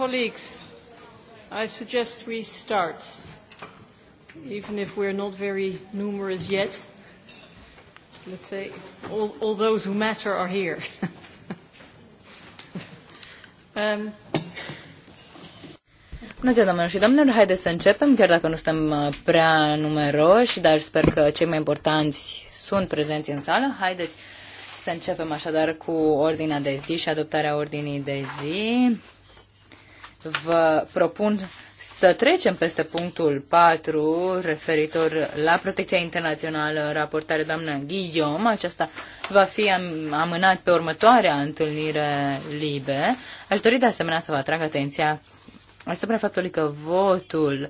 colleagues, I suggest we start, even if we're not very numerous yet. Let's say all, all those who matter are here. um, Bună ziua, domnilor și domnilor! Haideți să începem, chiar dacă nu suntem uh, prea numeroși, dar sper că cei mai importanți sunt prezenți în sală. Haideți să începem așadar cu ordinea de zi și adoptarea ordinii de zi vă propun să trecem peste punctul 4 referitor la protecția internațională, raportare doamna Guillaume. Aceasta va fi amânat pe următoarea întâlnire libe. Aș dori de asemenea să vă atrag atenția asupra faptului că votul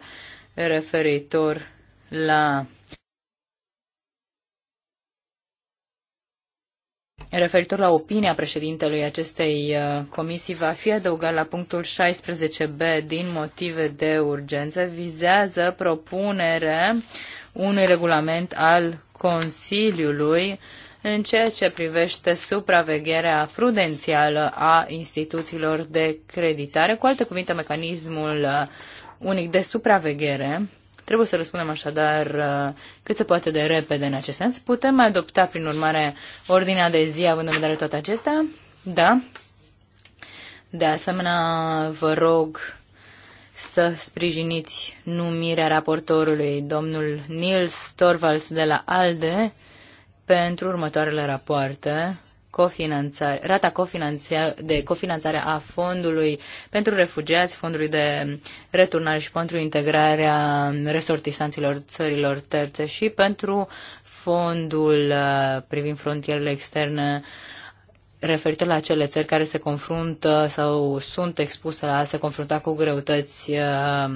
referitor la referitor la opinia președintelui acestei uh, comisii va fi adăugat la punctul 16b din motive de urgență, vizează propunerea unui regulament al Consiliului în ceea ce privește supravegherea prudențială a instituțiilor de creditare, cu alte cuvinte, mecanismul uh, unic de supraveghere Trebuie să răspundem așadar uh, cât se poate de repede în acest sens. Putem adopta, prin urmare, ordinea de zi, având în vedere toate acestea? Da. De asemenea, vă rog să sprijiniți numirea raportorului, domnul Nils Torvalds de la ALDE, pentru următoarele rapoarte cofinanțare, rata cofinanțare, de cofinanțare a fondului pentru refugiați, fondului de returnare și pentru integrarea resortisanților țărilor terțe și pentru fondul uh, privind frontierele externe referitor la acele țări care se confruntă sau sunt expuse la a se confrunta cu greutăți uh,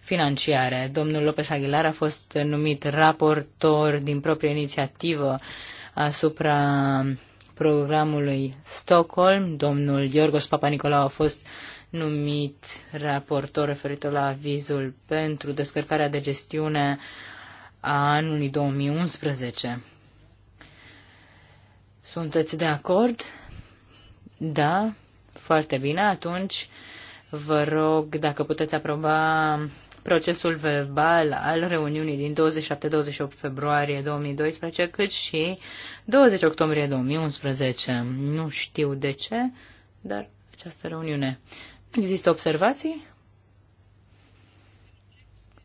financiare. Domnul Lopez Aguilar a fost numit raportor din proprie inițiativă asupra programului Stockholm. Domnul Iorgos Papanicolau a fost numit raportor referitor la avizul pentru descărcarea de gestiune a anului 2011. Sunteți de acord? Da? Foarte bine. Atunci vă rog dacă puteți aproba procesul verbal al reuniunii din 27-28 februarie 2012, cât și 20 octombrie 2011. Nu știu de ce, dar această reuniune. Există observații?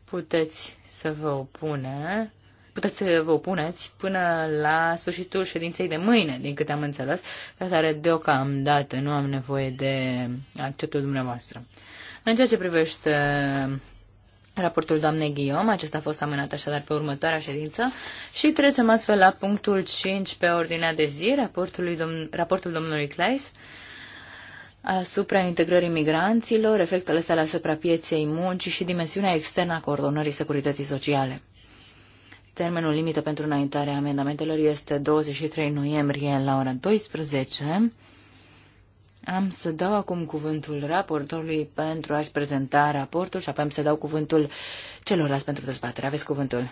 Puteți să vă opune puteți să vă opuneți până la sfârșitul ședinței de mâine, din câte am înțeles, ca care deocamdată nu am nevoie de acceptul dumneavoastră. În ceea ce privește raportul doamnei Ghiom. Acesta a fost amânat așadar pe următoarea ședință și trecem astfel la punctul 5 pe ordinea de zi, raportul, domn- raportul domnului Kleis asupra integrării migranților, efectele sale asupra pieței muncii și dimensiunea externă a coordonării securității sociale. Termenul limită pentru înaintarea amendamentelor este 23 noiembrie la ora 12. Am să dau acum cuvântul raportorului pentru a-și prezenta raportul și apoi am să dau cuvântul celorlalți pentru dezbatere. Aveți cuvântul.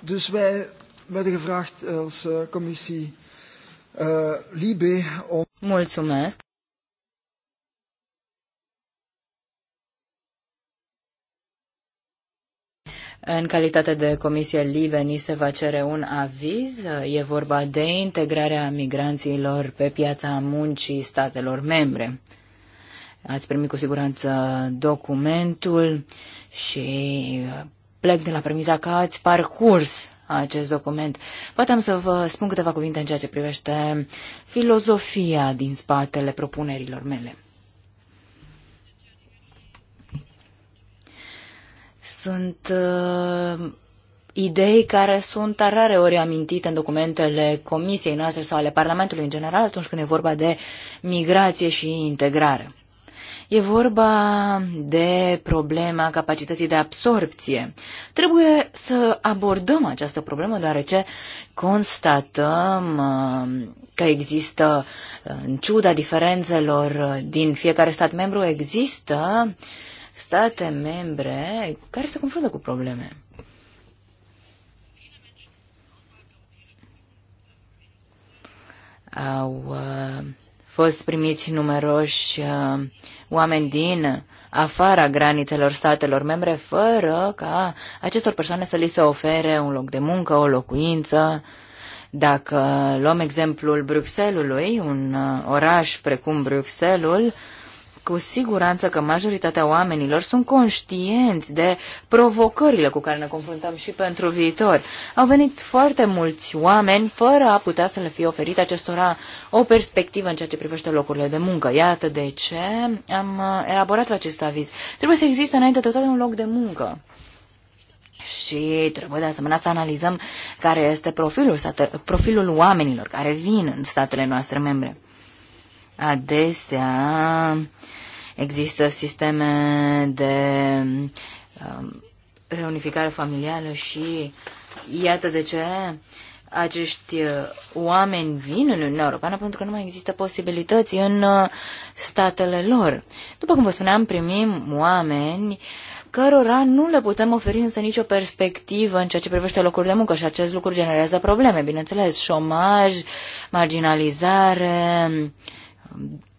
Dus wij werden gevraagd als uh, eh, comisie uh, eh, Libe om... Mulțumesc. În calitate de comisie libe, ni se va cere un aviz. E vorba de integrarea migranților pe piața muncii statelor membre. Ați primit cu siguranță documentul și plec de la premiza că ați parcurs acest document. Poate am să vă spun câteva cuvinte în ceea ce privește filozofia din spatele propunerilor mele. Sunt uh, idei care sunt rare ori amintite în documentele Comisiei noastre sau ale Parlamentului în general atunci când e vorba de migrație și integrare. E vorba de problema capacității de absorpție. Trebuie să abordăm această problemă deoarece constatăm uh, că există, uh, în ciuda diferențelor uh, din fiecare stat membru, există uh, state membre care se confruntă cu probleme. Au uh, fost primiți numeroși uh, oameni din afara granițelor statelor membre, fără ca acestor persoane să li se ofere un loc de muncă, o locuință. Dacă luăm exemplul Bruxellesului, un uh, oraș precum Bruxellesul cu siguranță că majoritatea oamenilor sunt conștienți de provocările cu care ne confruntăm și pentru viitor. Au venit foarte mulți oameni fără a putea să le fie oferit acestora o perspectivă în ceea ce privește locurile de muncă. Iată de ce am uh, elaborat acest aviz. Trebuie să existe înainte de toate un loc de muncă. Și trebuie de asemenea să analizăm care este profilul, profilul oamenilor care vin în statele noastre membre. Adesea Există sisteme de um, reunificare familială și iată de ce acești uh, oameni vin în Uniunea Europeană pentru că nu mai există posibilități în uh, statele lor. După cum vă spuneam, primim oameni cărora nu le putem oferi însă nicio perspectivă în ceea ce privește locuri de muncă și acest lucru generează probleme, bineînțeles, șomaj, marginalizare,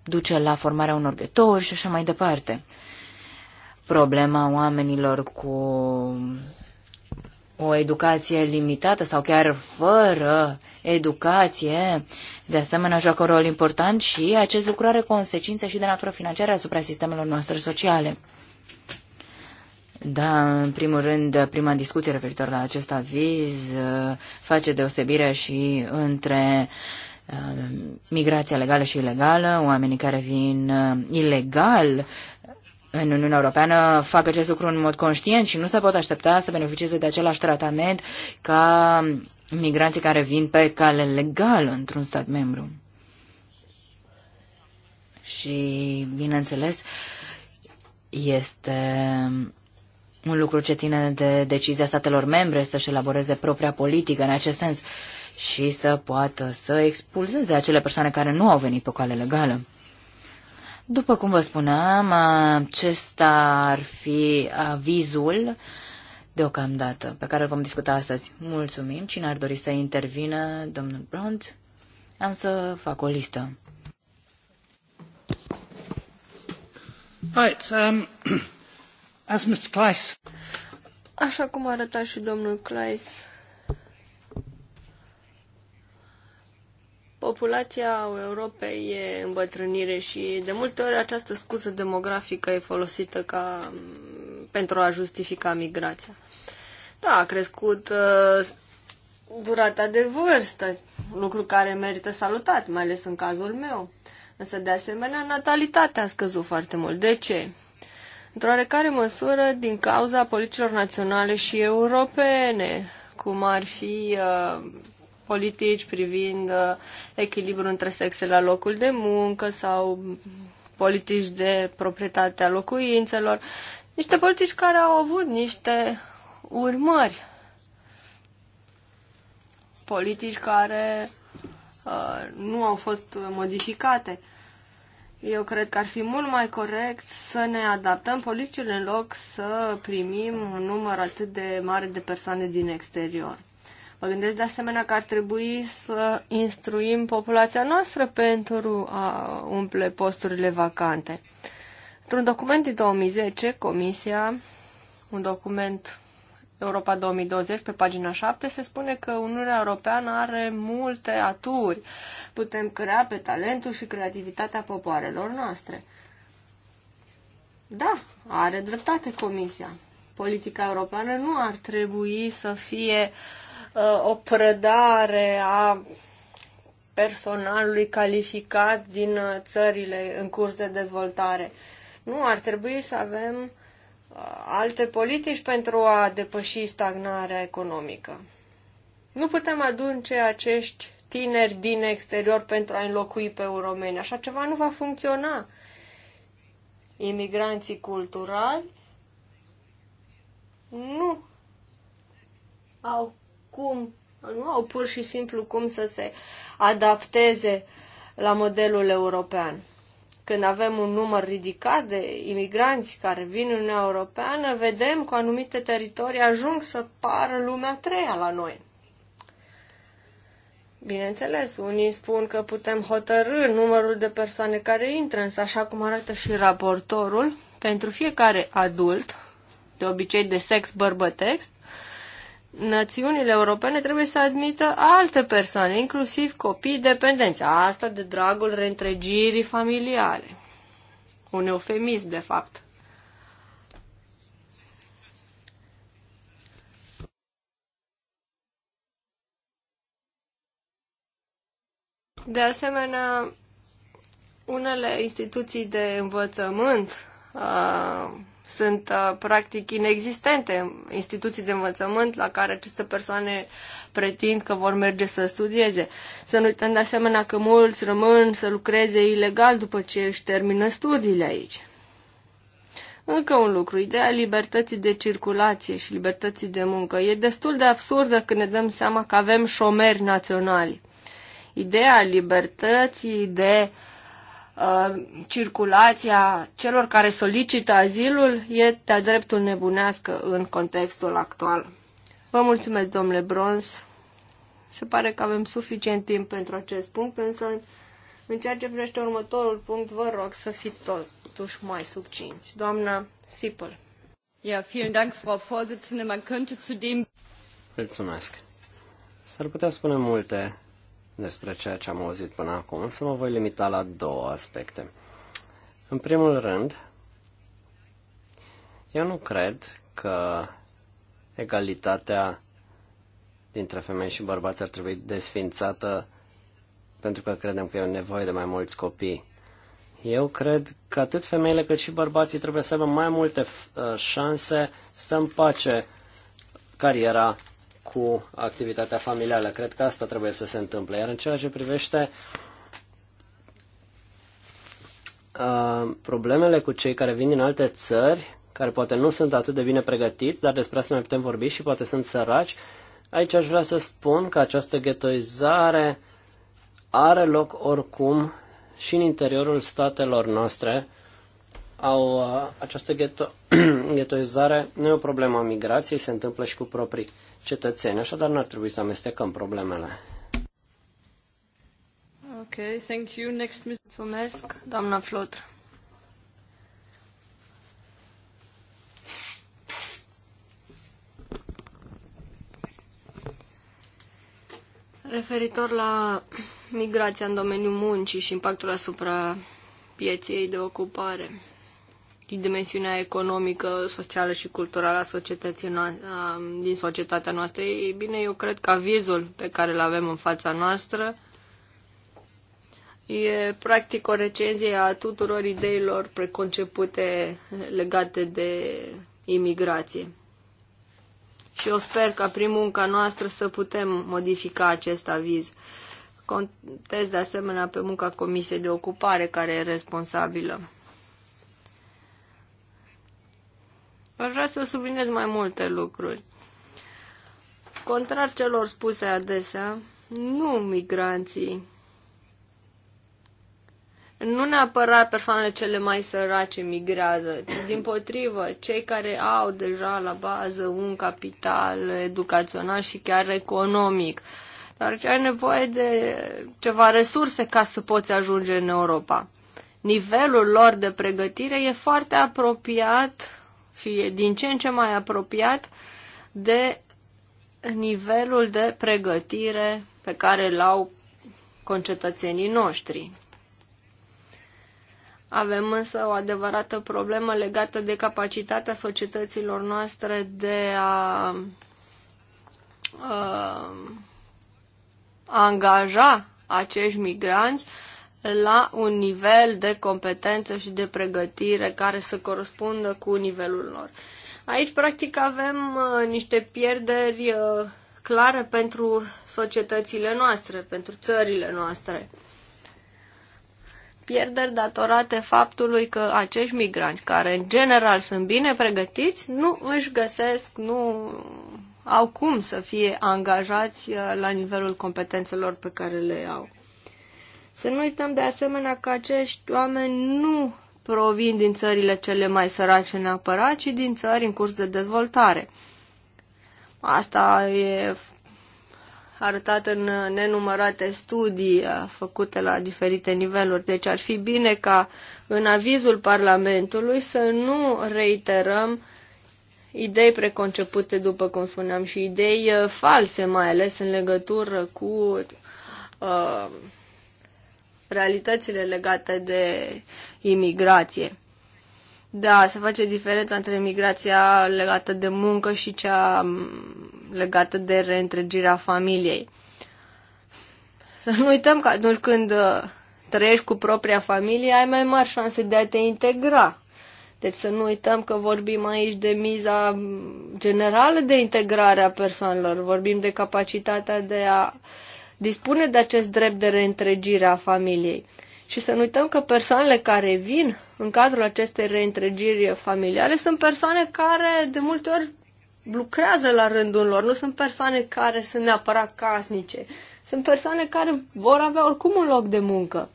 duce la formarea unor ghetouri și așa mai departe. Problema oamenilor cu o educație limitată sau chiar fără educație, de asemenea, joacă un rol important și acest lucru are consecințe și de natură financiară asupra sistemelor noastre sociale. Da, în primul rând, prima discuție referitor la acest aviz uh, face deosebire și între uh, Um, migrația legală și ilegală, oamenii care vin uh, ilegal în Uniunea Europeană fac acest lucru în mod conștient și nu se pot aștepta să beneficieze de același tratament ca migranții care vin pe cale legală într-un stat membru. Și, bineînțeles, este un lucru ce ține de decizia statelor membre să-și elaboreze propria politică în acest sens. Uh, și să poată să expulzeze acele persoane care nu au venit pe cale legală. După cum vă spuneam, acesta ar fi avizul deocamdată pe care îl vom discuta astăzi. Mulțumim. Cine ar dori să intervină, domnul Brunt? Am să fac o listă. Right, um, as Mr. Kleiss. Așa cum arăta și domnul Kleiss, populația Europei e îmbătrânire și de multe ori această scuză demografică e folosită ca pentru a justifica migrația. Da, a crescut uh, durata de vârstă, lucru care merită salutat, mai ales în cazul meu. Însă, de asemenea, natalitatea a scăzut foarte mult. De ce? Într-o oarecare măsură, din cauza politicilor naționale și europene, cum ar fi uh, politici privind uh, echilibrul între sexe la locul de muncă sau politici de proprietate a locuințelor, niște politici care au avut niște urmări, politici care uh, nu au fost modificate. Eu cred că ar fi mult mai corect să ne adaptăm politicile în loc să primim un număr atât de mare de persoane din exterior. Mă gândesc de asemenea că ar trebui să instruim populația noastră pentru a umple posturile vacante. Într-un document din 2010, Comisia, un document Europa 2020, pe pagina 7, se spune că Uniunea Europeană are multe aturi. Putem crea pe talentul și creativitatea popoarelor noastre. Da, are dreptate Comisia. Politica europeană nu ar trebui să fie uh, Uh, o prădare a personalului calificat din uh, țările în curs de dezvoltare. Nu, ar trebui să avem uh, alte politici pentru a depăși stagnarea economică. Nu putem aduce acești tineri din exterior pentru a înlocui pe romeni. Așa ceva nu va funcționa. Imigranții culturali nu au cum, nu au pur și simplu cum să se adapteze la modelul european. Când avem un număr ridicat de imigranți care vin în Uniunea Europeană, vedem că anumite teritorii ajung să pară lumea a treia la noi. Bineînțeles, unii spun că putem hotărâ numărul de persoane care intră, însă așa cum arată și raportorul, pentru fiecare adult, de obicei de sex bărbătex, națiunile europene trebuie să admită alte persoane, inclusiv copii dependenți. Asta de dragul reîntregirii familiale. Un eufemism, de fapt. De asemenea, unele instituții de învățământ uh, sunt uh, practic inexistente instituții de învățământ la care aceste persoane pretind că vor merge să studieze. Să nu uităm de asemenea că mulți rămân să lucreze ilegal după ce își termină studiile aici. Încă un lucru, ideea libertății de circulație și libertății de muncă e destul de absurdă când ne dăm seama că avem șomeri naționali. Ideea libertății de uh, Uh, circulația celor care solicită azilul e de-a dreptul nebunească în contextul actual. Vă mulțumesc, domnule Bronz. Se pare că avem suficient timp pentru acest punct, însă în ceea ce privește următorul punct, vă rog să fiți totuși mai succinți. Doamna Sipăl. Ja, vielen Dank, Frau Vorsitzende. Man könnte zu dem... Mulțumesc. S-ar putea spune multe despre ceea ce am auzit până acum, însă mă voi limita la două aspecte. În primul rând, eu nu cred că egalitatea dintre femei și bărbați ar trebui desfințată pentru că credem că e o nevoie de mai mulți copii. Eu cred că atât femeile cât și bărbații trebuie să aibă mai multe uh, șanse să împace cariera cu activitatea familială. Cred că asta trebuie să se întâmple. Iar în ceea ce privește uh, problemele cu cei care vin din alte țări, care poate nu sunt atât de bine pregătiți, dar despre asta mai putem vorbi și poate sunt săraci, aici aș vrea să spun că această ghettoizare are loc oricum și în interiorul statelor noastre, au uh, această gheto, ghetoizare, nu e o problemă a migrației, se întâmplă și cu proprii cetățeni, așadar nu ar trebui să amestecăm problemele. Ok, thank you. Next, mulțumesc, doamna Flotr. Referitor la migrația în domeniul muncii și impactul asupra pieței de ocupare dimensiunea economică, socială și culturală a societății no- a, din societatea noastră. Ei bine, eu cred că avizul pe care îl avem în fața noastră e practic o recenzie a tuturor ideilor preconcepute legate de imigrație. Și eu sper ca prin munca noastră să putem modifica acest aviz. Contez de asemenea pe munca Comisiei de Ocupare, care e responsabilă Aș vrea să subliniez mai multe lucruri. Contrar celor spuse adesea, nu migranții, nu neapărat persoanele cele mai sărace migrează, ci din potrivă, cei care au deja la bază un capital educațional și chiar economic. Dar ce ai nevoie de ceva resurse ca să poți ajunge în Europa. Nivelul lor de pregătire e foarte apropiat fie din ce în ce mai apropiat de nivelul de pregătire pe care îl au concetățenii noștri. Avem însă o adevărată problemă legată de capacitatea societăților noastre de a, a, uh, a angaja acești migranți uh, la un nivel de competență și de pregătire care să corespundă cu nivelul lor. Aici, practic, avem uh, niște pierderi uh, clare pentru societățile noastre, pentru țările noastre. Pierderi datorate faptului că acești migranți, care în general sunt bine pregătiți, nu își găsesc, nu au cum să fie angajați uh, la nivelul competențelor pe care le au. Să nu uităm de asemenea că acești oameni nu provin din țările cele mai sărace neapărat, ci din țări în curs de dezvoltare. Asta e arătat în nenumărate studii făcute la diferite niveluri. Deci ar fi bine ca în avizul Parlamentului să nu reiterăm idei preconcepute, după cum spuneam, și idei uh, false, mai ales în legătură cu uh, realitățile legate de imigrație. Da, se face diferența între imigrația legată de muncă și cea mm, legată de reîntregirea familiei. Să nu uităm că atunci când uh, trăiești cu propria familie, ai mai mari șanse de a te integra. Deci să nu uităm că vorbim aici de miza mm, generală de integrare a persoanelor, vorbim de capacitatea de a uh, dispune de acest drept de reîntregire a familiei. Și să nu uităm că persoanele care vin în cadrul acestei reîntregiri familiale sunt persoane care de multe ori lucrează la rândul lor, nu sunt persoane care sunt neapărat casnice, sunt persoane care vor avea oricum un loc de muncă.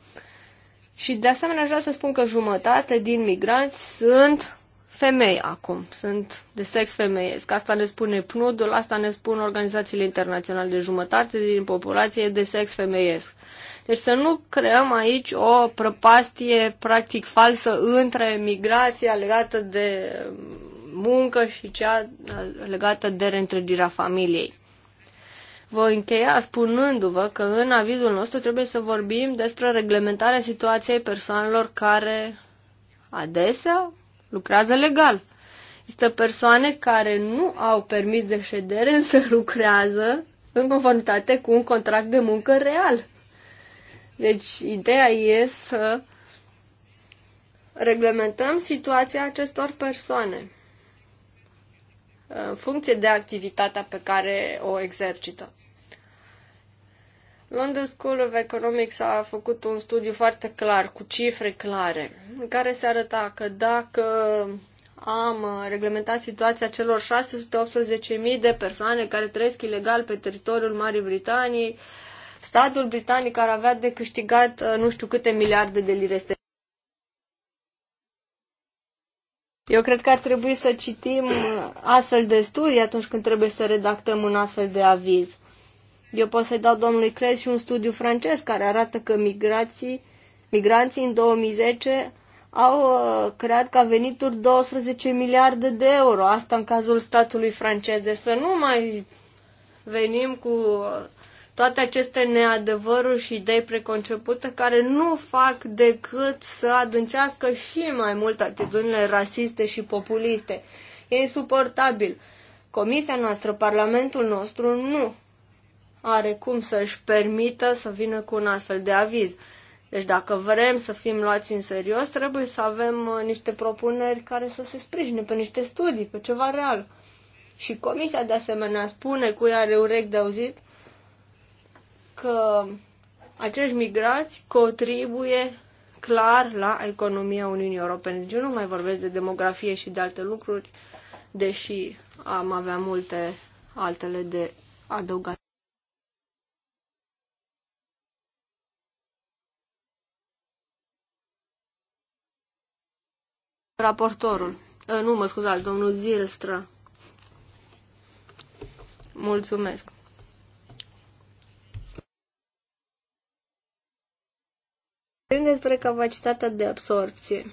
Și de asemenea aș vrea să spun că jumătate din migranți sunt femei acum, sunt de sex femeiesc. Asta ne spune PNUD-ul, asta ne spun organizațiile internaționale de jumătate din populație de sex femeiesc. Deci să nu creăm aici o prăpastie practic falsă între migrația legată de muncă și cea legată de reîntregirea familiei. Voi încheia spunându-vă că în avizul nostru trebuie să vorbim despre reglementarea situației persoanelor care adesea lucrează legal. Există persoane care nu au permis de ședere, însă lucrează în conformitate cu un contract de muncă real. Deci, ideea e să reglementăm situația acestor persoane în funcție de activitatea pe care o exercită. London School of Economics a făcut un studiu foarte clar, cu cifre clare, în care se arăta că dacă am uh, reglementat situația celor 618.000 de persoane care trăiesc ilegal pe teritoriul Marii Britanii, statul britanic ar avea de câștigat uh, nu știu câte miliarde de lire. Eu cred că ar trebui să citim uh, astfel de studii atunci când trebuie să redactăm un astfel de aviz. Eu pot să-i dau domnului Cres și un studiu francez care arată că migrații, migranții în 2010 au uh, creat ca venituri 12 miliarde de euro. Asta în cazul statului francez. De deci să nu mai venim cu uh, toate aceste neadevăruri și idei preconcepute care nu fac decât să adâncească și mai mult atitudinile rasiste și populiste. E insuportabil. Comisia noastră, Parlamentul nostru, nu are cum să își permită să vină cu un astfel de aviz. Deci dacă vrem să fim luați în serios, trebuie să avem uh, niște propuneri care să se sprijine pe niște studii, pe ceva real. Și comisia de asemenea spune cu are urec de auzit că acești migrați contribuie clar la economia Uniunii Europene. Deci eu nu mai vorbesc de demografie și de alte lucruri, deși am avea multe altele de adăugat. raportorul. Ă, nu, mă scuzați, domnul Zilstra. Mulțumesc. Vorbim despre capacitatea de absorpție.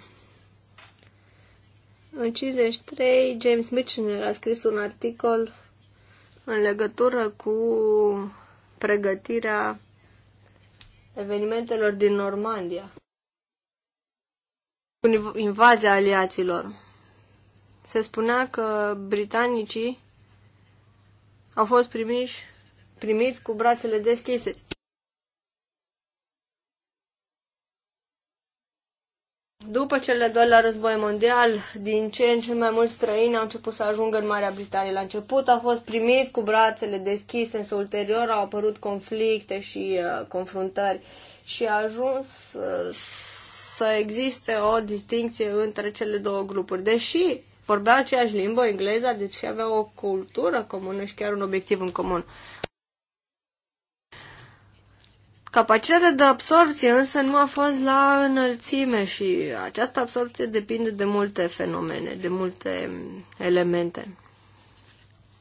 În 53, James Michener a scris un articol în legătură cu pregătirea evenimentelor din Normandia invazia aliaților. Se spunea că britanicii au fost primiși, primiți cu brațele deschise. După cel de-al doilea război mondial, din ce în ce mai mulți străini au început să ajungă în Marea Britanie. La început au fost primiți cu brațele deschise, însă ulterior au apărut conflicte și uh, confruntări și a ajuns uh, să existe o distinție între cele două grupuri. Deși vorbeau aceeași limbă, engleza, deci aveau o cultură comună și chiar un obiectiv în comun. Capacitatea de absorpție însă nu a fost la înălțime și această absorpție depinde de multe fenomene, de multe elemente.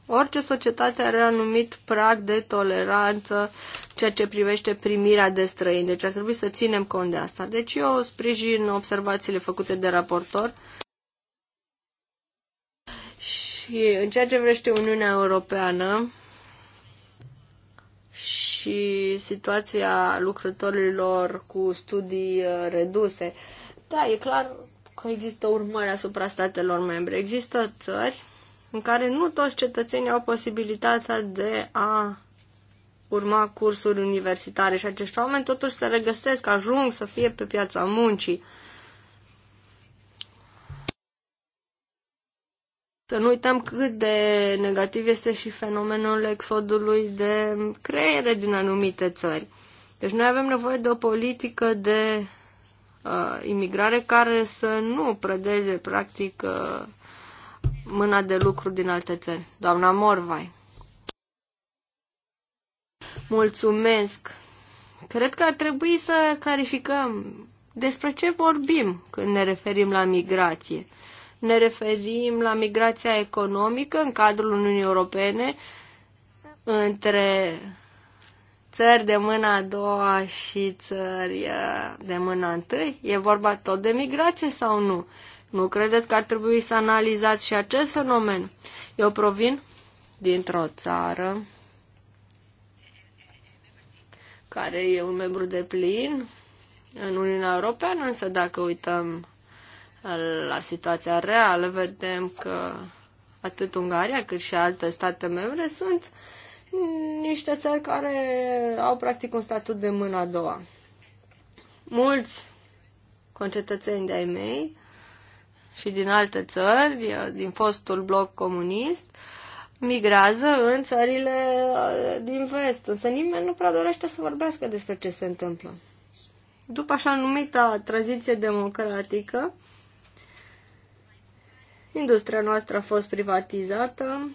Orice societate are anumit prag de toleranță ceea ce privește primirea de străini, deci ar trebui să ținem cont de asta. Deci eu sprijin observațiile făcute de raportor. Și în ceea ce vrește Uniunea Europeană și situația lucrătorilor cu studii uh, reduse, da, e clar că există urmări asupra statelor membre. Există țări în care nu toți cetățenii au posibilitatea de a urma cursuri universitare și acești oameni totuși se regăsesc, ajung să fie pe piața muncii. Să nu uităm cât de negativ este și fenomenul exodului de creiere din anumite țări. Deci noi avem nevoie de o politică de uh, imigrare care să nu prădeze practic uh, mâna de lucru din alte țări. Doamna Morvai. Mulțumesc. Cred că ar trebui să clarificăm despre ce vorbim când ne referim la migrație. Ne referim la migrația economică în cadrul Uniunii Europene între țări de mâna a doua și țări uh, de mâna întâi? E vorba tot de migrație sau nu? Nu credeți că ar trebui să analizați și acest fenomen? Eu provin dintr-o țară care e un membru de plin în Uniunea Europeană, însă dacă uităm la situația reală, vedem că atât Ungaria cât și alte state membre sunt niște țări care au practic un statut de mână a doua. Mulți concetățeni de-ai mei și din alte țări, din fostul bloc comunist, migrează în țările uh, din vest, însă nimeni nu prea dorește să vorbească despre ce se întâmplă. După așa numita tranziție democratică, industria noastră a fost privatizată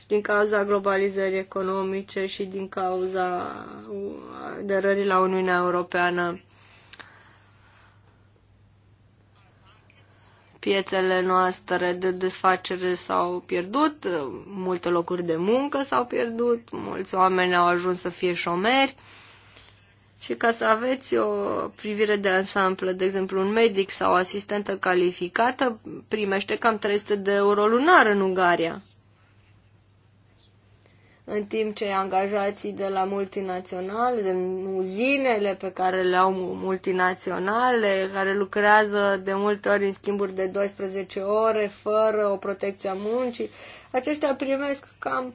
și din cauza globalizării economice și din cauza uh, aderării la Uniunea Europeană piețele noastre de desfacere s-au pierdut, multe locuri de muncă s-au pierdut, mulți oameni au ajuns să fie șomeri. Și ca să aveți o privire de ansamblu, de exemplu, un medic sau o asistentă calificată primește cam 300 de euro lunar în Ungaria în timp ce angajații de la multinaționale, de uzinele pe care le au multinaționale, care lucrează de multe ori în schimburi de 12 ore, fără o protecție a muncii, aceștia primesc cam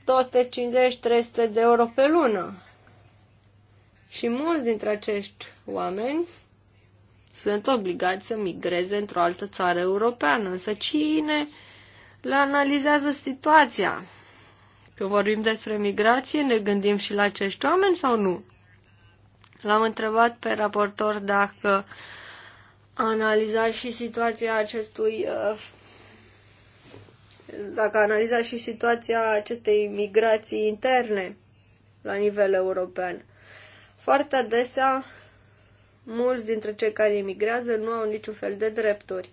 250-300 de euro pe lună. Și mulți dintre acești oameni sunt obligați să migreze într-o altă țară europeană. Însă cine le analizează situația? Când vorbim despre migrație, ne gândim și la acești oameni sau nu? L-am întrebat pe raportor dacă a analizat și situația acestui uh, dacă a analizat și situația acestei migrații interne la nivel european. Foarte adesea, mulți dintre cei care emigrează nu au niciun fel de drepturi.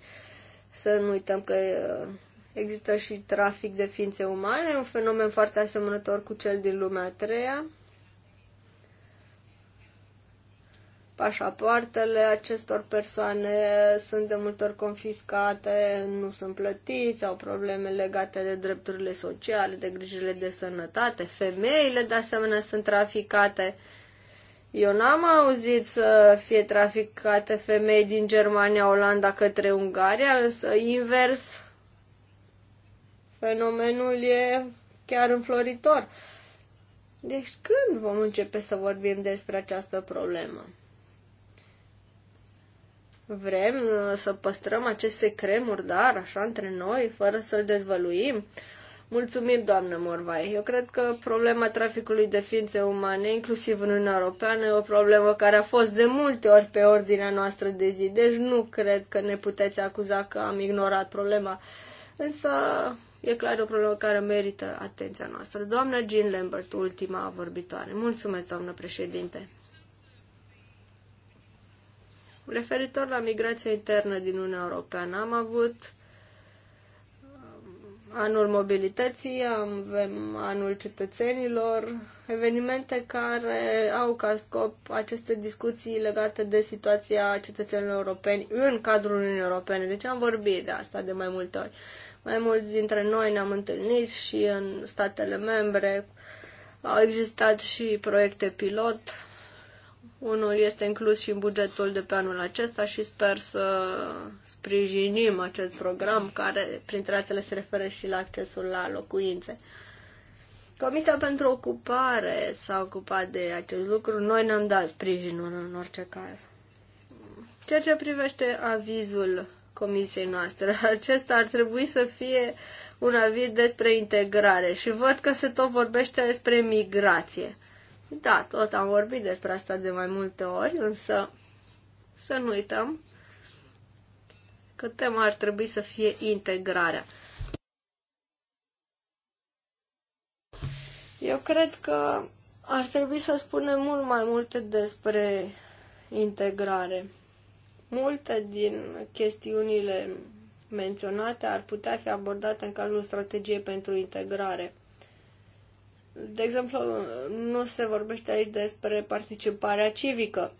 Să nu uităm că uh, Există și trafic de ființe umane, un fenomen foarte asemănător cu cel din lumea a treia. Pașapoartele acestor persoane sunt de multe ori confiscate, nu sunt plătiți, au probleme legate de drepturile sociale, de grijile de sănătate. Femeile, de asemenea, sunt traficate. Eu n-am auzit să fie traficate femei din Germania, Olanda către Ungaria, însă invers Fenomenul e chiar înfloritor. Deci când vom începe să vorbim despre această problemă? Vrem uh, să păstrăm acest secret murdar așa între noi, fără să-l dezvăluim? Mulțumim, doamnă Morvai. Eu cred că problema traficului de ființe umane, inclusiv în Uniunea Europeană, e o problemă care a fost de multe ori pe ordinea noastră de zi, deci nu cred că ne puteți acuza că am ignorat problema. Însă e clar o problemă care merită atenția noastră. Doamna Jean Lambert, ultima vorbitoare. Mulțumesc, doamnă președinte. Referitor la migrația internă din Uniunea Europeană, am avut um, anul mobilității, avem anul cetățenilor, evenimente care au ca scop aceste discuții legate de situația cetățenilor europeni în cadrul Uniunii Europene. Deci am vorbit de asta de mai multe ori. Mai mulți dintre noi ne-am întâlnit și în statele membre. Au existat și proiecte pilot. Unul este inclus și în bugetul de pe anul acesta și sper să sprijinim acest program care, printre altele, se referă și la accesul la locuințe. Comisia pentru Ocupare s-a ocupat de acest lucru. Noi ne-am dat sprijinul în orice caz. Ceea ce privește avizul comisiei noastre. Acesta ar trebui să fie un aviz despre integrare și văd că se tot vorbește despre migrație. Da, tot am vorbit despre asta de mai multe ori, însă să nu uităm că tema ar trebui să fie integrarea. Eu cred că ar trebui să spunem mult mai multe despre integrare. Multe din chestiunile menționate ar putea fi abordate în cadrul strategiei pentru integrare. De exemplu, nu se vorbește aici despre participarea civică.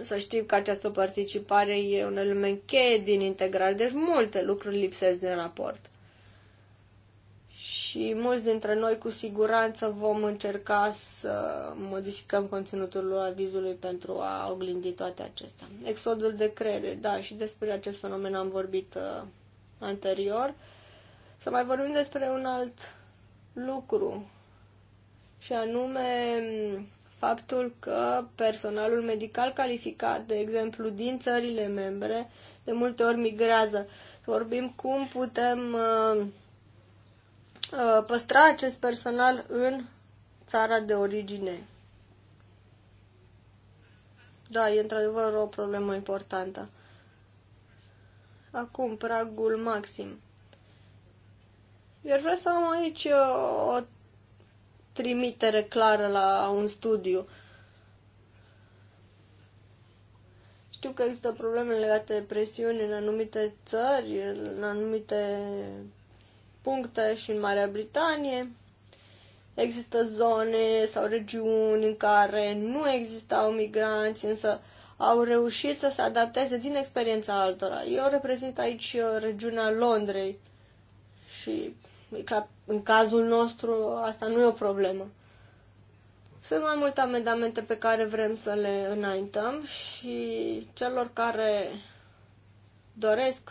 Să știm că această participare e un element cheie din integrare, deci multe lucruri lipsesc din raport și mulți dintre noi cu siguranță vom încerca să modificăm conținutul avizului pentru a oglindi toate acestea. Exodul de credere, da, și despre acest fenomen am vorbit uh, anterior. Să mai vorbim despre un alt lucru și anume faptul că personalul medical calificat, de exemplu, din țările membre, de multe ori migrează. Vorbim cum putem uh, Uh, păstra acest personal în țara de origine. Da, e într-adevăr o problemă importantă. Acum, pragul maxim. Eu vreau să am aici o, uh, o trimitere clară la un studiu. Știu că există probleme legate de presiuni în anumite țări, în anumite puncte și în Marea Britanie. Există zone sau regiuni în care nu existau migranți, însă au reușit să se adapteze din experiența altora. Eu reprezint aici uh, regiunea Londrei și în cazul nostru asta nu e o problemă. Sunt mai multe amendamente pe care vrem să le înaintăm și celor care doresc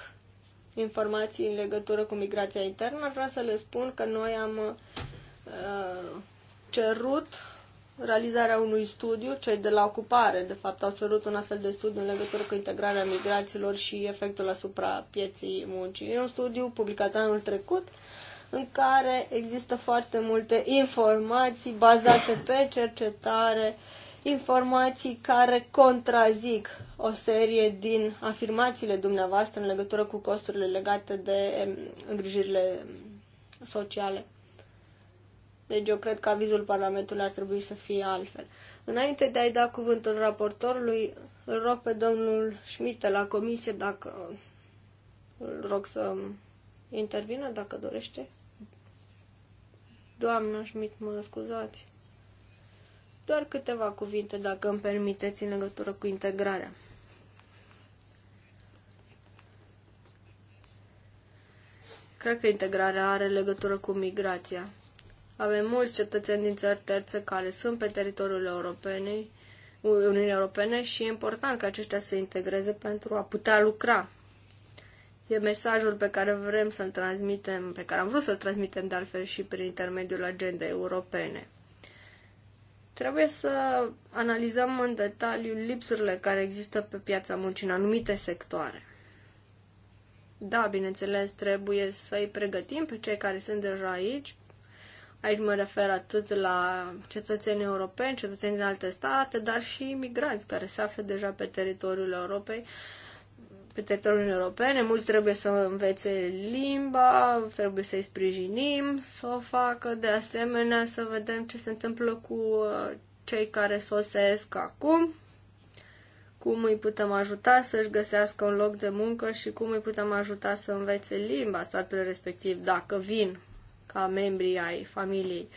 informații în legătură cu migrația internă, vreau să le spun că noi am uh, cerut realizarea unui studiu, cei de la ocupare, de fapt, au cerut un astfel de studiu în legătură cu integrarea migraților și efectul asupra pieții muncii. E un studiu publicat anul trecut în care există foarte multe informații bazate pe cercetare uh, informații care contrazic o serie din afirmațiile dumneavoastră în legătură cu costurile legate de îngrijirile sociale. Deci eu cred că avizul Parlamentului ar trebui să fie altfel. Înainte de a-i da cuvântul raportorului, îl rog pe domnul Schmidt la comisie dacă îl rog să intervină dacă dorește. Doamna Schmidt, mă scuzați. Doar câteva cuvinte, dacă îmi permiteți, în legătură cu integrarea. Cred că integrarea are legătură cu migrația. Avem mulți cetățeni din țări terțe care sunt pe teritoriul europenei, Uniunii Europene și e important ca aceștia să se integreze pentru a putea lucra. E mesajul pe care vrem să-l transmitem, pe care am vrut să-l transmitem de altfel și prin intermediul agendei europene. Trebuie să analizăm în detaliu lipsurile care există pe piața muncii în anumite sectoare. Da, bineînțeles, trebuie să-i pregătim pe cei care sunt deja aici. Aici mă refer atât la cetățenii europeni, cetățenii din alte state, dar și imigranți care se află deja pe teritoriul Europei pe teritoriul european, mulți trebuie să învețe limba, trebuie să-i sprijinim să o facă, de asemenea să vedem ce se întâmplă cu uh, cei care sosesc acum, cum îi putem ajuta să-și găsească un loc de muncă și cum îi putem ajuta să învețe limba statului respectiv, dacă vin ca membri ai familiei.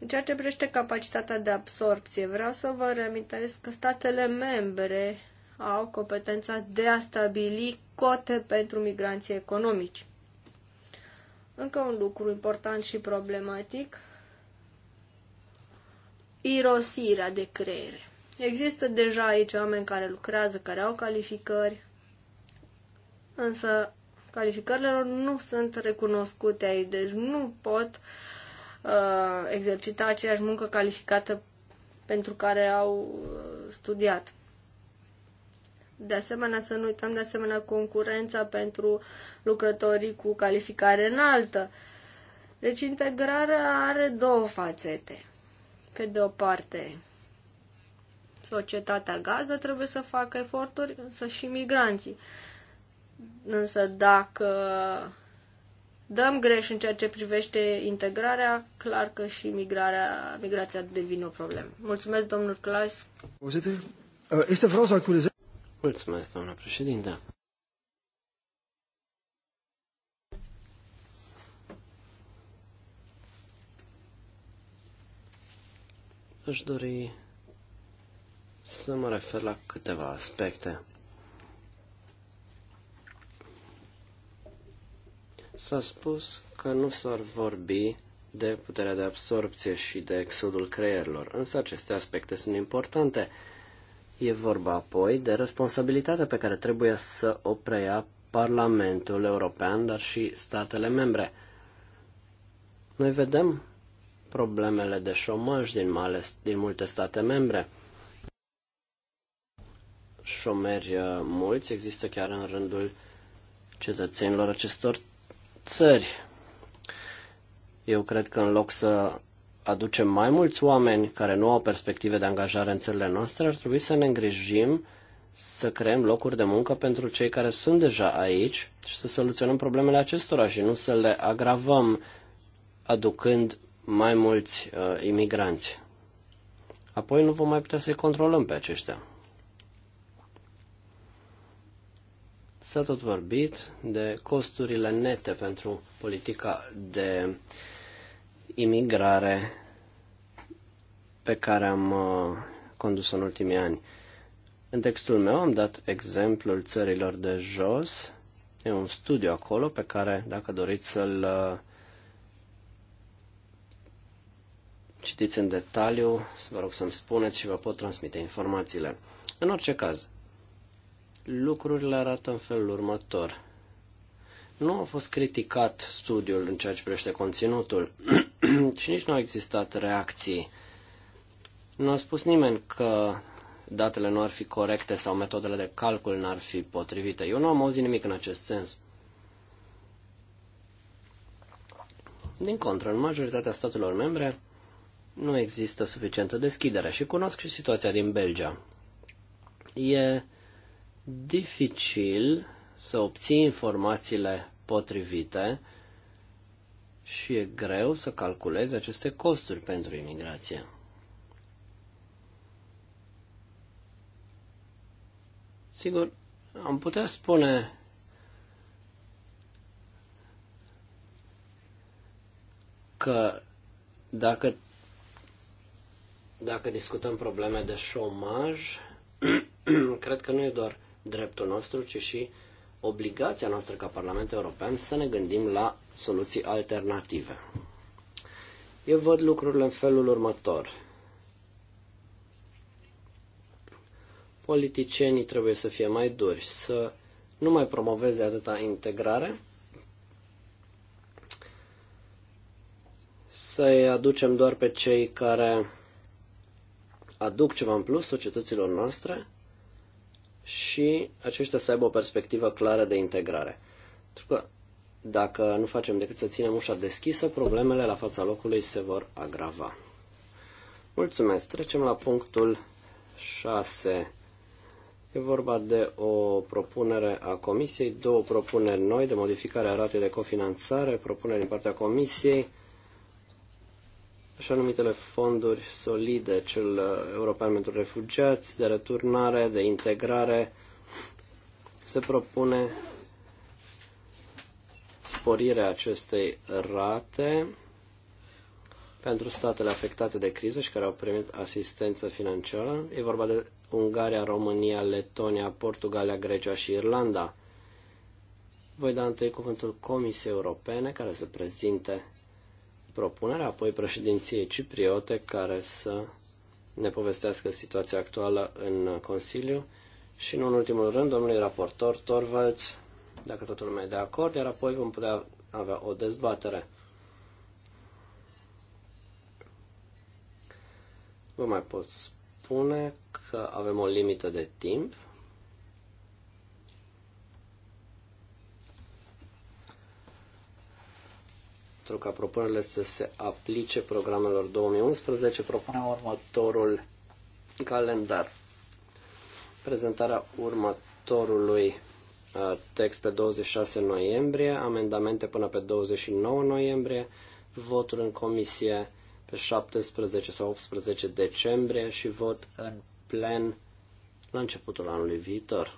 În ceea ce privește capacitatea de absorpție, vreau să vă reamintesc că statele membre au competența de a stabili cote pentru migranții economici. Încă un lucru important și problematic, irosirea de creiere. Există deja aici oameni care lucrează, care au calificări, însă calificările lor nu sunt recunoscute aici, deci nu pot uh, exercita aceeași muncă calificată pentru care au uh, studiat. De asemenea, să nu uităm de asemenea concurența pentru lucrătorii cu calificare înaltă. Deci integrarea are două fațete. Pe de o parte, societatea gazdă trebuie să facă eforturi, însă și migranții. Însă dacă dăm greș în ceea ce privește integrarea, clar că și migrarea, migrația devine o problemă. Mulțumesc, domnul Clas. Este vreau să actualizez. Mulțumesc, doamnă președinte. Aș dori să mă refer la câteva aspecte. S-a spus că nu s-ar vorbi de puterea de absorpție și de exodul creierilor, însă aceste aspecte sunt importante. E vorba apoi de responsabilitatea pe care trebuie să o preia Parlamentul European, dar și statele membre. Noi vedem problemele de șomaj din, male, din multe state membre. Șomeri uh, mulți există chiar în rândul cetățenilor acestor țări. Eu cred că în loc să aducem mai mulți oameni care nu au perspective de angajare în țările noastre, ar trebui să ne îngrijim să creăm locuri de muncă pentru cei care sunt deja aici și să soluționăm problemele acestora și nu să le agravăm aducând mai mulți uh, imigranți. Apoi nu vom mai putea să-i controlăm pe aceștia. S-a tot vorbit de costurile nete pentru politica de imigrare pe care am uh, condus în ultimii ani. În textul meu am dat exemplul țărilor de jos. E un studiu acolo pe care, dacă doriți să-l uh, citiți în detaliu, vă rog să-mi spuneți și vă pot transmite informațiile. În orice caz, lucrurile arată în felul următor. Nu a fost criticat studiul în ceea ce privește conținutul. și nici nu au existat reacții. Nu a spus nimeni că datele nu ar fi corecte sau metodele de calcul n-ar fi potrivite. Eu nu am auzit nimic în acest sens. Din contră, în majoritatea statelor membre nu există suficientă deschidere și cunosc și situația din Belgia. E dificil să obții informațiile potrivite și e greu să calculezi aceste costuri pentru imigrație. Sigur, am putea spune că dacă, dacă discutăm probleme de șomaj, cred că nu e doar dreptul nostru, ci și uh, obligația noastră ca Parlament European să ne gândim la soluții alternative. Eu văd lucrurile în felul următor. Politicienii trebuie să fie mai duri, să nu mai promoveze atâta integrare, să-i aducem doar pe cei care aduc ceva în plus societăților noastre și aceștia să aibă o perspectivă clară de integrare. Pentru că dacă nu facem decât să ținem ușa deschisă, problemele la fața locului se vor agrava. Mulțumesc. Trecem la punctul 6. E vorba de o propunere a Comisiei, două propuneri noi de modificare a ratei de cofinanțare, propunere din partea Comisiei așa numitele fonduri solide, cel uh, european pentru refugiați, de returnare, de integrare, se propune sporirea acestei rate pentru statele afectate de criză și care au primit asistență financiară. E vorba de Ungaria, România, Letonia, Portugalia, Grecia și Irlanda. Voi da întâi cuvântul Comisiei Europene care se prezinte propunerea apoi președinției cipriote care să ne povestească situația actuală în Consiliu și, nu în ultimul rând, domnului raportor Torvalds, dacă totul lumea e de acord, iar apoi vom putea avea o dezbatere. Vă mai pot spune că avem o limită de timp pentru ca propunerile să se aplice programelor 2011, propunem următorul calendar. Prezentarea următorului uh, text pe 26 noiembrie, amendamente până pe 29 noiembrie, votul în comisie pe 17 sau 18 decembrie și vot în plen la începutul anului viitor.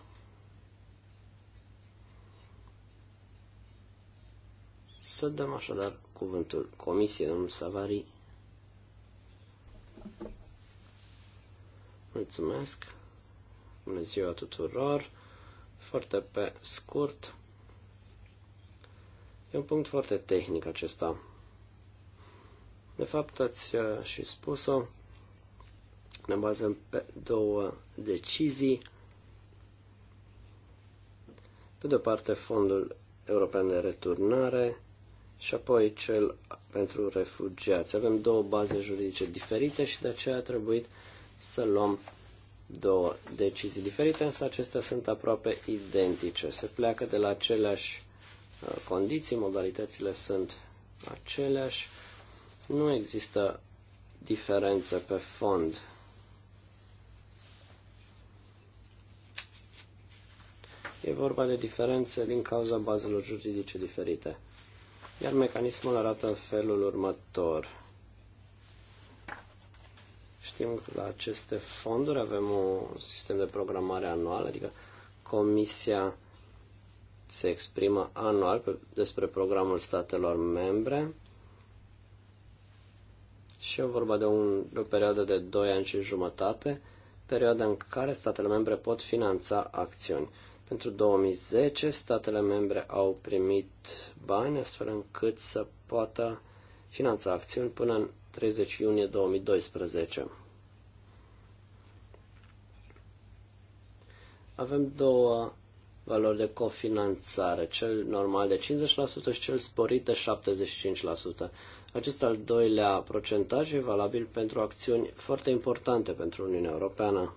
Să dăm așadar cuvântul Comisiei, domnul Savari. Mulțumesc. Bună ziua tuturor. Foarte pe scurt. E un punct foarte tehnic acesta. De fapt, ați uh, și spus-o. Ne bazăm pe două decizii. Pe de o parte, Fondul European de Returnare și apoi cel pentru refugiați. Avem două baze juridice diferite și de aceea a trebuit să luăm două decizii diferite, însă acestea sunt aproape identice. Se pleacă de la aceleași uh, condiții, modalitățile sunt aceleași, nu există diferență pe fond. E vorba de diferențe din cauza bazelor juridice diferite. Iar mecanismul arată în felul următor. Știm că la aceste fonduri avem un sistem de programare anual, adică Comisia se exprimă anual pe, despre programul statelor membre și e vorba de, un, de o perioadă de 2 ani și jumătate, perioada în care statele membre pot finanța acțiuni. Pentru 2010, statele membre au primit bani astfel încât să poată finanța acțiuni până în 30 iunie 2012. Avem două valori de cofinanțare, cel normal de 50% și cel sporit de 75%. Acest al doilea procentaj e valabil pentru acțiuni foarte importante pentru Uniunea Europeană.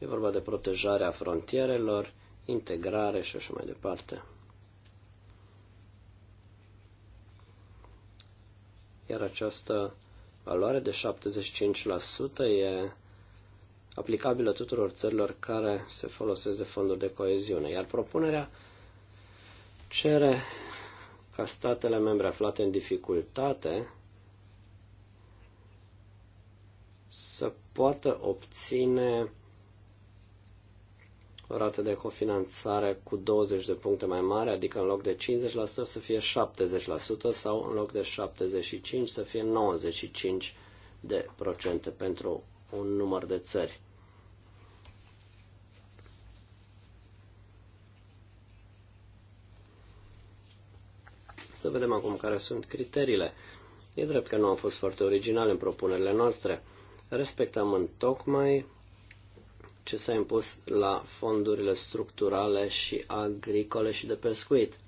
E vorba de protejarea frontierelor, integrare și așa mai departe. Iar această valoare de 75% e aplicabilă tuturor țărilor care se folosesc de fonduri de coeziune. Iar propunerea cere ca statele membre aflate în dificultate să poată obține o rată de cofinanțare cu 20 de puncte mai mare, adică în loc de 50% să fie 70% sau în loc de 75% să fie 95% de procente pentru un număr de țări. Să vedem acum care sunt criteriile. E drept că nu am fost foarte original în propunerile noastre. Respectăm în tocmai ce s-a impus la fondurile structurale și agricole și de pescuit.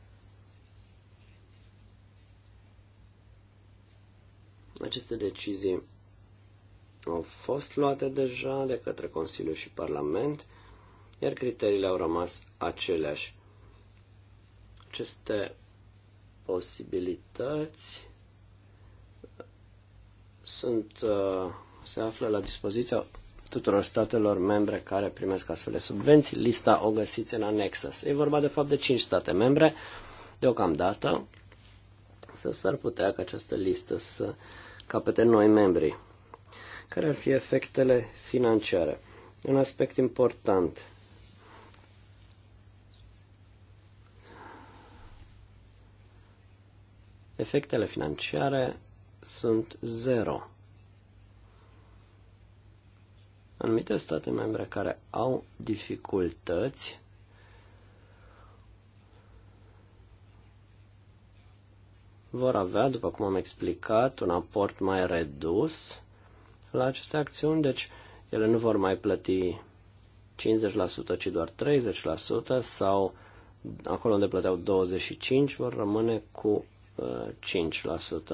Aceste decizii au fost luate deja de către Consiliu și Parlament, iar criteriile au rămas aceleași. Aceste posibilități sunt, uh, se află la dispoziția tuturor statelor membre care primesc astfel de subvenții. Lista o găsiți în anexă. E vorba de fapt de 5 state membre deocamdată, să s-ar putea ca această listă să capete noi membri. Care ar fi efectele financiare? Un aspect important. Efectele financiare sunt zero anumite state membre care au dificultăți vor avea, după cum am explicat, un aport mai redus la aceste acțiuni, deci ele nu vor mai plăti 50%, ci doar 30% sau acolo unde plăteau 25% vor rămâne cu uh,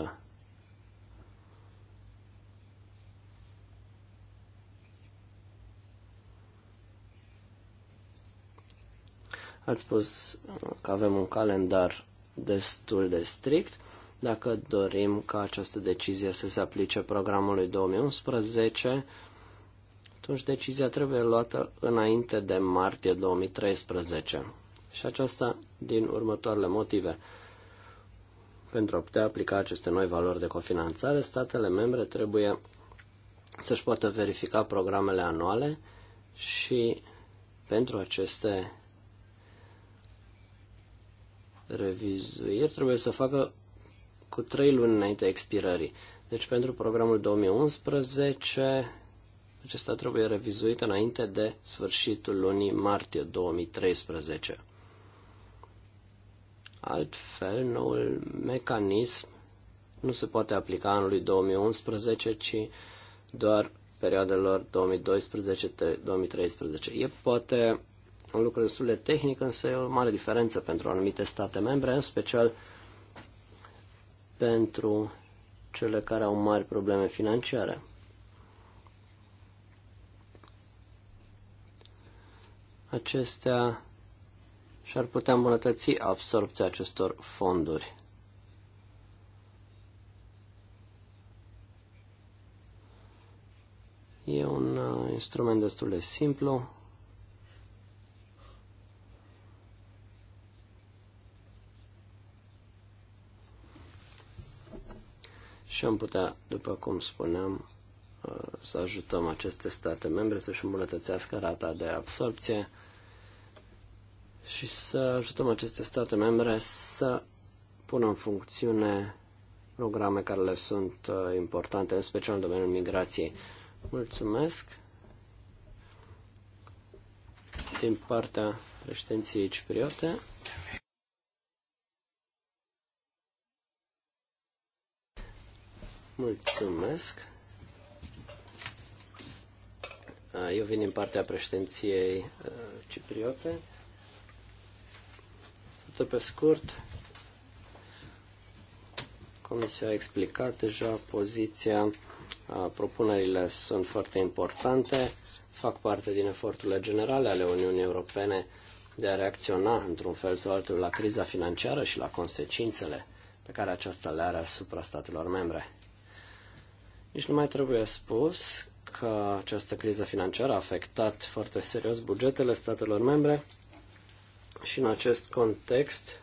5%. Ați spus uh, că avem un calendar destul de strict. Dacă dorim ca această decizie să se aplice programului 2011, atunci decizia trebuie luată înainte de martie 2013. Și aceasta din următoarele motive. Pentru a putea aplica aceste noi valori de cofinanțare, statele membre trebuie să-și poată verifica programele anuale și pentru aceste revizuiri trebuie să facă cu trei luni înainte expirării. Deci pentru programul 2011 acesta trebuie revizuit înainte de sfârșitul lunii martie 2013. Altfel, noul mecanism nu se poate aplica anului 2011, ci doar perioadelor 2012-2013. E poate un lucru destul de tehnic, însă e o mare diferență pentru anumite state membre, în special pentru cele care au mari probleme financiare. Acestea și-ar putea îmbunătăți absorpția acestor fonduri. E un uh, instrument destul de simplu, și am putea, după cum spuneam, uh, să ajutăm aceste state membre să-și îmbunătățească rata de absorpție și să ajutăm aceste state membre să pună în funcțiune programe care le sunt uh, importante, în special în domeniul migrației. Mulțumesc! Din partea președinției cipriote. Mulțumesc. Eu vin din partea președinției cipriote. Tot pe scurt, Comisia a explicat deja poziția. Propunerile sunt foarte importante, fac parte din eforturile generale ale Uniunii Europene de a reacționa într-un fel sau altul la criza financiară și la consecințele pe care aceasta le are asupra statelor membre. Nici nu mai trebuie spus că această criză financiară a afectat foarte serios bugetele statelor membre și în acest context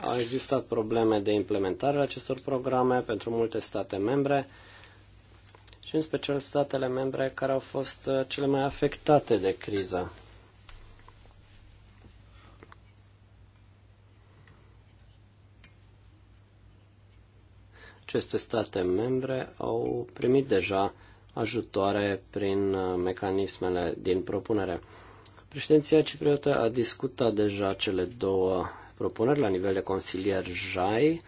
au existat probleme de implementare a acestor programe pentru multe state membre și în special statele membre care au fost uh, cele mai afectate de criză. aceste state membre au primit deja ajutoare prin uh, mecanismele din propunere. Președinția cipriotă a discutat deja cele două propuneri la nivel de consilier JAI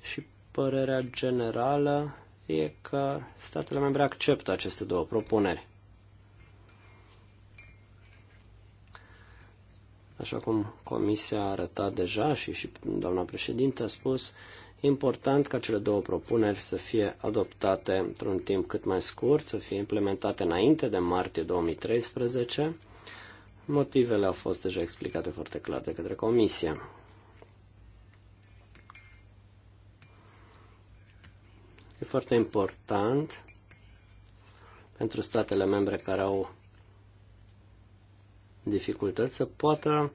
și părerea generală e că statele membre acceptă aceste două propuneri. Așa cum Comisia a arătat deja și, și doamna președinte a spus, important ca cele două propuneri să fie adoptate într-un timp cât mai scurt, să fie implementate înainte de martie 2013. Motivele au fost deja explicate foarte clar de către Comisie. E foarte important pentru statele membre care au dificultăți să poată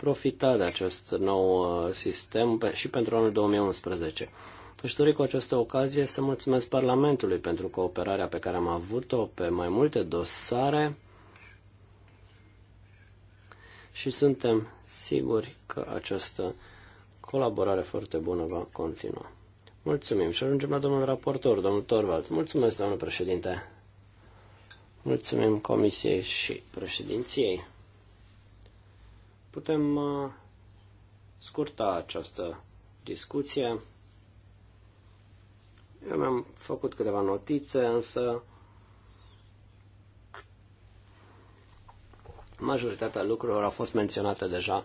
profita de acest nou uh, sistem și pentru anul 2011. Își dori cu această ocazie să mulțumesc Parlamentului pentru cooperarea pe care am avut-o pe mai multe dosare și suntem siguri că această colaborare foarte bună va continua. Mulțumim și ajungem la domnul raportor, domnul Torvald. Mulțumesc, domnul președinte. Mulțumim comisiei și președinției putem uh, scurta această discuție. Eu mi-am făcut câteva notițe, însă majoritatea lucrurilor au fost menționate deja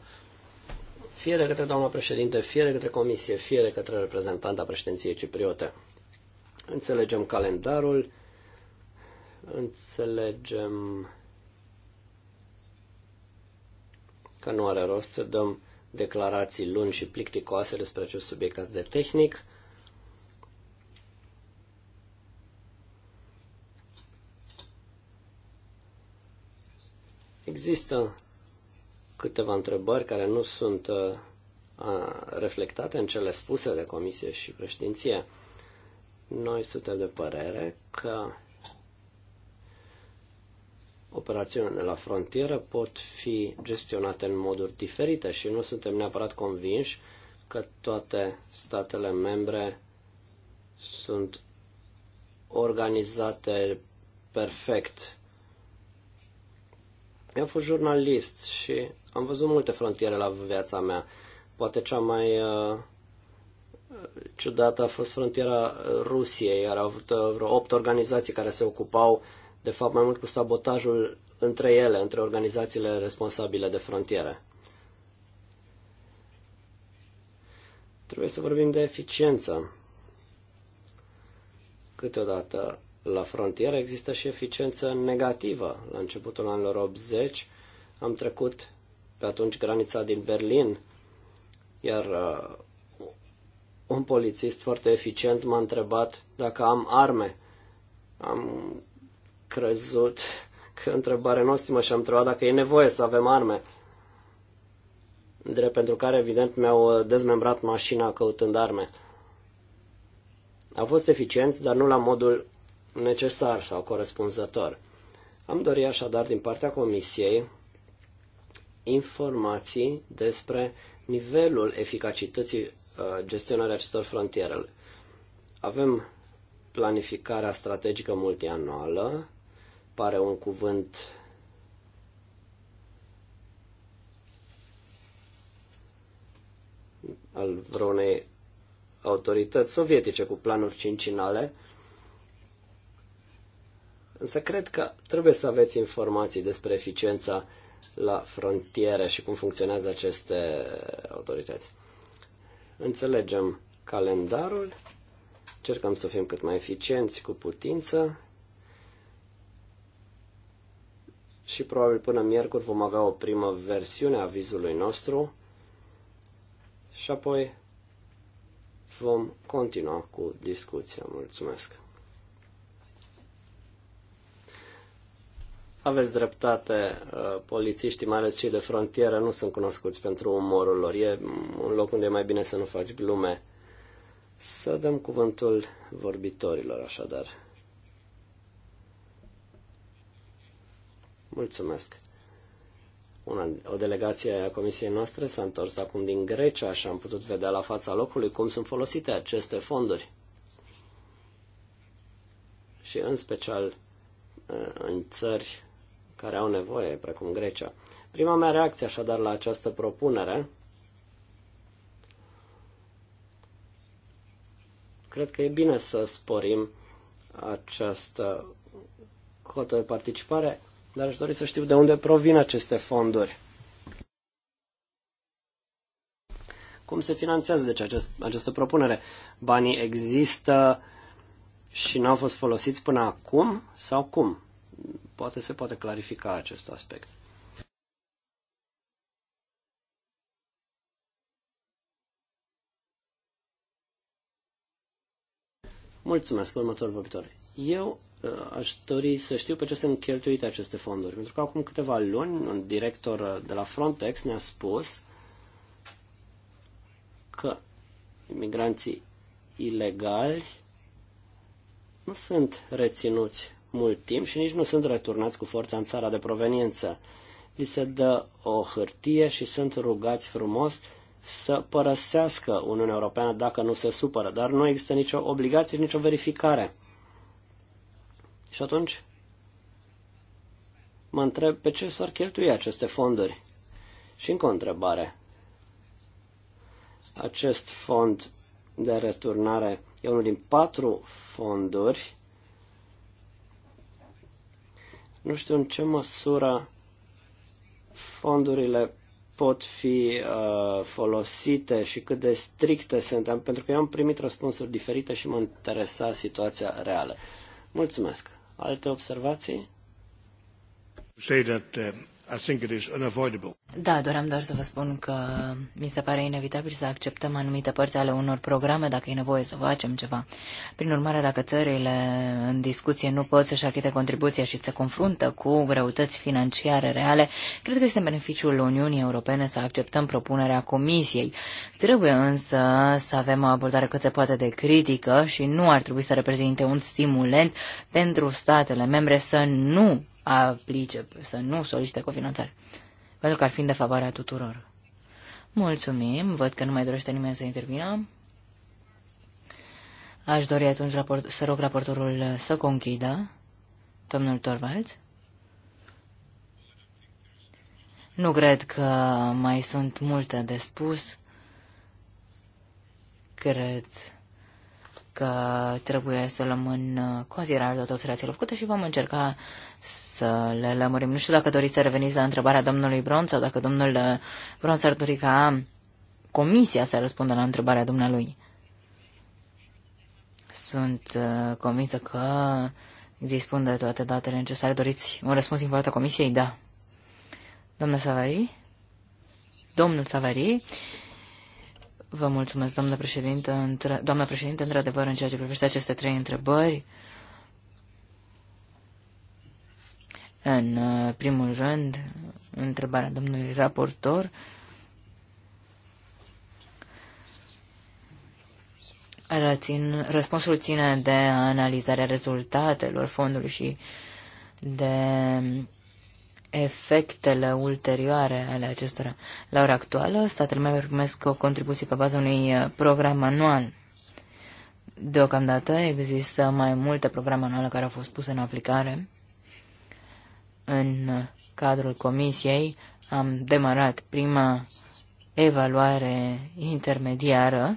fie de către doamna președinte, fie de către comisie, fie de către reprezentanta președinției cipriote. Înțelegem calendarul, înțelegem că nu are rost să dăm declarații lungi și plicticoase despre acest subiect atât de tehnic. Există câteva întrebări care nu sunt uh, reflectate în cele spuse de Comisie și președinție. Noi suntem de părere că operațiunile la frontieră pot fi gestionate în moduri diferite și nu suntem neapărat convinși că toate statele membre sunt organizate perfect. Eu am fost jurnalist și am văzut multe frontiere la viața mea. Poate cea mai uh, ciudată a fost frontiera Rusiei, iar au avut uh, vreo opt organizații care se ocupau uh, de fapt mai mult cu sabotajul între ele, între organizațiile responsabile de frontiere. Trebuie să vorbim de eficiență. Câteodată la frontieră există și eficiență negativă. La începutul anilor 80 am trecut pe atunci granița din Berlin, iar uh, un polițist foarte eficient m-a întrebat dacă am arme. Am crezut că întrebarea noastră și-am întrebat dacă e nevoie să avem arme. Drept pentru care, evident, mi-au dezmembrat mașina căutând arme. Au fost eficienți, dar nu la modul necesar sau corespunzător. Am dorit așadar din partea Comisiei informații despre nivelul eficacității uh, gestionării acestor frontiere. Avem planificarea strategică multianuală, pare un cuvânt al vreunei autorități sovietice cu planuri cincinale, însă cred că trebuie să aveți informații despre eficiența la frontiere și cum funcționează aceste autorități. Înțelegem calendarul, încercăm să fim cât mai eficienți cu putință, și probabil până miercuri vom avea o primă versiune a vizului nostru și apoi vom continua cu discuția. Mulțumesc! Aveți dreptate, uh, polițiștii, mai ales cei de frontieră, nu sunt cunoscuți pentru umorul lor. E un loc unde e mai bine să nu faci glume. Să dăm cuvântul vorbitorilor, așadar. Mulțumesc! Una, o delegație a comisiei noastre s-a întors acum din Grecia și am putut vedea la fața locului cum sunt folosite aceste fonduri. Și în special uh, în țări care au nevoie, precum Grecia. Prima mea reacție așadar la această propunere cred că e bine să sporim această cotă de participare dar aș dori să știu de unde provin aceste fonduri. Cum se finanțează deci acest, această propunere? Banii există și n-au fost folosiți până acum sau cum? Poate se poate clarifica acest aspect. Mulțumesc, următorul vorbitor. Eu Uh, aș dori să știu pe ce sunt cheltuite aceste fonduri. Pentru că acum câteva luni, un director de la Frontex ne-a spus că imigranții ilegali nu sunt reținuți mult timp și nici nu sunt returnați cu forța în țara de proveniență. Li se dă o hârtie și sunt rugați frumos să părăsească Uniunea Europeană dacă nu se supără, dar nu există nicio obligație, și nicio verificare. Și atunci mă întreb pe ce s-ar cheltui aceste fonduri. Și încă o întrebare. Acest fond de returnare e unul din patru fonduri. Nu știu în ce măsură fondurile pot fi uh, folosite și cât de stricte sunt, pentru că eu am primit răspunsuri diferite și mă interesa situația reală. Mulțumesc! Alte observații? I think it is unavoidable. Da, doream doar să vă spun că mi se pare inevitabil să acceptăm anumite părți ale unor programe dacă e nevoie să facem ceva. Prin urmare, dacă țările în discuție nu pot să-și achite contribuția și se confruntă cu greutăți financiare reale, cred că este în beneficiul Uniunii Europene să acceptăm propunerea Comisiei. Trebuie însă să avem o abordare cât se poate de critică și nu ar trebui să reprezinte un stimulent pentru statele membre să nu aplice, să nu solicite cofinanțare. Pentru că ar fi în defavoarea tuturor. Mulțumim, văd că nu mai dorește nimeni să intervină. Aș dori atunci raport, să rog raportorul să conchidă, domnul Torvalds. Nu cred că mai sunt multe de spus. Cred că trebuie să luăm în considerare toate observațiile făcute și vom încerca să le lămurim. Nu știu dacă doriți să reveniți la întrebarea domnului Bronț sau dacă domnul uh, Bronț ar dori ca comisia să răspundă la întrebarea dumnealui. Sunt uh, convinsă că dispun de toate datele necesare. Doriți un răspuns din partea comisiei? Da. Domnul Savari? Domnul Savari? Vă mulțumesc, doamnă președinte. Între... Doamnă președinte, într-adevăr, în ceea ce privește aceste trei întrebări, în uh, primul rând, întrebarea domnului raportor, Rățin, răspunsul ține de analizarea rezultatelor fondului și de efectele ulterioare ale acestora. La ora actuală, statele membre primesc o contribuție pe baza unui uh, program anual. Deocamdată există mai multe programe anuale care au fost puse în aplicare. În uh, cadrul comisiei am demarat prima evaluare intermediară.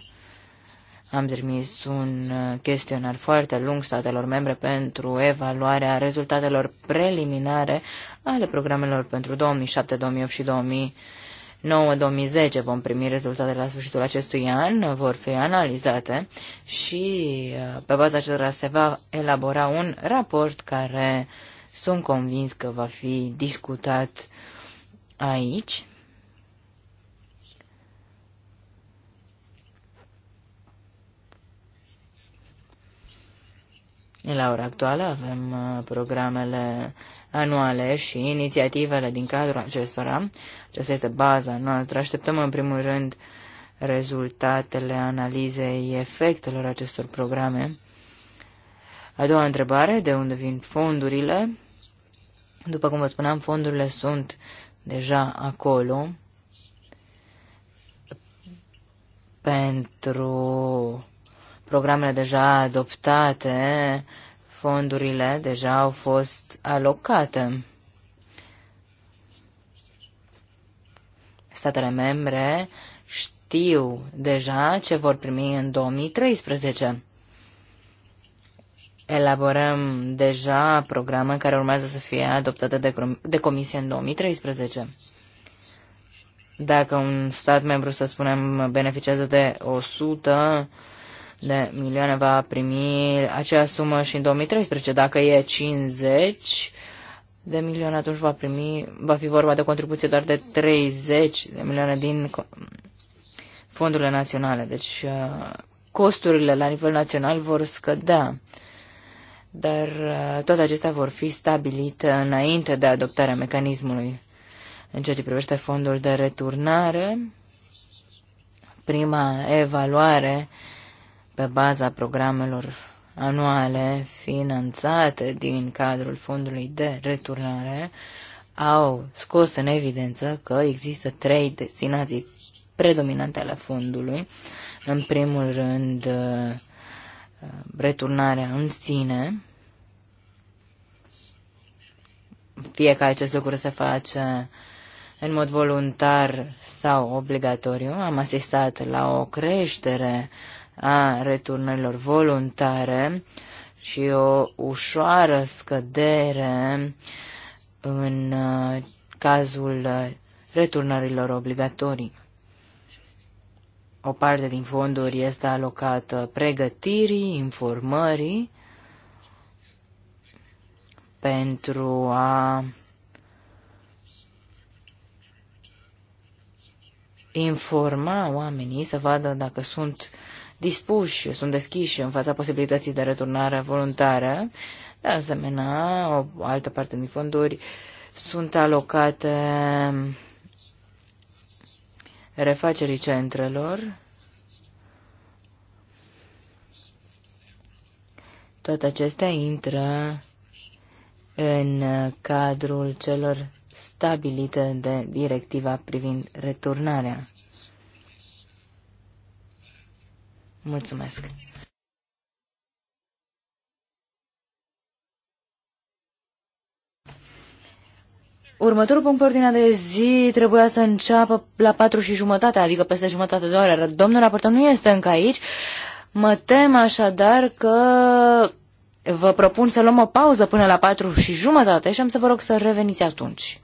Am trimis un uh, chestionar foarte lung statelor membre pentru evaluarea rezultatelor preliminare ale programelor pentru 2007, 2008 și 2009-2010. Vom primi rezultatele la sfârșitul acestui an, vor fi analizate și uh, pe baza acestora se va elabora un raport care sunt convins că va fi discutat aici. La ora actuală avem uh, programele anuale și inițiativele din cadrul acestora. Aceasta este baza noastră. Așteptăm în primul rând rezultatele analizei efectelor acestor programe. A doua întrebare, de unde vin fondurile? După cum vă spuneam, fondurile sunt deja acolo pentru programele deja adoptate fondurile deja au fost alocate. Statele membre știu deja ce vor primi în 2013. Elaborăm deja programe care urmează să fie adoptate de, de Comisie în 2013. Dacă un stat membru, să spunem, beneficiază de 100 de milioane va primi acea sumă și în 2013. Dacă e 50 de milioane, atunci va primi, va fi vorba de contribuție doar de 30 de milioane din fondurile naționale. Deci uh, costurile la nivel național vor scădea. Dar uh, toate acestea vor fi stabilite înainte de adoptarea mecanismului. În ceea ce privește fondul de returnare, prima evaluare pe baza programelor anuale finanțate din cadrul fondului de returnare au scos în evidență că există trei destinații predominante ale fondului. În primul rând, uh, returnarea în sine, fie că acest lucru se face în mod voluntar sau obligatoriu. Am asistat la o creștere uh, a returnărilor voluntare și o ușoară scădere în uh, cazul uh, returnărilor obligatorii. O parte din fonduri este alocată pregătirii, informării pentru a informa oamenii să vadă dacă sunt uh, dispuși, sunt deschiși în fața posibilității de returnare voluntară. De asemenea, o altă parte din fonduri sunt alocate refacerii centrelor, Toate acestea intră în cadrul celor stabilite de directiva privind returnarea. Mulțumesc! Următorul punct pe ordinea de zi trebuia să înceapă la patru și jumătate, adică peste jumătate de oră. Domnul raportor nu este încă aici. Mă tem așadar că vă propun să luăm o pauză până la patru și jumătate și am să vă rog să reveniți atunci.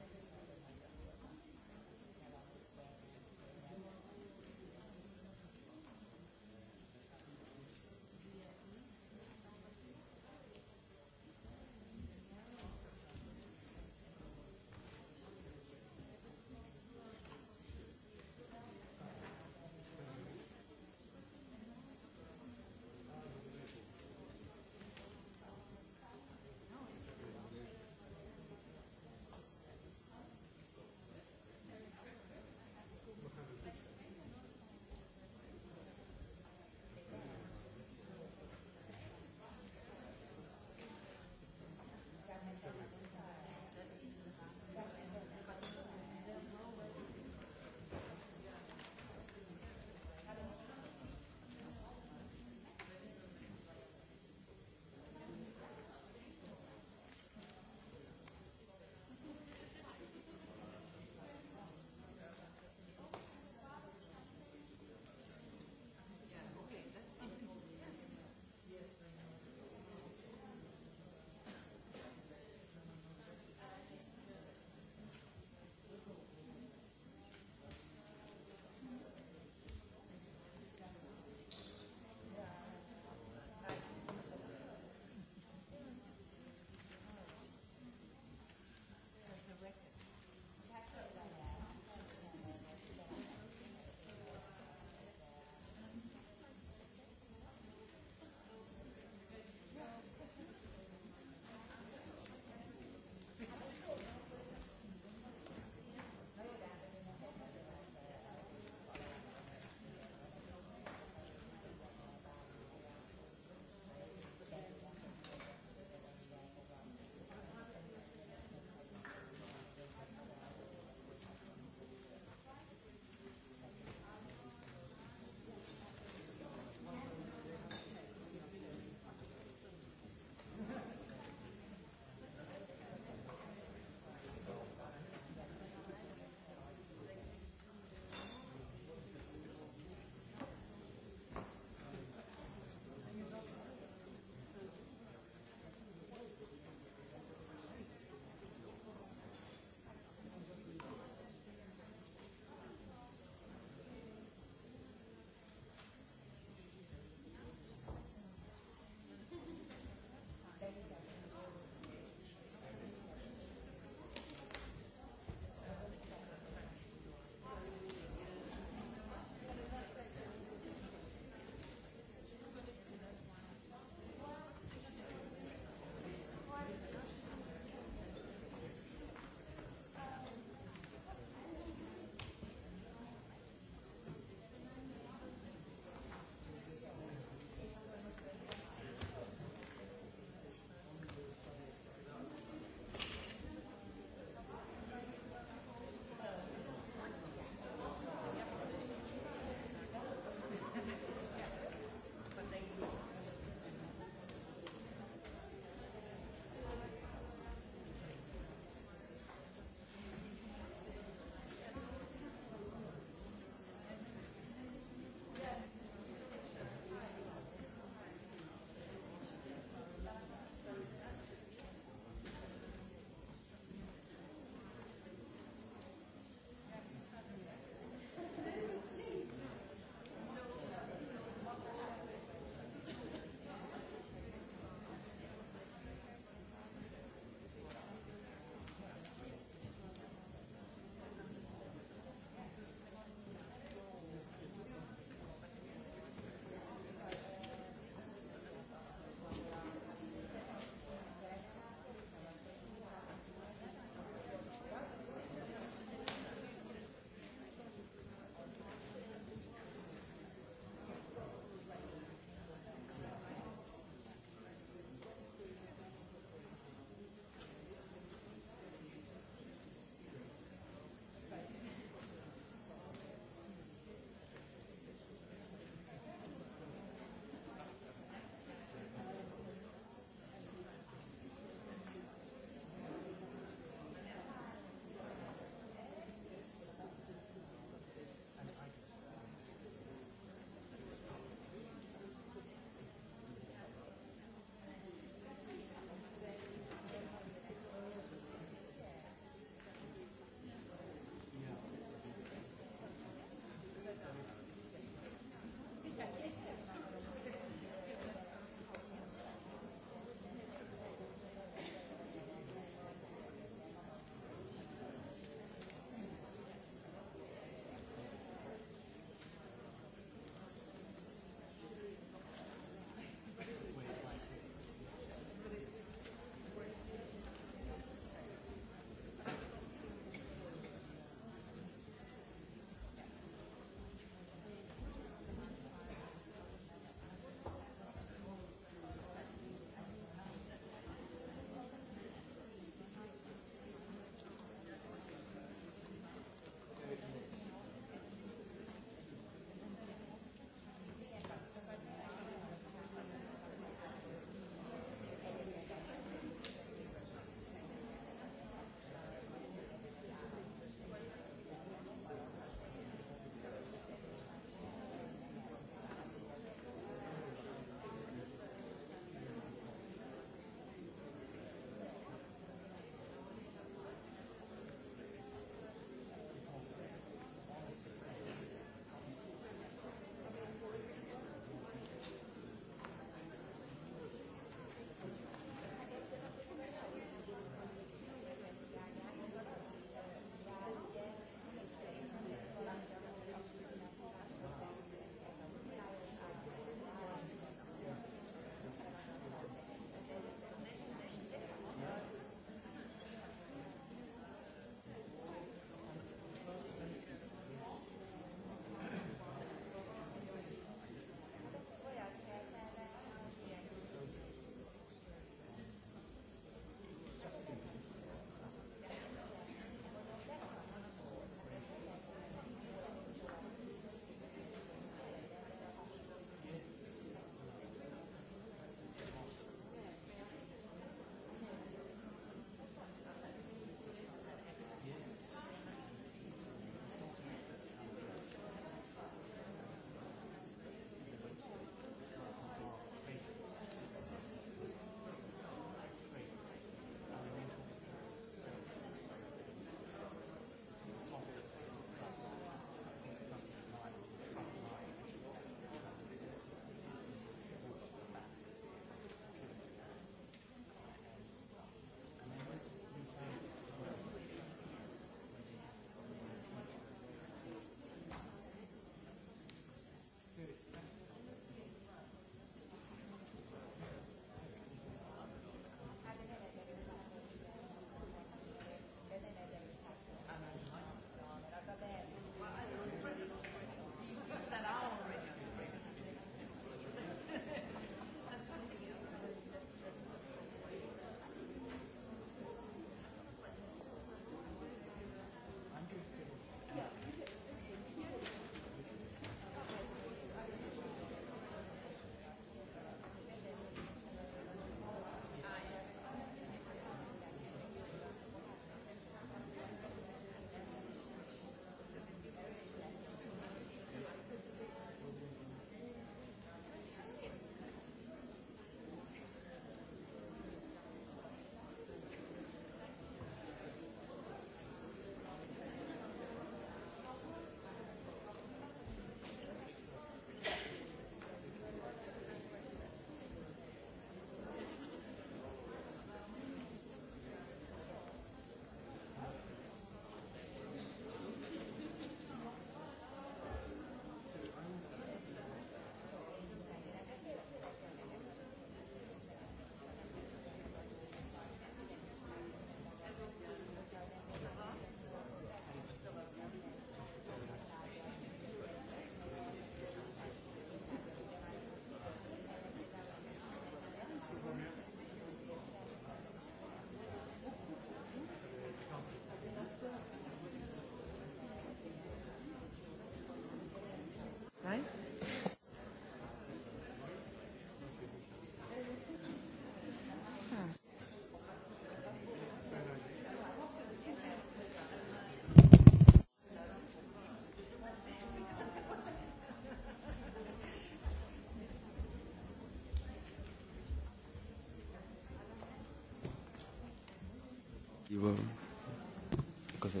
Così.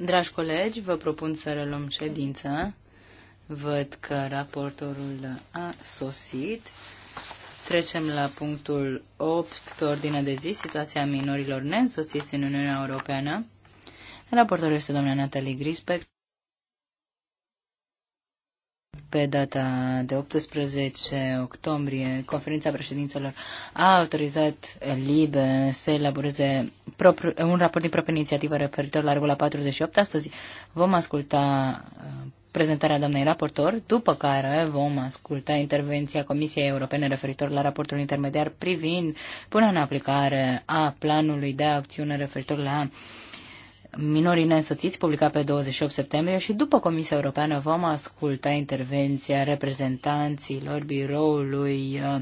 Dragi colegi, vă propun să reluăm ședința. Văd că raportorul a sosit. Trecem la punctul 8 pe ordine de zi, situația minorilor neînsoțiți în Uniunea Europeană. Raportorul este doamna Natalie Grisbeck. Pe data de 18 octombrie, conferința președinților a autorizat LIBE să elaboreze propriu, un raport din proprie inițiativă referitor la regula 48. Astăzi vom asculta uh, prezentarea doamnei raportor, după care vom asculta intervenția Comisiei Europene referitor la raportul intermediar privind până în aplicare a planului de acțiune referitor la minorii neînsoțiți, publicat pe 28 septembrie și după Comisia Europeană vom asculta intervenția reprezentanților biroului uh,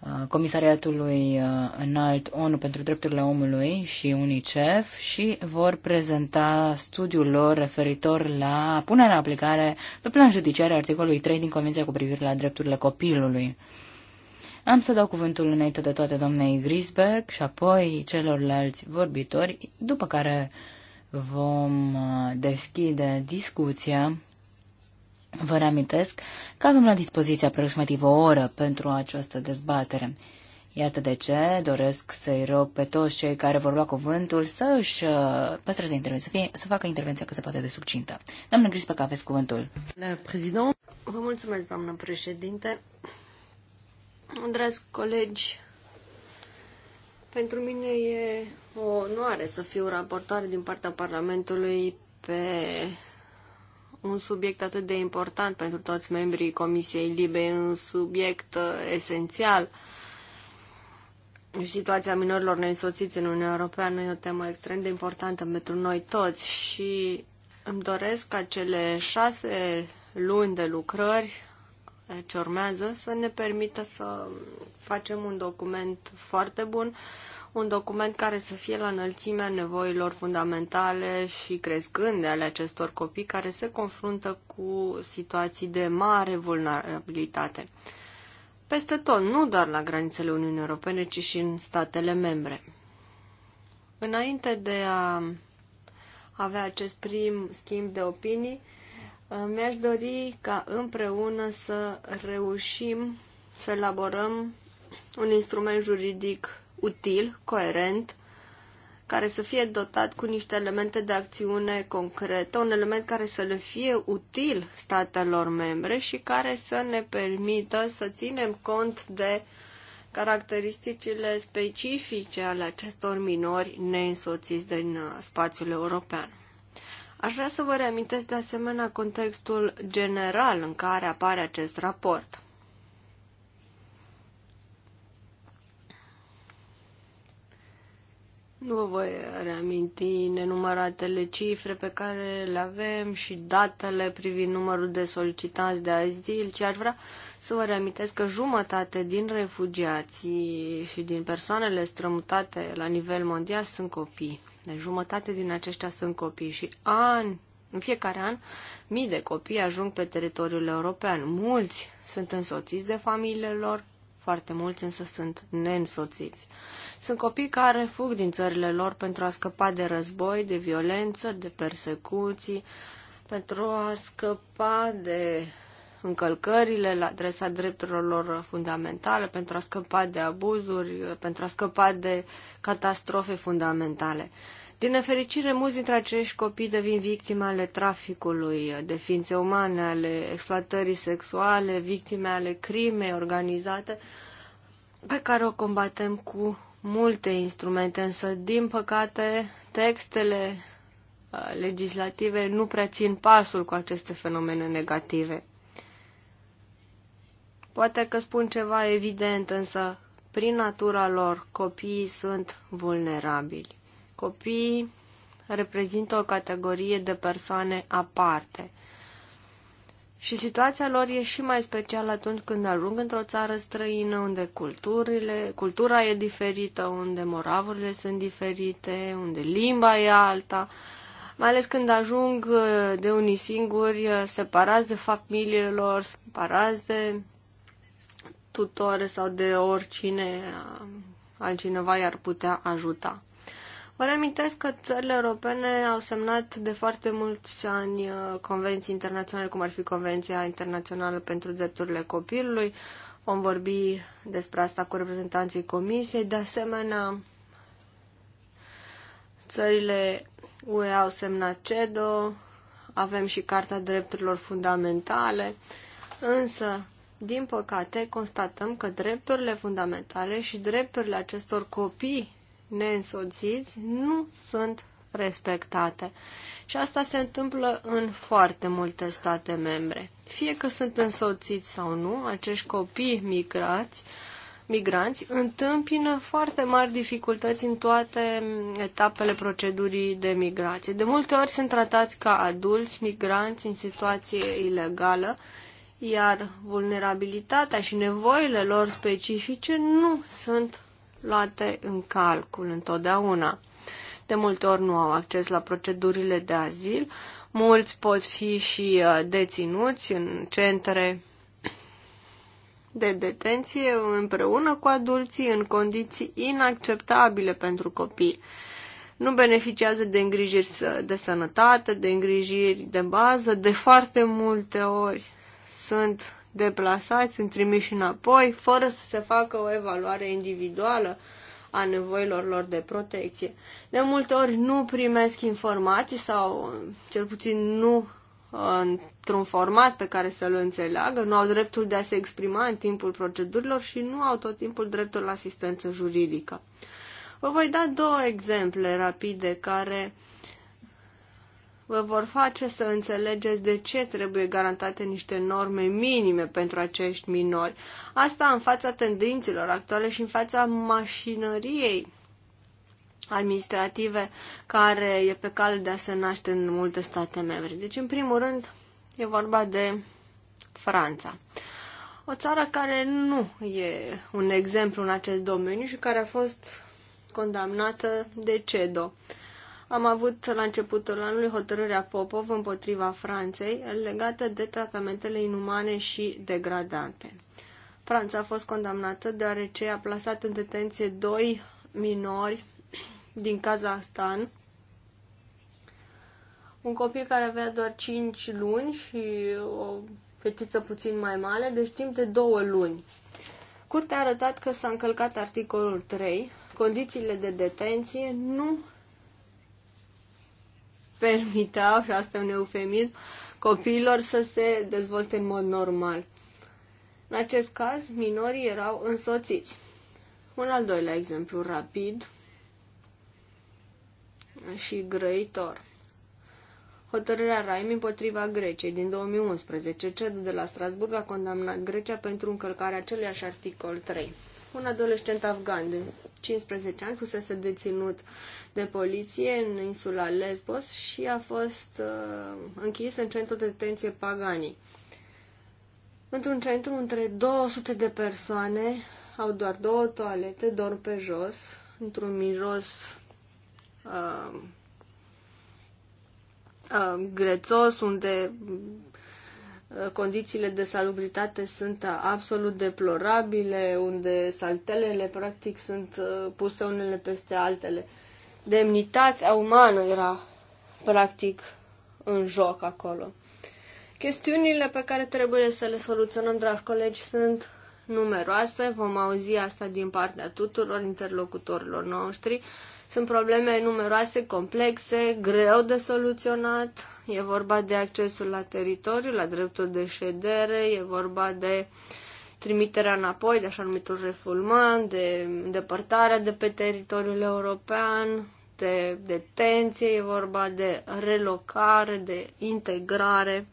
uh, Comisariatului uh, Înalt ONU pentru Drepturile Omului și UNICEF și vor prezenta studiul lor referitor la punerea în aplicare pe plan judiciar articolului 3 din Convenția cu privire la drepturile copilului. Am să dau cuvântul înainte de toate doamnei Grisberg și apoi celorlalți vorbitori, după care vom uh, deschide discuția. Vă reamintesc că avem la dispoziție aproximativ o oră pentru această dezbatere. Iată de ce doresc să-i rog pe toți cei care vor lua cuvântul să își uh, păstreze intervenția, să, fie, să facă intervenția cât se poate de succintă. Doamnă Grispa, că aveți cuvântul. Vă mulțumesc, doamnă președinte. Dragi colegi, pentru mine e o onoare să fiu raportoare din partea Parlamentului pe un subiect atât de important pentru toți membrii Comisiei Libe, un subiect uh, esențial. Situația minorilor neînsoțiți în Uniunea Europeană e o temă extrem de importantă pentru noi toți și îmi doresc ca cele șase luni de lucrări ce urmează să ne permită să facem un document foarte bun, un document care să fie la înălțimea nevoilor fundamentale și crescânde ale acestor copii care se confruntă cu situații de mare vulnerabilitate. Peste tot, nu doar la granițele Uniunii Europene, ci și în statele membre. Înainte de a avea acest prim schimb de opinii, Uh, mi-aș dori ca împreună să reușim să elaborăm un instrument juridic util, coerent, care să fie dotat cu niște elemente de acțiune concretă, un element care să le fie util statelor membre și care să ne permită să ținem cont de caracteristicile specifice ale acestor minori neînsoțiți din uh, spațiul european. Aș vrea să vă reamintesc de asemenea contextul general în care apare acest raport. Nu vă voi reaminti nenumăratele cifre pe care le avem și datele privind numărul de solicitanți de azil, ci aș vrea să vă reamintesc că jumătate din refugiații și din persoanele strămutate la nivel mondial sunt copii. Deci jumătate din aceștia sunt copii și an, în fiecare an, mii de copii ajung pe teritoriul european. Mulți sunt însoțiți de familiile lor, foarte mulți însă sunt neînsoțiți. Sunt copii care fug din țările lor pentru a scăpa de război, de violență, de persecuții, pentru a scăpa de încălcările la adresa drepturilor lor fundamentale, pentru a scăpa de abuzuri, pentru a scăpa de catastrofe fundamentale. Din nefericire, mulți dintre acești copii devin victime ale traficului de ființe umane, ale exploatării sexuale, victime ale crimei organizate, pe care o combatem cu multe instrumente, însă, din păcate, textele uh, legislative nu prea țin pasul cu aceste fenomene negative. Poate că spun ceva evident, însă prin natura lor copiii sunt vulnerabili. Copiii reprezintă o categorie de persoane aparte. Și situația lor e și mai specială atunci când ajung într-o țară străină unde culturile, cultura e diferită, unde moravurile sunt diferite, unde limba e alta, mai ales când ajung uh, de unii singuri, uh, separați de familiile lor, separați de tutore sau de oricine altcineva i-ar putea ajuta. Vă reamintesc că țările europene au semnat de foarte mulți ani uh, convenții internaționale, cum ar fi Convenția Internațională pentru Drepturile Copilului. Vom vorbi despre asta cu reprezentanții Comisiei. De asemenea, țările UE au semnat CEDO, avem și Carta Drepturilor Fundamentale, însă din păcate, constatăm că drepturile fundamentale și drepturile acestor copii neînsoțiți nu sunt respectate. Și asta se întâmplă în foarte multe state membre. Fie că sunt însoțiți sau nu, acești copii migrați, migranți întâmpină foarte mari dificultăți în toate etapele procedurii de migrație. De multe ori sunt tratați ca adulți migranți în situație ilegală iar vulnerabilitatea și nevoile lor specifice nu sunt luate în calcul întotdeauna. De multe ori nu au acces la procedurile de azil, mulți pot fi și uh, deținuți în centre de detenție împreună cu adulții în condiții inacceptabile pentru copii. Nu beneficiază de îngrijiri de sănătate, de îngrijiri de bază, de foarte multe ori sunt deplasați, sunt trimiși înapoi, fără să se facă o evaluare individuală a nevoilor lor de protecție. De multe ori nu primesc informații sau cel puțin nu uh, într-un format pe care să-l înțeleagă, nu au dreptul de a se exprima în timpul procedurilor și nu au tot timpul dreptul la asistență juridică. Vă voi da două exemple rapide care uh, vă vor face să înțelegeți de ce trebuie garantate niște norme minime pentru acești minori. Asta în fața tendințelor actuale și în fața mașinăriei administrative care e pe cale de a se naște în multe state membre. Deci, în primul rând, e vorba de Franța. O țară care nu e un exemplu în acest domeniu și care a fost condamnată de CEDO. Am avut la începutul anului hotărârea Popov împotriva Franței legată de tratamentele inumane și degradante. Franța a fost condamnată deoarece a plasat în detenție doi minori din Kazahstan, un copil care avea doar 5 luni și o fetiță puțin mai mare, deci timp de două luni. Curtea a arătat că s-a încălcat articolul 3, condițiile de detenție nu permiteau, și asta e un eufemism, copiilor să se dezvolte în mod normal. În acest caz, minorii erau însoțiți. Un al doilea exemplu rapid și grăitor. Hotărârea Raimi împotriva Greciei din 2011. Cedul de la Strasburg a condamnat Grecia pentru încălcarea aceleiași articol 3 un adolescent afgan de 15 ani, fusese deținut de poliție în insula Lesbos și a fost uh, închis în centru de detenție Pagani. Într-un centru între 200 de persoane au doar două toalete, dorm pe jos, într-un miros uh, uh, grețos, unde condițiile de salubritate sunt absolut deplorabile, unde saltelele practic sunt uh, puse unele peste altele. Demnitatea umană era practic în joc acolo. Chestiunile pe care trebuie să le soluționăm, dragi colegi, sunt numeroase, vom auzi asta din partea tuturor interlocutorilor noștri. Sunt probleme numeroase, complexe, greu de soluționat. E vorba de accesul la teritoriu, la dreptul de ședere, e vorba de trimiterea înapoi de așa numitul refulman, de depărtarea de pe teritoriul european, de detenție, e vorba de relocare, de integrare.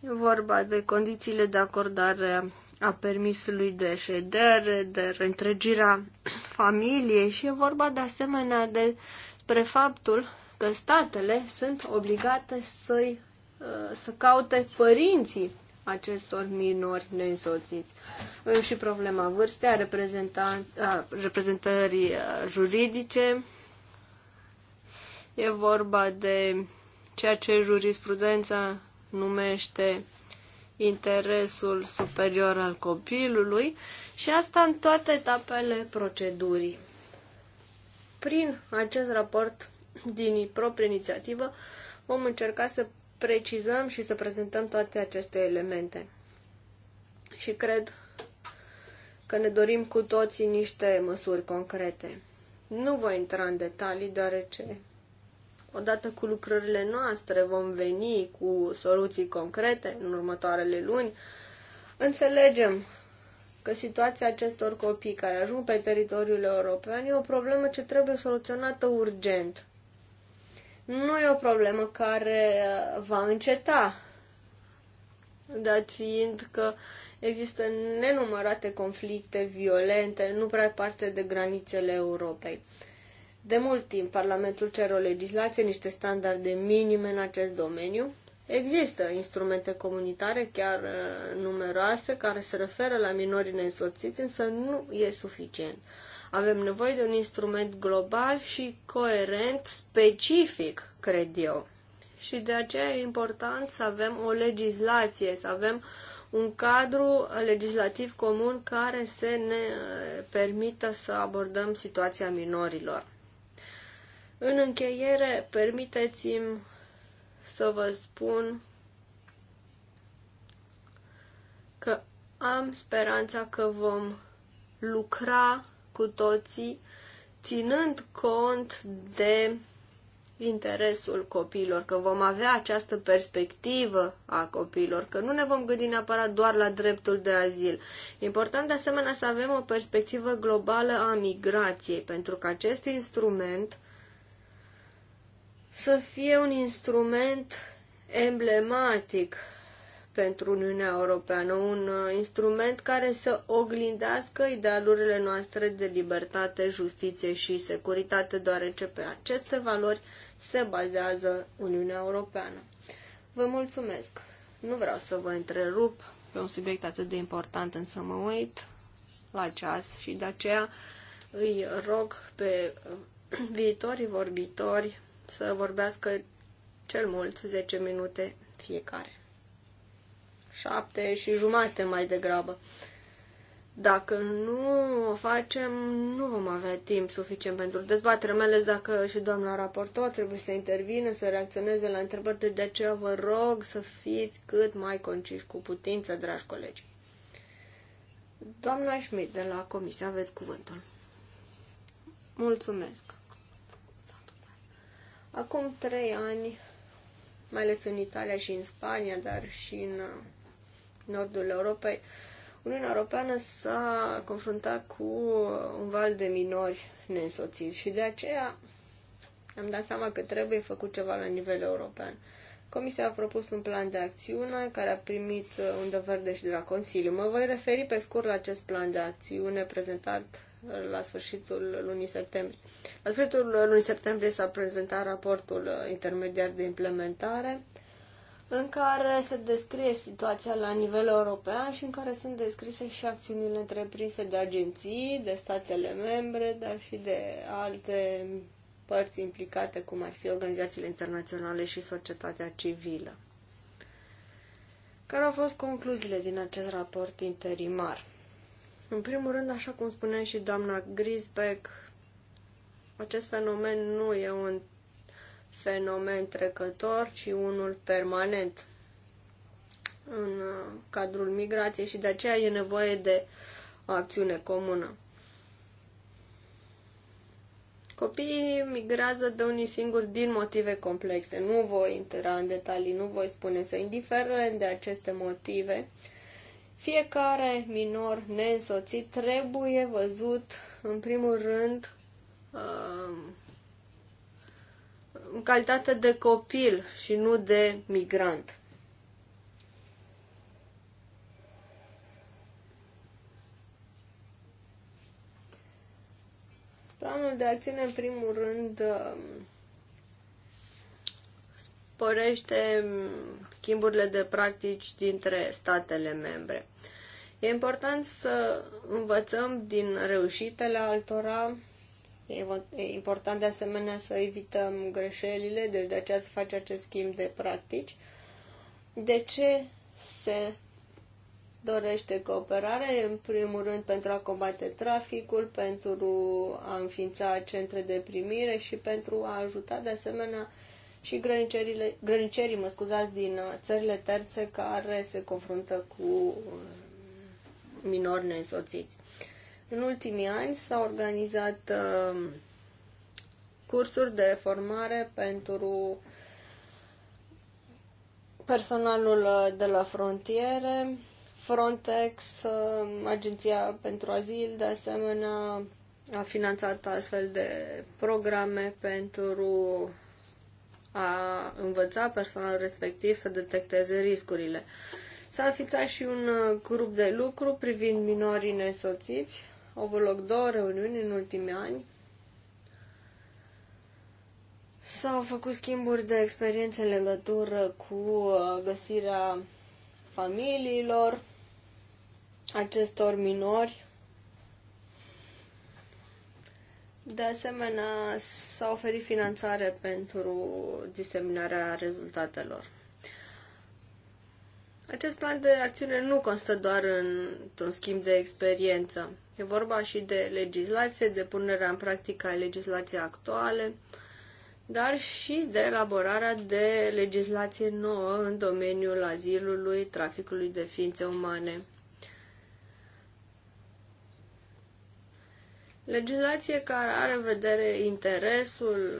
E vorba de condițiile de acordare a permis lui de ședere, de reîntregirea familiei și e vorba de asemenea despre faptul că statele sunt obligate să-i, uh, să caute părinții acestor minori neînsoțiți. Avem și problema vârstei, a, a reprezentării uh, juridice. E vorba de ceea ce jurisprudența numește interesul superior al copilului și asta în toate etapele procedurii. Prin acest raport din proprie inițiativă vom încerca să precizăm și să prezentăm toate aceste elemente. Și cred că ne dorim cu toții niște măsuri concrete. Nu voi intra în detalii, deoarece Odată cu lucrările noastre vom veni cu soluții concrete în următoarele luni. Înțelegem că situația acestor copii care ajung pe teritoriul european e o problemă ce trebuie soluționată urgent. Nu e o problemă care uh, va înceta, dat fiind că există nenumărate conflicte violente, nu prea parte de granițele Europei. De mult timp, Parlamentul cer o legislație, niște standarde minime în acest domeniu. Există instrumente comunitare, chiar uh, numeroase, care se referă la minorii neînsoțiți, însă nu e suficient. Avem nevoie de un instrument global și coerent, specific, cred eu. Și de aceea e important să avem o legislație, să avem un cadru legislativ comun care să ne uh, permită să abordăm situația minorilor. În încheiere, permiteți-mi să vă spun că am speranța că vom lucra cu toții ținând cont de interesul copiilor, că vom avea această perspectivă a copiilor, că nu ne vom gândi neapărat doar la dreptul de azil. Important de asemenea să avem o perspectivă globală a migrației, pentru că acest instrument să fie un instrument emblematic pentru Uniunea Europeană, un uh, instrument care să oglindească idealurile noastre de libertate, justiție și securitate, deoarece pe aceste valori se bazează Uniunea Europeană. Vă mulțumesc! Nu vreau să vă întrerup pe un subiect atât de important, însă mă uit la ceas și de aceea îi rog pe uh, viitorii vorbitori să vorbească cel mult 10 minute fiecare. 7 și jumate mai degrabă. Dacă nu o facem, nu vom avea timp suficient pentru dezbatere, mai ales dacă și doamna raportor trebuie să intervină, să reacționeze la întrebări, de aceea vă rog să fiți cât mai conciși cu putință, dragi colegi. Doamna Schmidt de la Comisia, aveți cuvântul. Mulțumesc. Acum trei ani, mai ales în Italia și în Spania, dar și în uh, nordul Europei, Uniunea Europeană s-a confruntat cu uh, un val de minori neînsoțiți și de aceea am dat seama că trebuie făcut ceva la nivel european. Comisia a propus un plan de acțiune care a primit uh, undă verde și de la Consiliu. Mă voi referi pe scurt la acest plan de acțiune prezentat la sfârșitul lunii septembrie. La sfârșitul lunii septembrie s-a prezentat raportul intermediar de implementare în care se descrie situația la nivel european și în care sunt descrise și acțiunile întreprinse de agenții, de statele membre, dar și de alte părți implicate, cum ar fi organizațiile internaționale și societatea civilă. Care au fost concluziile din acest raport interimar? În primul rând, așa cum spunea și doamna Grisbeck, acest fenomen nu e un fenomen trecător, ci unul permanent în uh, cadrul migrației și de aceea e nevoie de o acțiune comună. Copiii migrează de unii singuri din motive complexe. Nu voi intra în detalii, nu voi spune să, indiferent de aceste motive, uh, fiecare minor neînsoțit trebuie văzut, în primul rând, um, în calitate de copil și nu de migrant. Planul de acțiune, în primul rând, um, sporește um, schimburile de practici dintre statele membre. E important să învățăm din reușitele altora, e important de asemenea să evităm greșelile, deci de aceea se face acest schimb de practici. De ce se dorește cooperare, în primul rând pentru a combate traficul, pentru a înființa centre de primire și pentru a ajuta de asemenea și grănicerii mă scuzați, din țările terțe care se confruntă cu minori neînsoțiți. În ultimii ani s-au organizat uh, cursuri de formare pentru personalul uh, de la frontiere, Frontex, uh, Agenția pentru Azil, de asemenea, a finanțat astfel de programe pentru a învăța personalul respectiv să detecteze riscurile. S-a înființat și un uh, grup de lucru privind minorii nesoțiți. Au avut loc două reuniuni în ultimii ani. S-au făcut schimburi de experiențe în legătură cu uh, găsirea familiilor acestor minori. De asemenea, s-a oferit finanțare pentru diseminarea rezultatelor. Acest plan de acțiune nu constă doar într-un schimb de experiență. E vorba și de legislație, de punerea în practică a legislației actuale, dar și de elaborarea de legislație nouă în domeniul azilului, traficului de ființe umane. Legislație care are în vedere interesul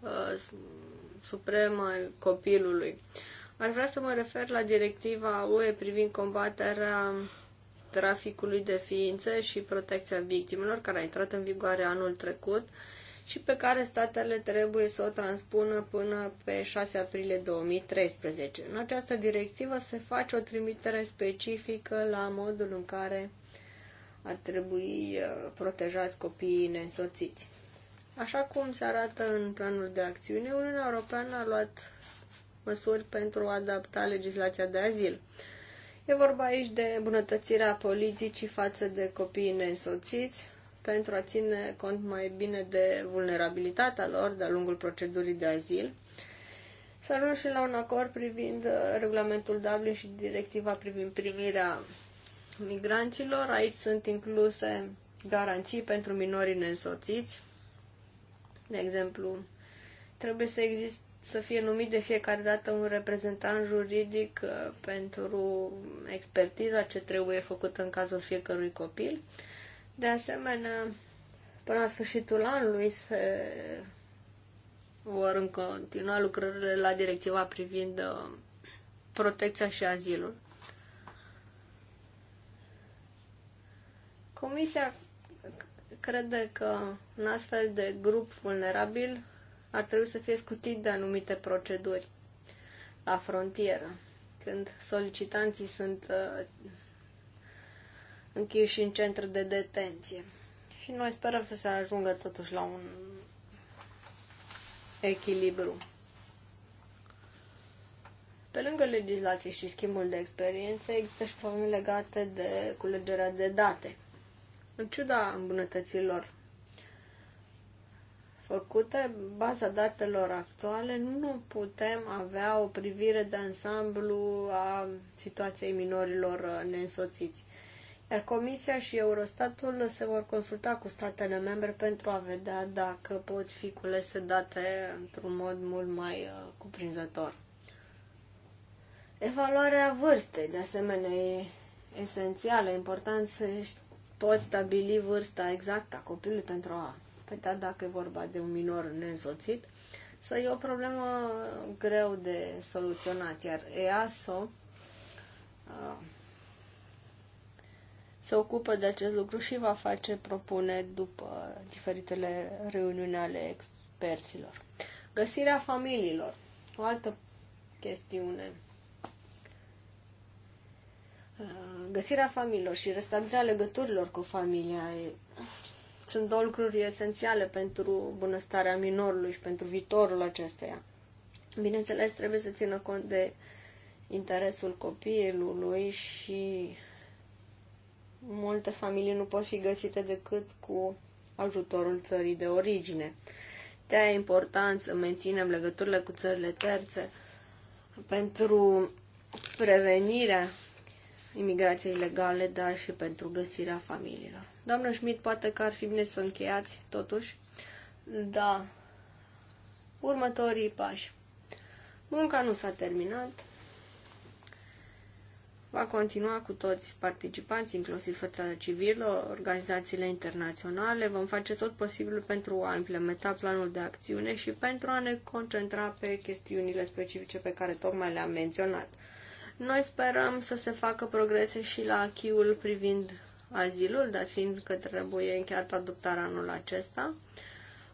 uh, suprem al copilului. Uh, ar vrea să mă refer la directiva UE privind combaterea traficului de ființe și protecția victimelor, care a intrat în vigoare anul trecut și pe care statele trebuie să o transpună până pe 6 aprilie 2013. În această directivă se face o trimitere specifică la modul în care ar trebui uh, protejați copiii neînsoțiți. Așa cum se arată în planul de acțiune, Uniunea Europeană a luat măsuri pentru a adapta legislația de azil. E vorba aici de îmbunătățirea politicii față de copiii neînsoțiți pentru a ține cont mai bine de vulnerabilitatea lor de-a lungul procedurii de azil. S-a ajuns și la un acord privind uh, regulamentul Dublin și directiva privind primirea migranților. Aici sunt incluse garanții pentru minorii neînsoțiți. De exemplu, trebuie să existe să fie numit de fiecare dată un reprezentant juridic uh, pentru expertiza ce trebuie făcută în cazul fiecărui copil. De asemenea, până la sfârșitul anului se vor în continua lucrările la directiva privind uh, protecția și azilul. Comisia crede că un astfel de grup vulnerabil ar trebui să fie scutit de anumite proceduri la frontieră, când solicitanții sunt uh, închiși în centre de detenție. Și noi sperăm să se ajungă totuși la un echilibru. Pe lângă legislație și schimbul de experiențe, există și probleme legate de culegerea de date. În ciuda îmbunătăților făcute, baza datelor actuale, nu putem avea o privire de ansamblu a situației minorilor neînsoțiți. Iar Comisia și Eurostatul se vor consulta cu statele membre pentru a vedea dacă pot fi culese date într-un mod mult mai uh, cuprinzător. Evaluarea vârstei, de asemenea, e esențială. Important să poți stabili vârsta exactă a copilului pentru a competent dacă e vorba de un minor neînsoțit, să e o problemă greu de soluționat, iar EASO uh, se ocupă de acest lucru și va face propuneri după diferitele reuniuni ale experților. Găsirea familiilor. O altă chestiune. Uh, găsirea familiilor și restabilirea legăturilor cu familia e sunt două lucruri esențiale pentru bunăstarea minorului și pentru viitorul acesteia. Bineînțeles, trebuie să țină cont de interesul copilului și multe familii nu pot fi găsite decât cu ajutorul țării de origine. De e important să menținem legăturile cu țările terțe pentru prevenirea imigrației legale, dar și pentru găsirea familiilor. Doamnă Schmidt, poate că ar fi bine să încheiați, totuși. Da. Următorii pași. Munca nu s-a terminat. Va continua cu toți participanții, inclusiv societatea civilă, organizațiile internaționale. Vom face tot posibilul pentru a implementa planul de acțiune și pentru a ne concentra pe chestiunile specifice pe care tocmai le-am menționat. Noi sperăm să se facă progrese și la achiul privind azilul, dar fiind că trebuie încheiat adoptarea anul acesta.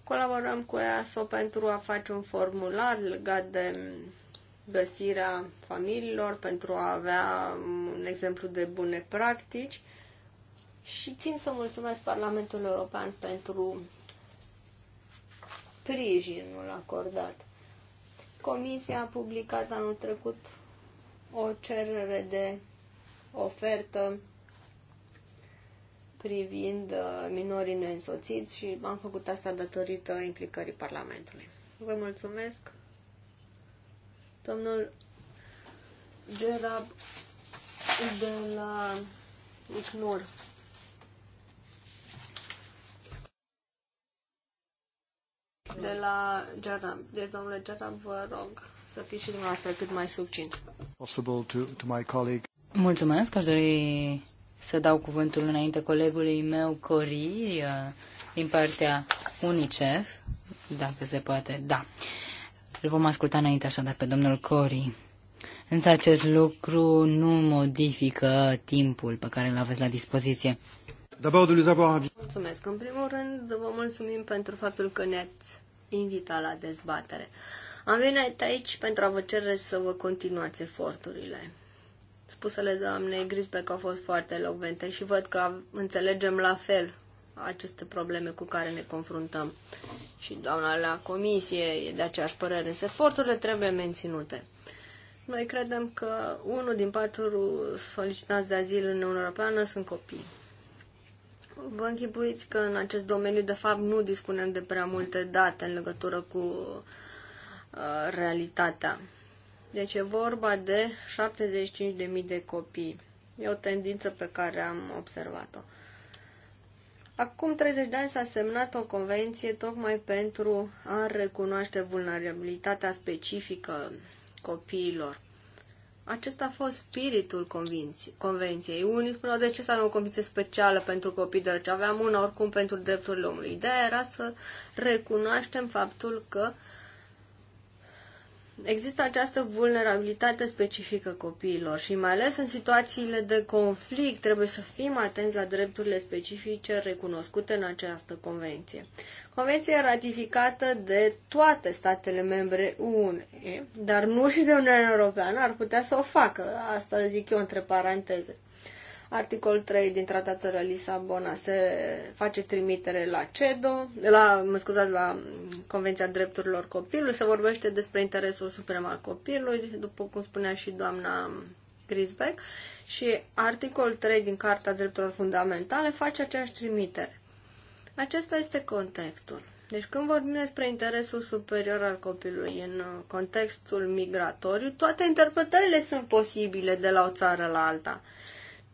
Colaborăm cu EASO pentru a face un formular legat de găsirea familiilor, pentru a avea un exemplu de bune practici și țin să mulțumesc Parlamentul European pentru sprijinul acordat. Comisia a publicat anul trecut o cerere de ofertă privind uh, minorii neînsoțiți și am făcut asta datorită implicării Parlamentului. Vă mulțumesc. Domnul Gerab de la ICNUR. De la Gerab. Deci, domnule Gerab, vă rog să fiți și dumneavoastră cât mai succint. Mulțumesc, aș dori să dau cuvântul înainte colegului meu, Cori, uh, din partea UNICEF, dacă se poate, da. Îl vom asculta înainte așadar pe domnul Cori. Însă acest lucru nu modifică timpul pe care îl aveți la dispoziție. Mulțumesc. În primul rând, vă mulțumim pentru faptul că ne-ați invitat la dezbatere. Am venit aici pentru a vă cere să vă continuați eforturile spusele doamnei Grisbeck au fost foarte elocvente și văd că înțelegem la fel aceste probleme cu care ne confruntăm. Și doamna la comisie e de aceeași părere, însă eforturile trebuie menținute. Noi credem că unul din patru solicitați de azil în Uniunea Europeană sunt copii. Vă închipuiți că în acest domeniu, de fapt, nu dispunem de prea multe date în legătură cu uh, realitatea deci e vorba de 75.000 de copii. E o tendință pe care am observat-o. Acum 30 de ani s-a semnat o convenție tocmai pentru a recunoaște vulnerabilitatea specifică copiilor. Acesta a fost spiritul convenției. Unii spuneau de ce să avem o convenție specială pentru copii, deoarece aveam una oricum pentru drepturile omului. Ideea era să recunoaștem faptul că există această vulnerabilitate specifică copiilor și mai ales în situațiile de conflict trebuie să fim atenți la drepturile specifice recunoscute în această convenție. Convenția ratificată de toate statele membre UE, dar nu și de Uniunea Europeană ar putea să o facă, asta zic eu între paranteze. Articol 3 din Tratatul de Lisabona se face trimitere la CEDO, la, mă scuzați, la Convenția Drepturilor Copilului, se vorbește despre interesul suprem al copilului, după cum spunea și doamna Grisbeck, și articol 3 din Carta Drepturilor Fundamentale face aceeași trimitere. Acesta este contextul. Deci când vorbim despre interesul superior al copilului în contextul migratoriu, toate interpretările sunt posibile de la o țară la alta.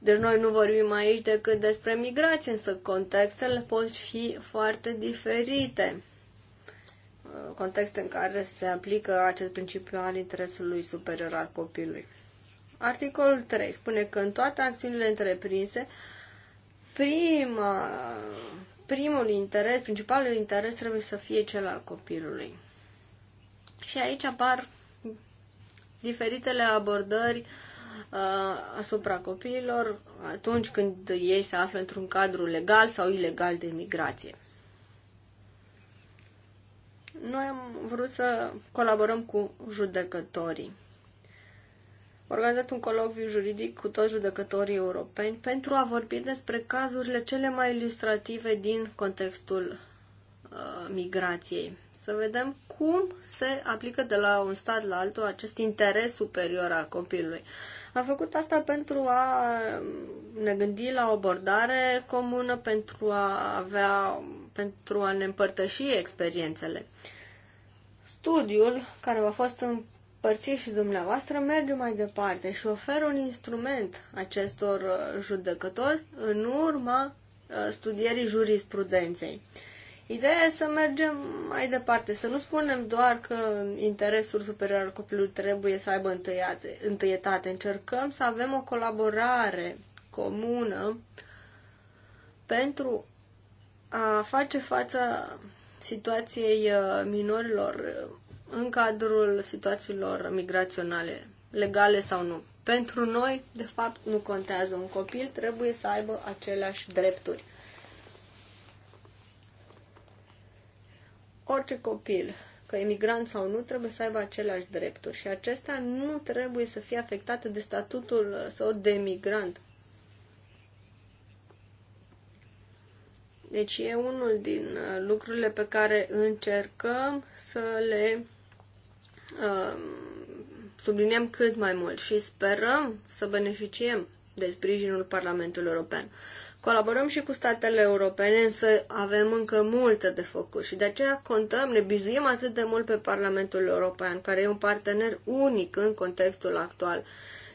Deci noi nu vorbim aici decât despre migrație, însă contextele pot fi foarte diferite. Contexte în care se aplică acest principiu al interesului superior al copilului. Articolul 3 spune că în toate acțiunile întreprinse, prima, primul interes, principalul interes trebuie să fie cel al copilului. Și aici apar diferitele abordări uh, Uh, asupra copiilor atunci când ei se află într-un cadru legal sau ilegal de migrație. Noi am vrut să colaborăm cu judecătorii. Am organizat un colocviu juridic cu toți judecătorii europeni pentru a vorbi despre cazurile cele mai ilustrative din contextul uh, migrației să vedem cum se aplică de la un stat la altul acest interes superior al copilului. Am făcut asta pentru a ne gândi la o abordare comună, pentru a avea, pentru a ne împărtăși experiențele. Studiul care a fost împărțit și dumneavoastră merge mai departe și oferă un instrument acestor uh, judecători în urma uh, studierii jurisprudenței. Ideea e să mergem mai departe, să nu spunem doar că interesul superior al copilului trebuie să aibă întâiate, întâietate. Încercăm să avem o colaborare comună pentru a face fața situației uh, minorilor uh, în cadrul situațiilor migraționale, legale sau nu. Pentru noi, de fapt, nu contează. Un copil trebuie să aibă aceleași drepturi. orice copil, că emigrant sau nu, trebuie să aibă aceleași drepturi și acestea nu trebuie să fie afectate de statutul său de emigrant. Deci e unul din uh, lucrurile pe care încercăm să le uh, subliniem cât mai mult și sperăm să beneficiem de sprijinul Parlamentului European. Colaborăm și cu statele europene, însă avem încă multe de făcut și de aceea contăm, ne bizuim atât de mult pe Parlamentul European, care e un partener unic în contextul actual.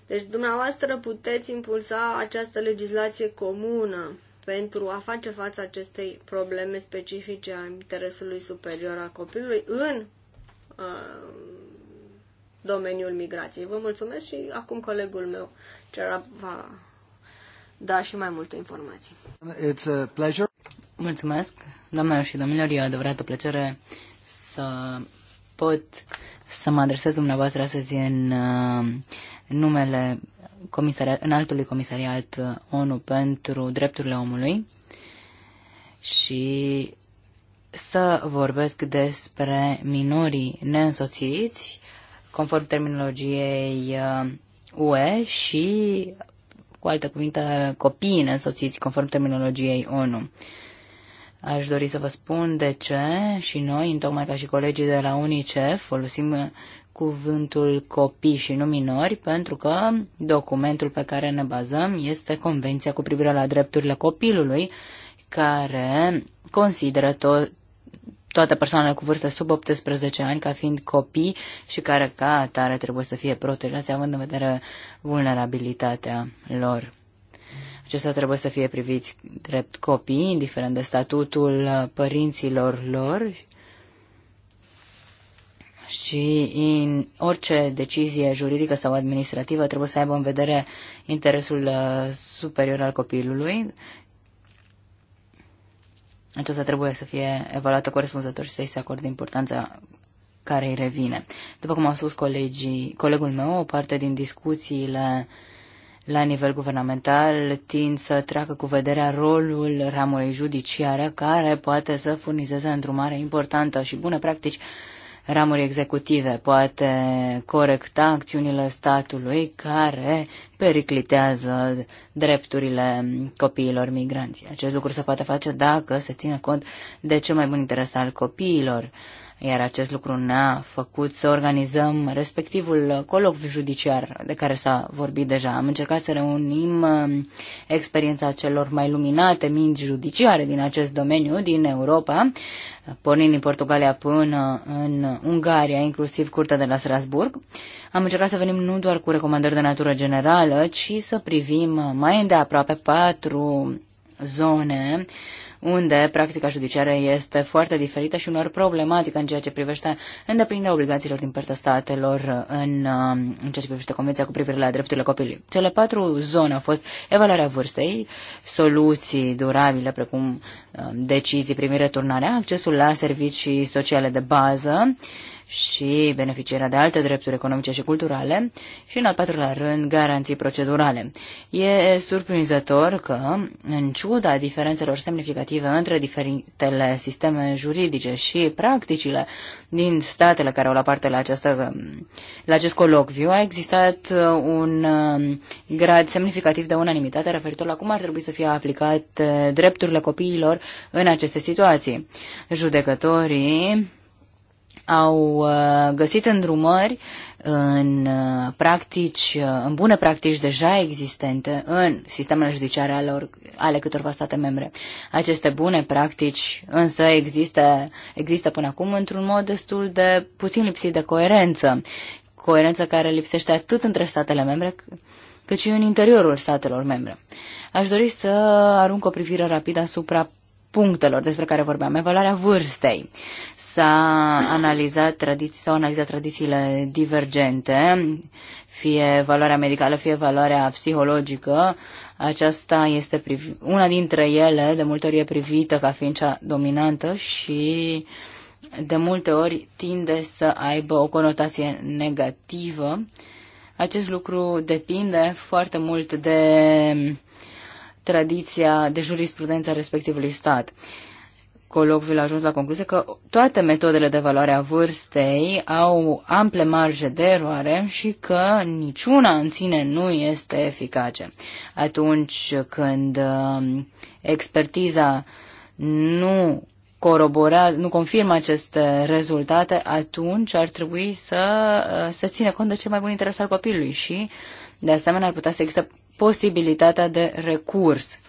Deci dumneavoastră puteți impulsa această legislație comună pentru a face față acestei probleme specifice a interesului superior al copilului în uh, domeniul migrației. Vă mulțumesc și acum colegul meu, Cera, va da și mai multe informații. It's a pleasure. Mulțumesc, doamnelor și domnilor, e o adevărată plăcere să pot să mă adresez dumneavoastră astăzi în uh, numele comisariat, altului uh, comisariat ONU pentru drepturile omului și să vorbesc despre minorii neînsoțiți, conform terminologiei uh, UE și cu alte cuvinte, copiii neînsoțiți, conform terminologiei ONU. Aș dori să vă spun de ce și noi, întocmai ca și colegii de la UNICEF, folosim cuvântul copii și nu minori, pentru că documentul pe care ne bazăm este Convenția cu privire la drepturile copilului, care consideră tot toate persoanele cu vârste sub 18 ani ca fiind copii și care ca atare trebuie să fie protejați având în vedere vulnerabilitatea lor. Acestea trebuie să fie priviți drept copii, indiferent de statutul părinților lor și în orice decizie juridică sau administrativă trebuie să aibă în vedere interesul uh, superior al copilului aceasta trebuie să fie evaluată corespunzător și să-i se acorde importanța care îi revine. După cum au spus colegii, colegul meu, o parte din discuțiile la nivel guvernamental tind să treacă cu vederea rolul ramului judiciare care poate să furnizeze îndrumare importantă și bune practici ramuri executive, poate corecta acțiunile statului care periclitează drepturile copiilor migranți. Acest lucru se poate face dacă se ține cont de cel mai bun interes al copiilor iar acest lucru ne-a făcut să organizăm respectivul coloc judiciar de care s-a vorbit deja. Am încercat să reunim um, experiența celor mai luminate minți judiciare din acest domeniu, din Europa, pornind din Portugalia până în Ungaria, inclusiv Curtea de la Strasburg. Am încercat să venim nu doar cu recomandări de natură generală, ci să privim mai îndeaproape patru zone uh, unde practica judiciară este foarte diferită și unor problematică în ceea ce privește îndeplinirea obligațiilor din partea statelor în, uh, în ceea ce privește Convenția cu privire la drepturile copilului. Cele patru zone au fost evaluarea vârstei, soluții durabile precum uh, decizii privind returnarea, accesul la servicii sociale de bază, și beneficierea de alte drepturi economice și culturale și, în al patrulea rând, garanții procedurale. E surprinzător că, în ciuda diferențelor semnificative între diferitele sisteme juridice și practicile din statele care au la parte la, această, la acest colocviu, a existat uh, un uh, grad semnificativ de unanimitate referitor la cum ar trebui să fie aplicat drepturile copiilor în aceste situații. Judecătorii au uh, găsit îndrumări în uh, practici, uh, în bune practici deja existente în sistemele judiciare ale, or, ale câtorva state membre. Aceste bune practici însă există, există până acum într-un mod destul de puțin lipsit de coerență. Coerență care lipsește atât între statele membre cât și în interiorul statelor membre. Aș dori să arunc o privire rapidă asupra punctelor despre care vorbeam, evaluarea vârstei. S-a analizat tradiții, s-au analizat tradițiile divergente, fie valoarea medicală, fie valoarea psihologică. Aceasta este una dintre ele, de multe ori e privită ca fiind cea dominantă și de multe ori tinde să aibă o conotație negativă. Acest lucru depinde foarte mult de tradiția de jurisprudență a respectivului stat. Colocviul a ajuns la concluzie că toate metodele de valoare a vârstei au ample marge de eroare și că niciuna în sine nu este eficace. Atunci când um, expertiza nu coroborează, nu confirmă aceste rezultate, atunci ar trebui să uh, se ține cont de cel mai bun interes al copilului și, de asemenea, ar putea să existe posibilitatea de recurs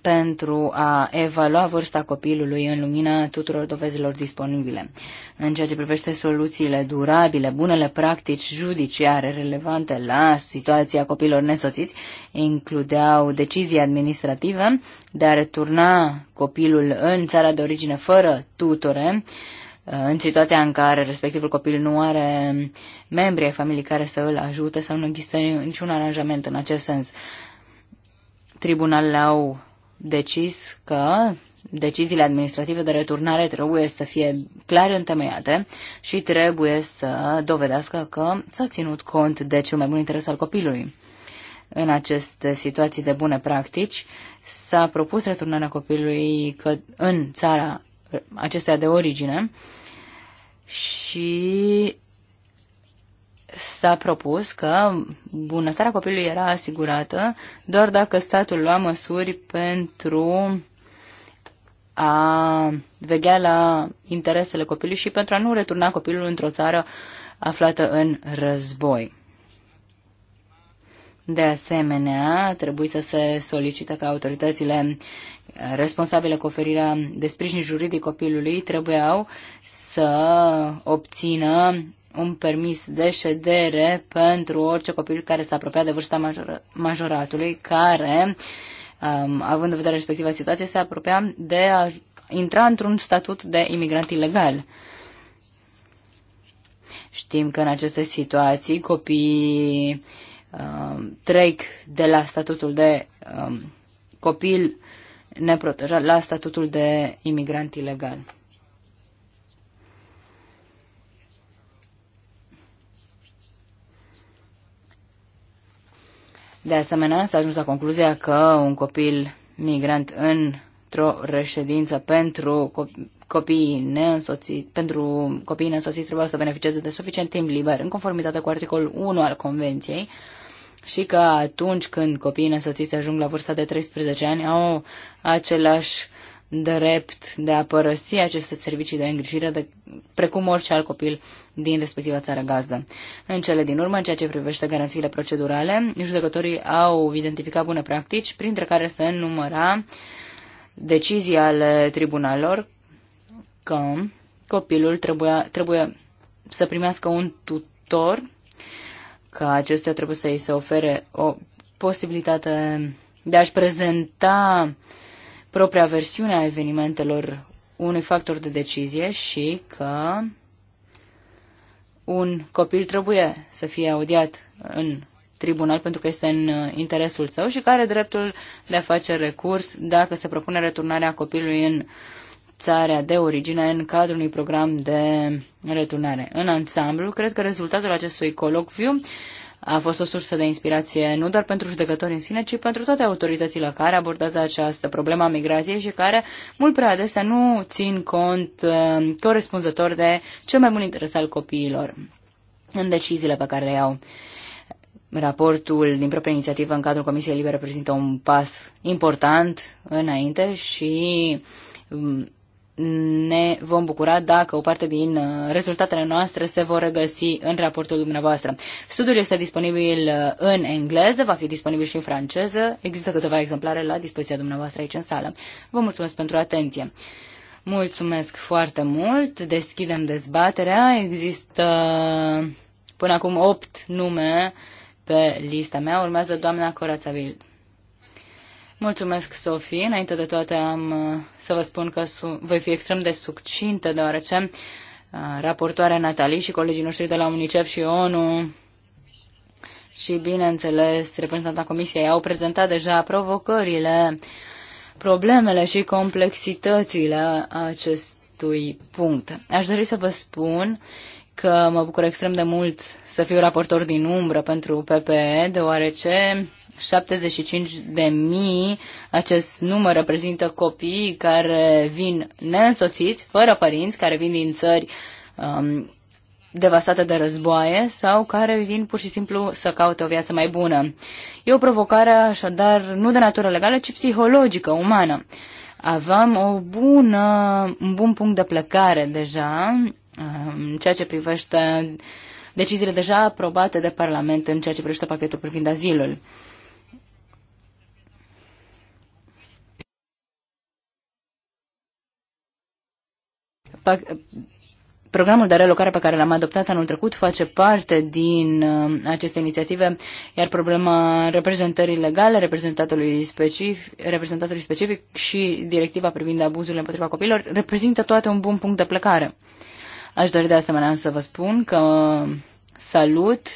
pentru a evalua vârsta copilului în lumina tuturor dovezilor disponibile. În ceea ce privește soluțiile durabile, bunele practici judiciare relevante la situația copilor nesoțiți, includeau decizii administrative de a returna copilul în țara de origine fără tutore, uh, în situația în care respectivul copil nu are membri ai familiei care să îl ajute sau nu există niciun aranjament în acest sens. Tribunalele au decis că deciziile administrative de returnare trebuie să fie clar întemeiate și trebuie să dovedească că s-a ținut cont de cel mai bun interes al copilului. În aceste situații de bune practici, s-a propus returnarea copilului că în țara acestea de origine, și s-a propus că bunăstarea copilului era asigurată doar dacă statul lua măsuri pentru a veghea la interesele copilului și pentru a nu returna copilul într-o țară aflată în război. De asemenea, trebuie să se solicite ca autoritățile responsabile cu oferirea de sprijin juridic copilului trebuiau să obțină un permis de ședere pentru orice copil care s-a apropiat de vârsta major- majoratului, care, um, având în vedere respectiva situație, se apropia de a intra într-un statut de imigrant ilegal. Știm că în aceste situații copiii um, trec de la statutul de um, copil neprotejat la statutul de imigrant ilegal. De asemenea, s-a ajuns la concluzia că un copil migrant într-o reședință pentru copiii neînsoțiți, pentru copiii neînsoțiți trebuie să beneficieze de suficient timp liber în conformitate cu articolul 1 al Convenției, și că atunci când copiii însoțiți ajung la vârsta de 13 ani au același drept de a părăsi aceste servicii de îngrijire de, precum orice alt copil din respectiva țară gazdă. În cele din urmă, în ceea ce privește garanțiile procedurale, judecătorii au identificat bune practici, printre care se număra decizii ale tribunalor că copilul trebuia, trebuie să primească un tutor că acestea trebuie să îi se ofere o posibilitate de a-și prezenta propria versiune a evenimentelor unui factor de decizie și că un copil trebuie să fie audiat în tribunal pentru că este în interesul său și care are dreptul de a face recurs dacă se propune returnarea copilului în uh, țarea de origine în cadrul unui program de returnare. În ansamblu, cred că rezultatul acestui colocviu a fost o sursă de inspirație nu doar pentru judecători în sine, ci pentru toate autoritățile care abordează această problemă a migrației și care mult prea adesea nu țin cont uh, corespunzător de cel mai bun interes al copiilor în deciziile pe care le iau. Raportul din propria inițiativă în cadrul Comisiei Libere prezintă un pas important înainte și um, ne vom bucura dacă o parte din uh, rezultatele noastre se vor regăsi în raportul dumneavoastră. Studiul este disponibil uh, în engleză, va fi disponibil și în franceză. Există câteva exemplare la dispoziția dumneavoastră aici în sală. Vă mulțumesc pentru atenție. Mulțumesc foarte mult. Deschidem dezbaterea. Există uh, până acum opt nume pe lista mea. Urmează doamna Corațavil. Mulțumesc, Sofie. Înainte de toate am uh, să vă spun că voi fi extrem de succintă, deoarece uh, raportoarea Natalie și colegii noștri de la UNICEF și ONU și, bineînțeles, reprezentanta Comisiei au prezentat deja provocările, problemele și complexitățile acestui punct. Aș dori să vă spun că mă bucur extrem de mult să fiu raportor din umbră pentru PPE, deoarece 75 de mii, acest număr reprezintă copii care vin neînsoțiți, fără părinți, care vin din țări um, devastate de războaie sau care vin pur și simplu să caute o viață mai bună. E o provocare așadar nu de natură legală, ci psihologică, umană. Aveam o bună, un bun punct de plecare deja um, în ceea ce privește deciziile deja aprobate de Parlament în ceea ce privește pachetul privind azilul. Programul de relocare pe care l-am adoptat anul trecut face parte din uh, aceste inițiative, iar problema reprezentării legale, reprezentatului specific, reprezentatului specific și directiva privind abuzurile împotriva copiilor reprezintă toate un bun punct de plecare. Aș dori de asemenea să vă spun că salut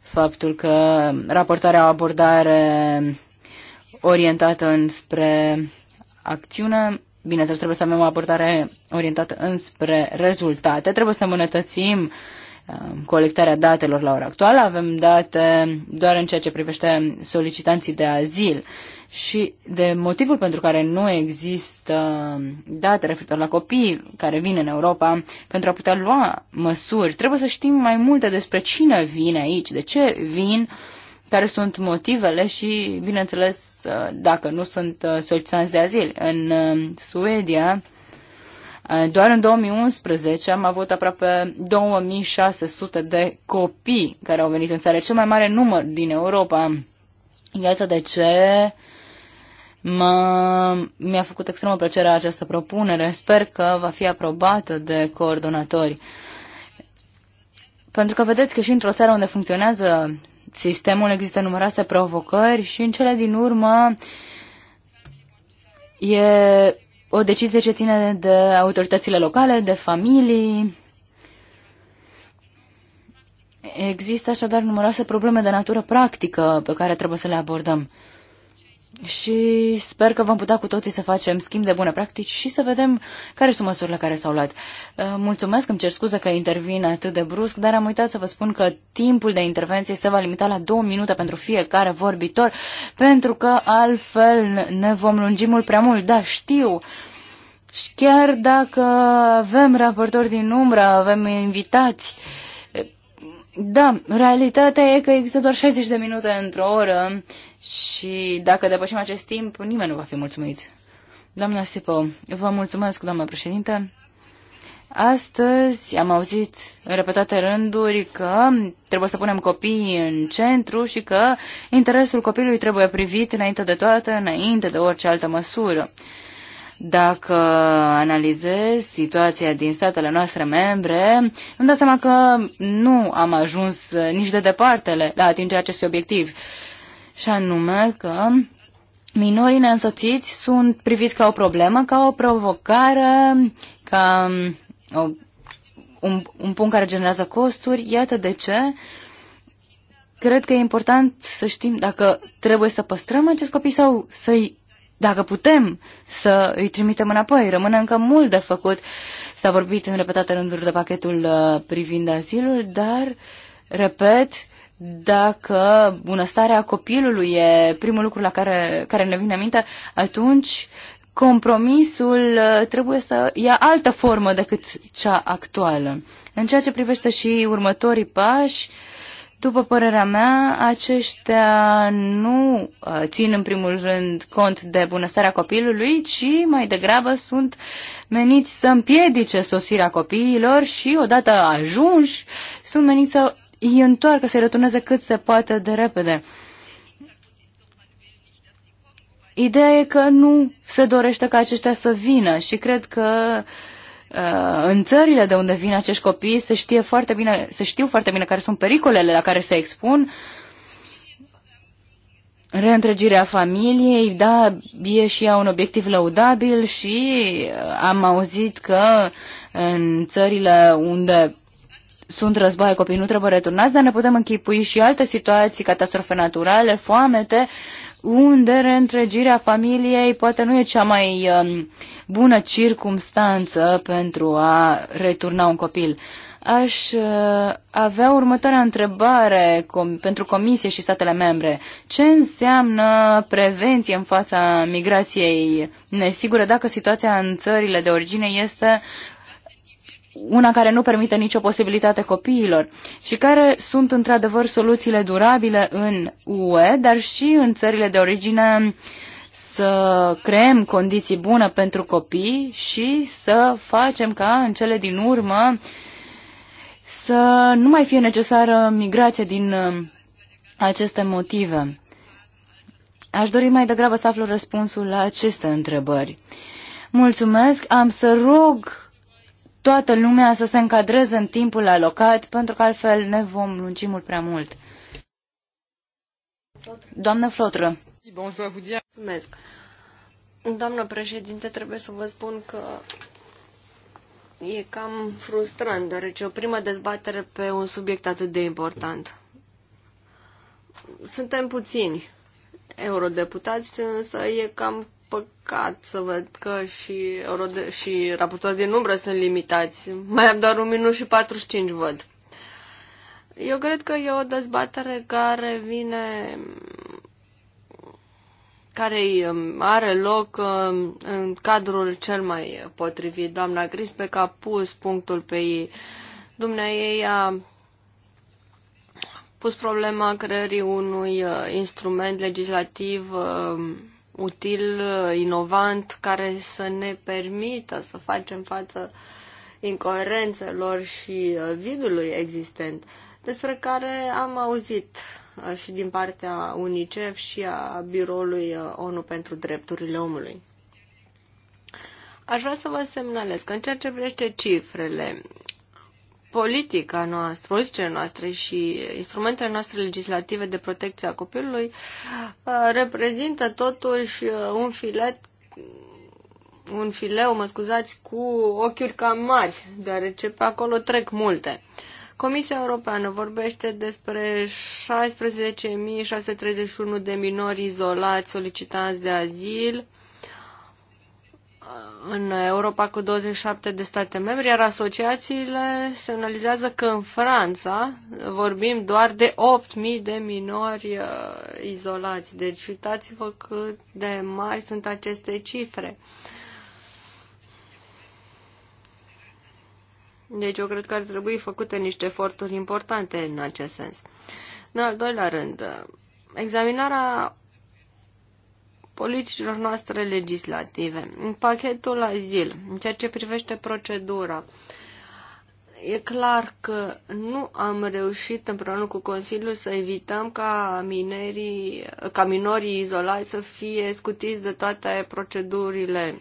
faptul că raportarea o abordare orientată înspre acțiune bineînțeles, trebuie să avem o abordare orientată înspre rezultate. Trebuie să îmbunătățim um, colectarea datelor la ora actuală. Avem date doar în ceea ce privește solicitanții de azil și de motivul pentru care nu există date referitor la copii care vin în Europa pentru a putea lua măsuri. Trebuie să știm mai multe despre cine vine aici, de ce vin uh, care sunt motivele și, bineînțeles, uh, dacă nu sunt uh, solicitanți de azil. În uh, Suedia, doar în 2011 am avut aproape 2600 de copii care au venit în țară, cel mai mare număr din Europa. Iată de ce mi-a făcut extremă plăcere această propunere. Sper că va fi aprobată de coordonatori. Pentru că vedeți că și într-o țară unde funcționează sistemul există numeroase provocări și în cele din urmă e o decizie ce ține de autoritățile locale, de familii. Există așadar numeroase probleme de natură practică pe care trebuie să le abordăm și sper că vom putea cu toții să facem schimb de bune practici și să vedem care sunt măsurile care s-au luat. Uh, mulțumesc, îmi cer scuze că intervin atât de brusc, dar am uitat să vă spun că timpul de intervenție se va limita la două minute pentru fiecare vorbitor, pentru că altfel ne vom lungi mult prea mult. Da, știu. Și chiar dacă avem raportori din umbră, avem invitați, uh, da, realitatea e că există doar 60 de minute într-o oră și dacă depășim acest timp, nimeni nu va fi mulțumit. Doamna Sipo, vă mulțumesc, doamna președinte. Astăzi am auzit în repetate rânduri că trebuie să punem copiii în centru și că interesul copilului trebuie privit înainte de toate, înainte de orice altă măsură. Dacă analizez situația din statele noastre membre, îmi dau seama că nu am ajuns nici de departe la atingerea acestui obiectiv și anume că minorii neînsoțiți sunt priviți ca o problemă, ca o provocare, ca um, o, un, un punct care generează costuri. Iată de ce cred că e important să știm dacă trebuie să păstrăm acest copii sau să-i dacă putem să îi trimitem înapoi. Rămâne încă mult de făcut. S-a vorbit în repetate rânduri de pachetul uh, privind azilul, dar, repet, dacă bunăstarea copilului e primul lucru la care, care ne vine minte, atunci compromisul uh, trebuie să ia altă formă decât cea actuală. În ceea ce privește și următorii pași, după părerea mea, aceștia nu uh, țin în primul rând cont de bunăstarea copilului, ci mai degrabă sunt meniți să împiedice sosirea copiilor și odată ajunși, sunt meniți să îi întoarcă, să-i returneze cât se poate de repede. Ideea e că nu se dorește ca aceștia să vină și cred că uh, în țările de unde vin acești copii se știe foarte bine, se știu foarte bine care sunt pericolele la care se expun. Reîntregirea familiei, da, e și ea un obiectiv lăudabil și uh, am auzit că în țările unde sunt războaie, copiii nu trebuie returnați, dar ne putem închipui și alte situații, catastrofe naturale, foamete, unde reîntregirea familiei poate nu e cea mai um, bună circumstanță pentru a returna un copil. Aș uh, avea următoarea întrebare com- pentru Comisie și statele membre. Ce înseamnă prevenție în fața migrației nesigure dacă situația în țările de origine este una care nu permite nicio posibilitate copiilor și care sunt într-adevăr soluțiile durabile în UE, dar și în țările de origine să creăm condiții bune pentru copii și să facem ca în cele din urmă să nu mai fie necesară migrație din uh, aceste motive. Aș dori mai degrabă să aflu răspunsul la aceste întrebări. Mulțumesc, am să rog toată lumea să se încadreze în timpul alocat, pentru că altfel ne vom lungi mult prea mult. Doamnă Flotră. Mulțumesc. Doamnă președinte, trebuie să vă spun că e cam frustrant, deoarece o primă dezbatere pe un subiect atât de important. Suntem puțini eurodeputați, însă e cam păcat să văd că și, rode- și raportorii din umbră sunt limitați. Mai am doar un minut și 45 văd. Eu cred că e o dezbatere care vine care are loc um, în cadrul cel mai potrivit. Doamna Grispec a pus punctul pe ei. Dumnea ei a pus problema creării unui uh, instrument legislativ um, util, uh, inovant, care să ne permită să facem față incoerențelor și uh, vidului existent, despre care am auzit uh, și din partea UNICEF și a Biroului ONU pentru Drepturile Omului. Aș vrea să vă semnalez că în ceea ce privește cifrele, politica noastră, politicile noastre și instrumentele noastre legislative de protecție a copilului uh, reprezintă totuși uh, un filet un fileu, mă scuzați, cu ochiuri cam mari, deoarece pe acolo trec multe. Comisia Europeană vorbește despre 16.631 de minori izolați solicitanți de azil, în Europa cu 27 de state membre, iar asociațiile semnalizează că în Franța vorbim doar de 8.000 de minori uh, izolați. Deci uitați-vă cât de mari sunt aceste cifre. Deci eu cred că ar trebui făcute niște eforturi importante în acest sens. În al doilea rând, uh, examinarea politicilor noastre legislative. În pachetul azil, în ceea ce privește procedura, e clar că nu am reușit împreună cu Consiliul să evităm ca, minerii, ca minorii izolați să fie scutiți de toate procedurile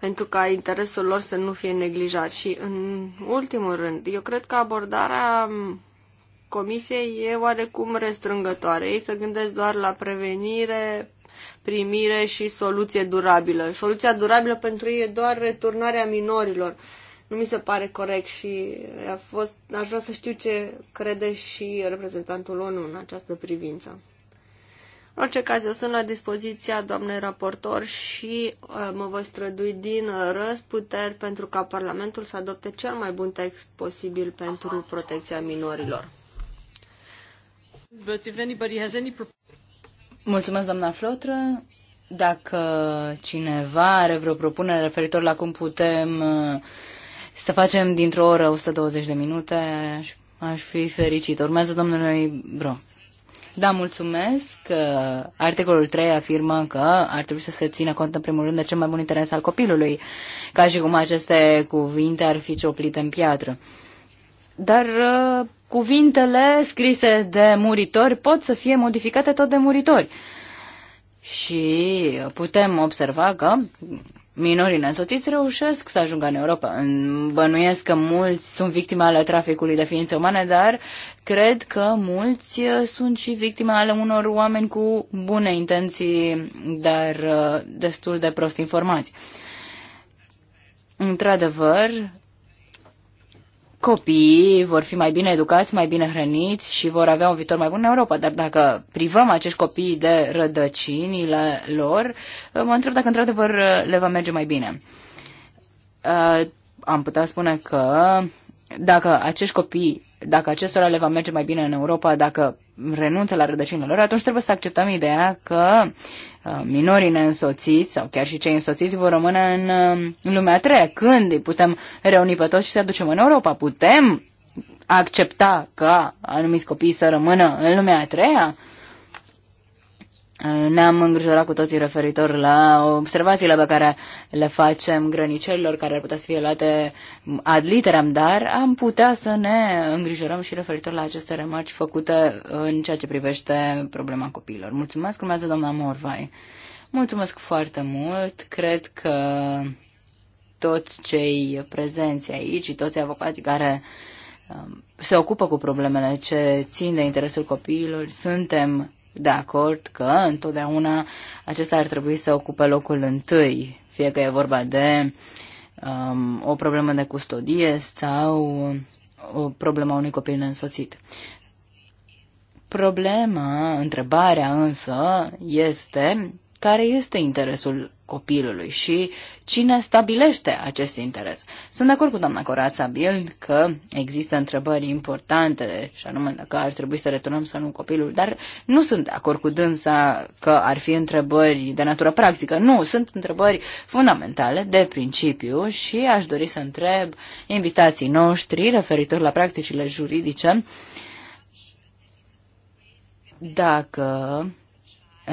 pentru ca interesul lor să nu fie neglijat. Și în ultimul rând, eu cred că abordarea comisiei e oarecum restrângătoare. Ei se gândesc doar la prevenire, primire și soluție durabilă. Soluția durabilă pentru ei e doar returnarea minorilor. Nu mi se pare corect și a fost, aș vrea să știu ce crede și reprezentantul ONU în această privință. În orice caz, eu sunt la dispoziția doamnei raportor și uh, mă voi strădui din răsputeri pentru ca Parlamentul să adopte cel mai bun text posibil pentru protecția minorilor. But if anybody has any... Mulțumesc, doamna Flotră. Dacă cineva are vreo propunere referitor la cum putem uh, să facem dintr-o oră 120 de minute, aș, aș fi fericit. Urmează domnului Bronz. Da, mulțumesc. Uh, articolul 3 afirmă că ar trebui să se țină cont în primul rând de cel mai bun interes al copilului, ca și cum aceste cuvinte ar fi cioplite în piatră. Dar uh, cuvintele scrise de muritori pot să fie modificate tot de muritori. Și putem observa că minorii nesoțiți reușesc să ajungă în Europa. Bănuiesc că mulți sunt victime ale traficului de ființe umane, dar cred că mulți uh, sunt și victime ale unor oameni cu bune intenții, dar uh, destul de prost informați. Într-adevăr, copiii vor fi mai bine educați, mai bine hrăniți și vor avea un viitor mai bun în Europa. Dar dacă privăm acești copii de rădăcinile lor, uh, mă întreb dacă într-adevăr uh, le va merge mai bine. Uh, am putea spune că dacă acești copii, dacă acestora le va merge mai bine în Europa, dacă renunță la rădăcinile lor, atunci trebuie să acceptăm ideea că uh, minorii neînsoțiți sau chiar și cei însoțiți vor rămâne în, uh, lumea a treia. Când îi putem reuni pe toți și să aducem în Europa? Putem accepta ca anumiți copii să rămână în lumea a treia? ne-am îngrijorat cu toții referitor la observațiile pe care le facem grănicelilor care ar putea să fie luate ad literam, dar am putea să ne îngrijorăm și referitor la aceste remarci făcute în ceea ce privește problema copiilor. Mulțumesc, urmează doamna Morvai. Mulțumesc foarte mult. Cred că toți cei prezenți aici și toți avocații care um, se ocupă cu problemele ce țin de interesul copiilor, suntem de acord că întotdeauna acesta ar trebui să ocupe locul întâi, fie că e vorba de um, o problemă de custodie sau o problemă a unui copil neînsoțit. Problema, întrebarea însă, este care este interesul copilului și cine stabilește acest interes. Sunt de acord cu doamna Corața Bild că există întrebări importante și anume dacă ar trebui să returnăm sau nu copilul, dar nu sunt de acord cu dânsa că ar fi întrebări de natură practică. Nu, sunt întrebări fundamentale de principiu și aș dori să întreb invitații noștri referitor la practicile juridice dacă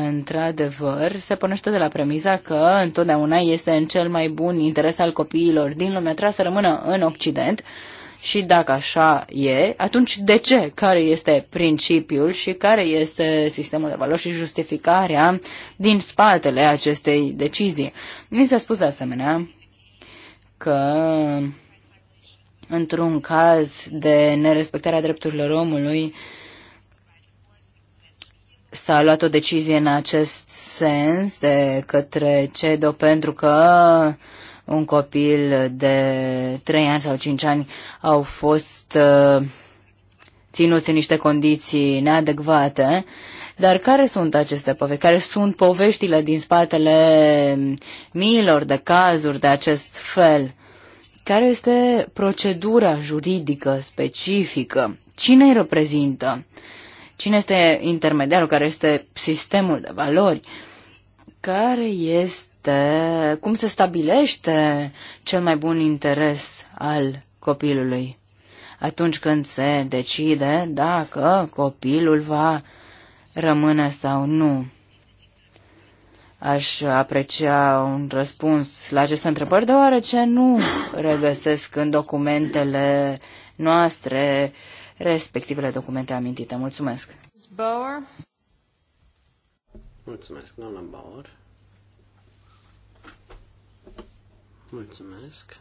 într-adevăr, se pornește de la premiza că întotdeauna este în cel mai bun interes al copiilor din lumea trebuie să rămână în Occident și dacă așa e, atunci de ce? Care este principiul și care este sistemul de valori și justificarea din spatele acestei decizii? Mi s-a spus de asemenea că într-un caz de nerespectarea drepturilor omului, uh, s-a luat o decizie în acest sens de către CEDO pentru că un copil de 3 ani sau 5 ani au fost uh, ținuți în niște condiții neadecvate. Dar care sunt aceste povești? Care sunt poveștile din spatele miilor de cazuri de acest fel? Care este procedura juridică specifică? Cine îi reprezintă? Uh, Cine este intermediarul? Care este sistemul de valori? Care este, cum se stabilește cel mai bun interes al copilului? Atunci când se decide dacă copilul va rămâne sau nu aș aprecia un răspuns la aceste întrebări, deoarece nu regăsesc în documentele noastre respectivele documente amintite. Mulțumesc! Bauer. Mulțumesc, doamna Bauer. Mulțumesc.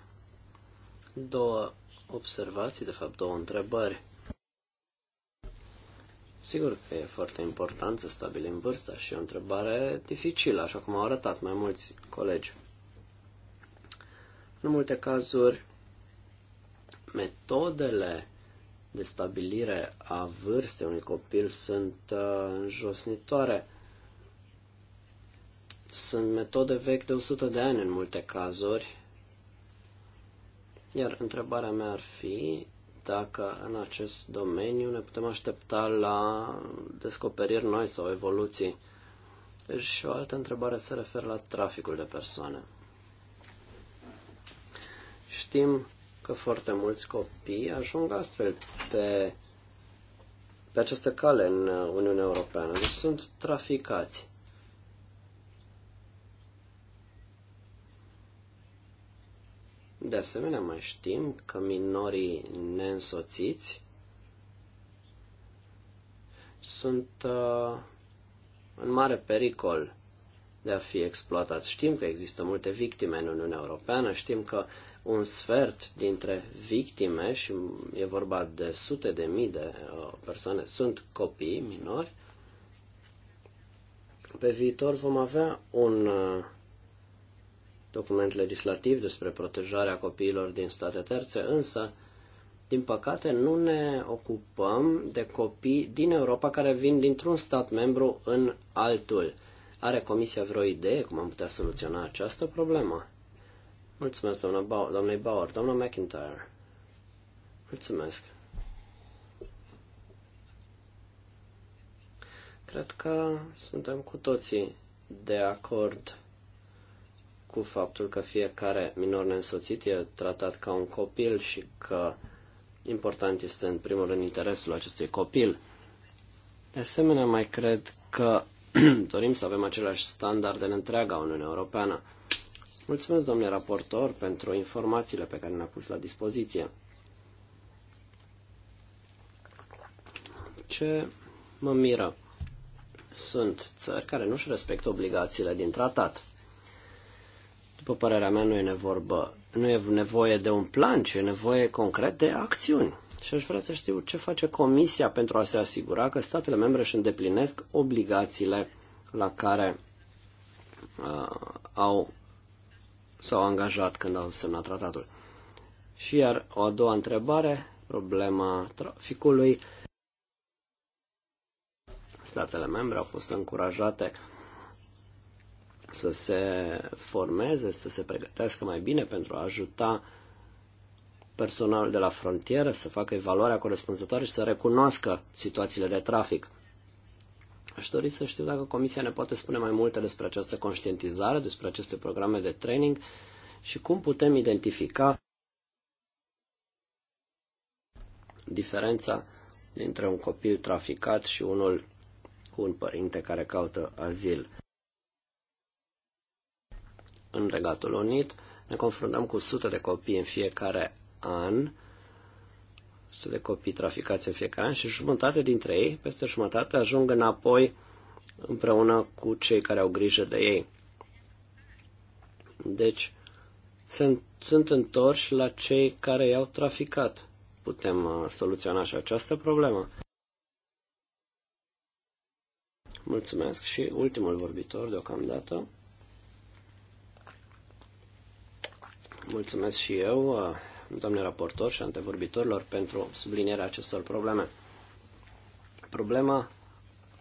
Două observații, de fapt două întrebări. Sigur că e foarte important să stabilim vârsta și e o întrebare dificilă, așa cum au arătat mai mulți colegi. În multe cazuri, metodele de stabilire a vârstei unui copil sunt uh, înjosnitoare. Sunt metode vechi de 100 de ani în multe cazuri. Iar întrebarea mea ar fi dacă în acest domeniu ne putem aștepta la descoperiri noi sau evoluții. Deci și o altă întrebare se referă la traficul de persoane. Știm că foarte mulți copii ajung astfel pe, pe această cale în Uniunea Europeană. Deci sunt traficați. De asemenea, mai știm că minorii neînsoțiți sunt uh, în mare pericol de a fi exploatați. Știm că există multe victime în Uniunea Europeană, știm că un sfert dintre victime, și e vorba de sute de mii de uh, persoane, sunt copii minori, pe viitor vom avea un uh, document legislativ despre protejarea copiilor din state terțe, însă, din păcate, nu ne ocupăm de copii din Europa care vin dintr-un stat membru în altul. Are Comisia vreo idee cum am putea soluționa această problemă? Mulțumesc, doamna Bauer, doamnei Bauer, doamna McIntyre. Mulțumesc. Cred că suntem cu toții de acord cu faptul că fiecare minor neînsoțit e tratat ca un copil și că important este în primul rând interesul acestui copil. De asemenea, mai cred că dorim să avem aceleași standarde în întreaga Uniune Europeană. Mulțumesc, domnule raportor, pentru informațiile pe care ne-a pus la dispoziție. Ce mă miră? Sunt țări care nu-și respectă obligațiile din tratat. După părerea mea, nu e, nevorbă, nu e nevoie de un plan, ci e nevoie concret de acțiuni. Și aș vrea să știu ce face Comisia pentru a se asigura că statele membre își îndeplinesc obligațiile la care uh, au s-au angajat când au semnat tratatul. Și iar o a doua întrebare, problema traficului. Statele membre au fost încurajate să se formeze, să se pregătească mai bine pentru a ajuta personalul de la frontieră să facă evaluarea corespunzătoare și să recunoască situațiile de trafic. Aș dori să știu dacă Comisia ne poate spune mai multe despre această conștientizare, despre aceste programe de training și cum putem identifica diferența dintre un copil traficat și unul cu un părinte care caută azil. În Regatul Unit ne confruntăm cu sute de copii în fiecare an de copii traficați în fiecare an și jumătate dintre ei, peste jumătate, ajung înapoi împreună cu cei care au grijă de ei. Deci, sunt sunt întorși la cei care i-au traficat. Putem uh, soluționa și această problemă. Mulțumesc și ultimul vorbitor deocamdată. Mulțumesc și eu uh, domnule raportor și antevorbitorilor pentru sublinierea acestor probleme. Problema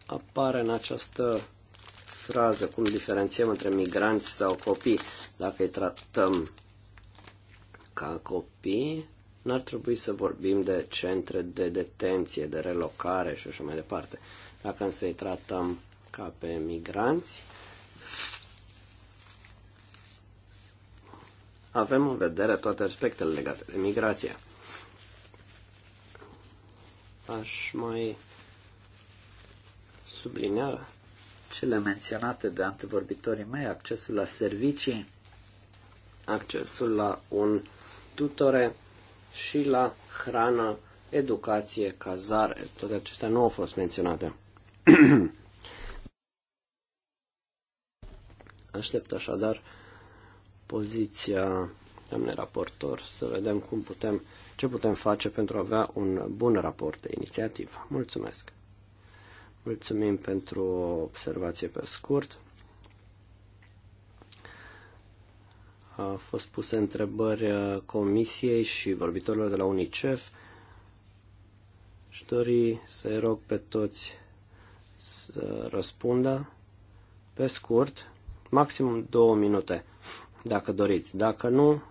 apare în această frază, cum diferențiem între migranți sau copii. Dacă îi tratăm ca copii, n-ar trebui să vorbim de centre de detenție, de relocare și așa mai departe. Dacă însă îi tratăm ca pe migranți, avem în vedere toate aspectele legate de migrație. Aș mai sublinea cele menționate de antevorbitorii mei, accesul la servicii, accesul la un tutore și la hrană, educație, cazare. Toate acestea nu au fost menționate. Aștept așadar poziția doamnei raportor, să vedem cum putem, ce putem face pentru a avea un bun raport de inițiativă. Mulțumesc! Mulțumim pentru o observație pe scurt. A fost puse întrebări uh, comisiei și vorbitorilor de la UNICEF. Și dori să-i rog pe toți să răspundă pe scurt, maximum două minute dacă doriți. Dacă nu,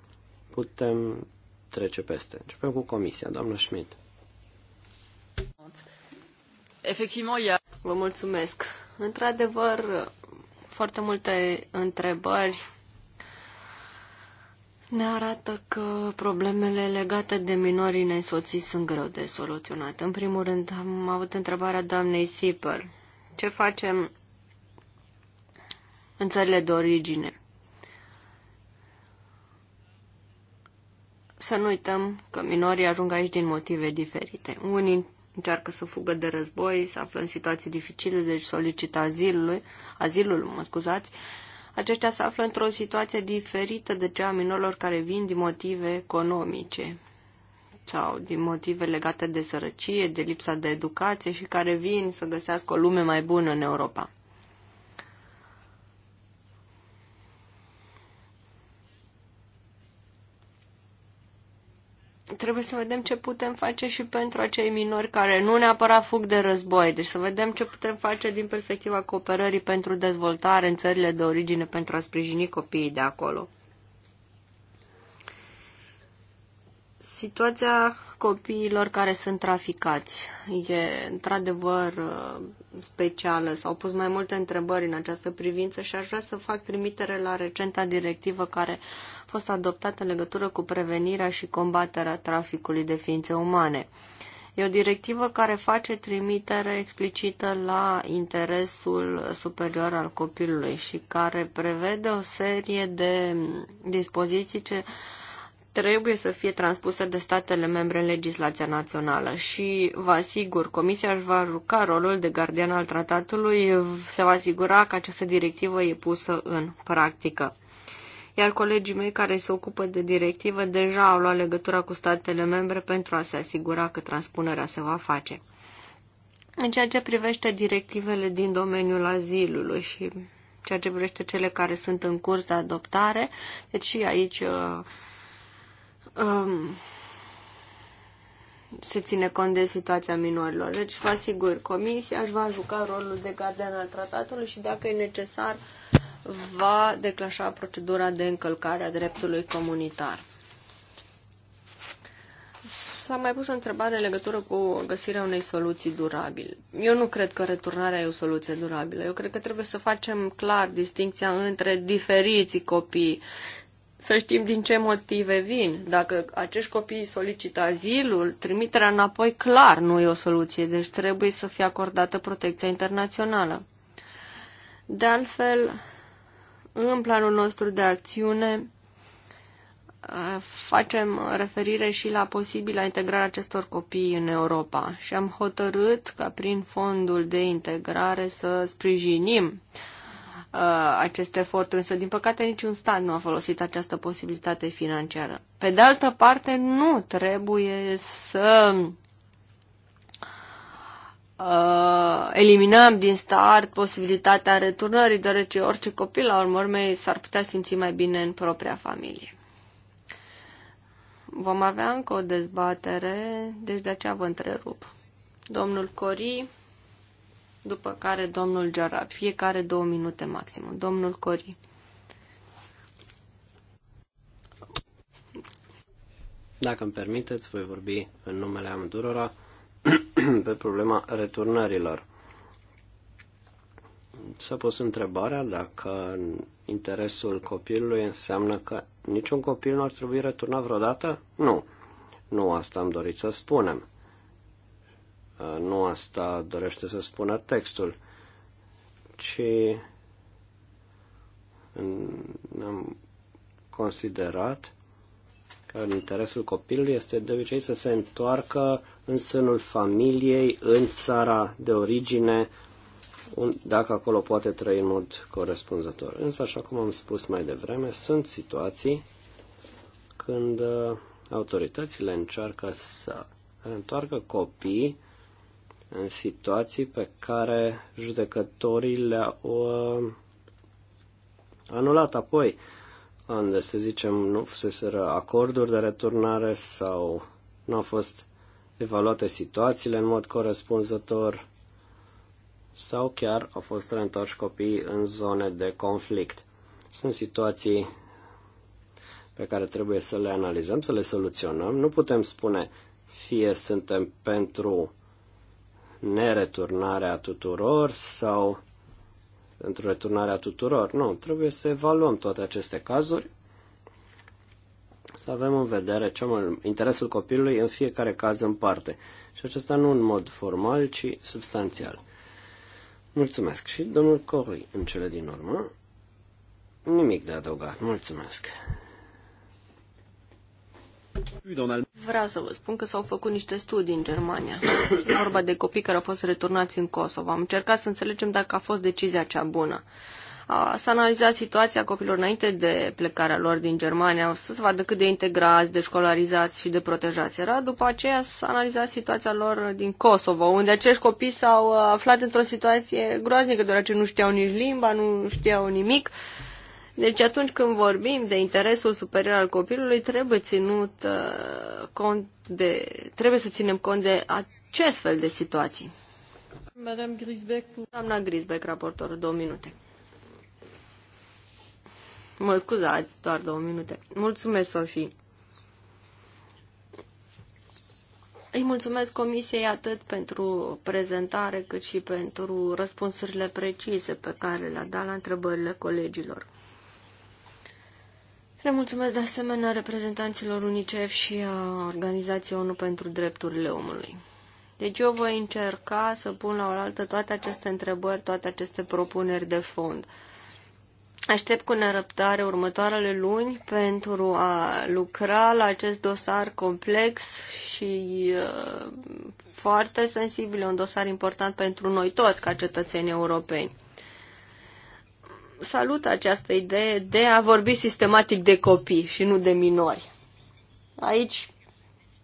putem trece peste. Începem cu comisia, doamnă Schmidt. vă mulțumesc. Într-adevăr, foarte multe întrebări ne arată că problemele legate de minorii nesoții sunt greu de soluționat. În primul rând, am avut întrebarea doamnei Sipăr. Ce facem în țările de origine? Să nu uităm că minorii ajung aici din motive diferite. Unii încearcă să fugă de război, să află în situații dificile, deci solicită azilului, azilul, mă scuzați. Aceștia se află într-o situație diferită de cea a minorilor care vin din motive economice sau din motive legate de sărăcie, de lipsa de educație și care vin să găsească o lume mai bună în Europa. trebuie să vedem ce putem face și pentru acei minori care nu neapărat fug de război. Deci să vedem ce putem face din perspectiva cooperării pentru dezvoltare în țările de origine pentru a sprijini copiii de acolo. Situația copiilor care sunt traficați e într-adevăr specială. S-au pus mai multe întrebări în această privință și aș vrea să fac trimitere la recenta directivă care a fost adoptată în legătură cu prevenirea și combaterea traficului de ființe umane. E o directivă care face trimitere explicită la interesul superior al copilului și care prevede o serie de dispoziții ce uh, trebuie să fie transpusă de statele membre în legislația națională și vă asigur, Comisia își va juca rolul de gardian al tratatului, se va asigura că această directivă e pusă în practică. Iar colegii mei care se ocupă de directivă deja au luat legătura cu statele membre pentru a se asigura că transpunerea se va face. În ceea ce privește directivele din domeniul azilului și ceea ce privește cele care sunt în curs de adoptare, deci și aici uh, um, se ține cont de situația minorilor. Deci, vă asigur, comisia își va juca rolul de gardian al tratatului și, dacă e necesar, va declanșa procedura de încălcare a dreptului comunitar. S-a mai pus o întrebare în legătură cu găsirea unei soluții durabile. Eu nu cred că returnarea e o soluție durabilă. Eu cred că trebuie să facem clar distinția între diferiții copii, să știm din ce motive vin. Dacă acești copii solicită azilul, trimiterea înapoi clar nu e o soluție, deci trebuie să fie acordată protecția internațională. De altfel, în planul nostru de acțiune eh, facem referire și la posibilă integrarea acestor copii în Europa și am hotărât ca prin fondul de integrare să sprijinim uh, Uh, acest efort, însă din păcate niciun stat nu a folosit această posibilitate financiară. Pe de altă parte, nu trebuie să uh, eliminăm din start posibilitatea returnării, deoarece orice copil, la urmă urmei, s-ar putea simți mai bine în propria familie. Vom avea încă o dezbatere, deci de aceea vă întrerup. Domnul Cori după care domnul Gerard, fiecare două minute maximum. Domnul Cori. Dacă îmi permiteți, voi vorbi în numele amândurora pe problema returnărilor. S-a pus întrebarea dacă interesul copilului înseamnă că niciun copil nu ar trebui returnat vreodată? Nu. Nu asta am dorit să spunem. Uh, nu asta dorește să spună textul, ci am considerat că în interesul copilului este de obicei să se întoarcă în sânul familiei, în țara de origine, dacă acolo poate trăi în mod corespunzător. Însă, așa cum am spus mai devreme, sunt situații când uh, autoritățile încearcă să întoarcă copii în situații pe care judecătorii le-au uh, anulat apoi, unde, să zicem, nu fuseseră acorduri de returnare sau nu au fost evaluate situațiile în mod corespunzător sau chiar au fost reîntoarși copiii în zone de conflict. Sunt situații pe care trebuie să le analizăm, să le soluționăm. Nu putem spune fie suntem pentru nereturnarea tuturor sau într-o returnare a tuturor. Nu, trebuie să evaluăm toate aceste cazuri, să avem în vedere ce mai, interesul copilului în fiecare caz în parte. Și acesta nu în mod formal, ci substanțial. Mulțumesc. Și domnul Corui, în cele din urmă, nimic de adăugat. Mulțumesc. Vreau să vă spun că s-au făcut niște studii în Germania. E vorba de copii care au fost returnați în Kosovo. Am încercat să înțelegem dacă a fost decizia cea bună. S-a analizat situația copilor înainte de plecarea lor din Germania, să se vadă cât de integrați, de școlarizați și de protejați era. După aceea s-a analizat situația lor din Kosovo, unde acești copii s-au uh, aflat într-o situație groaznică, deoarece nu știau nici limba, nu știau nimic. Uh, deci atunci când vorbim de interesul superior al copilului, trebuie ținut uh, cont de, trebuie să ținem cont de acest fel de situații. Madame Grisbeck, Doamna Grisbeck, raportor două minute. Mă scuzați, doar două minute. Mulțumesc, Sofie. Îi mulțumesc Comisiei atât pentru prezentare, cât și pentru răspunsurile precise pe care le-a dat la întrebările colegilor. Le mulțumesc de asemenea reprezentanților UNICEF și a Organizației ONU pentru Drepturile Omului. Deci eu voi încerca să pun la oaltă toate aceste întrebări, toate aceste propuneri de fond. Aștept cu nerăbdare următoarele luni pentru a lucra la acest dosar complex și uh, foarte sensibil, un dosar important pentru noi toți ca cetățeni europeni salut această idee de a vorbi sistematic de copii și nu de minori. Aici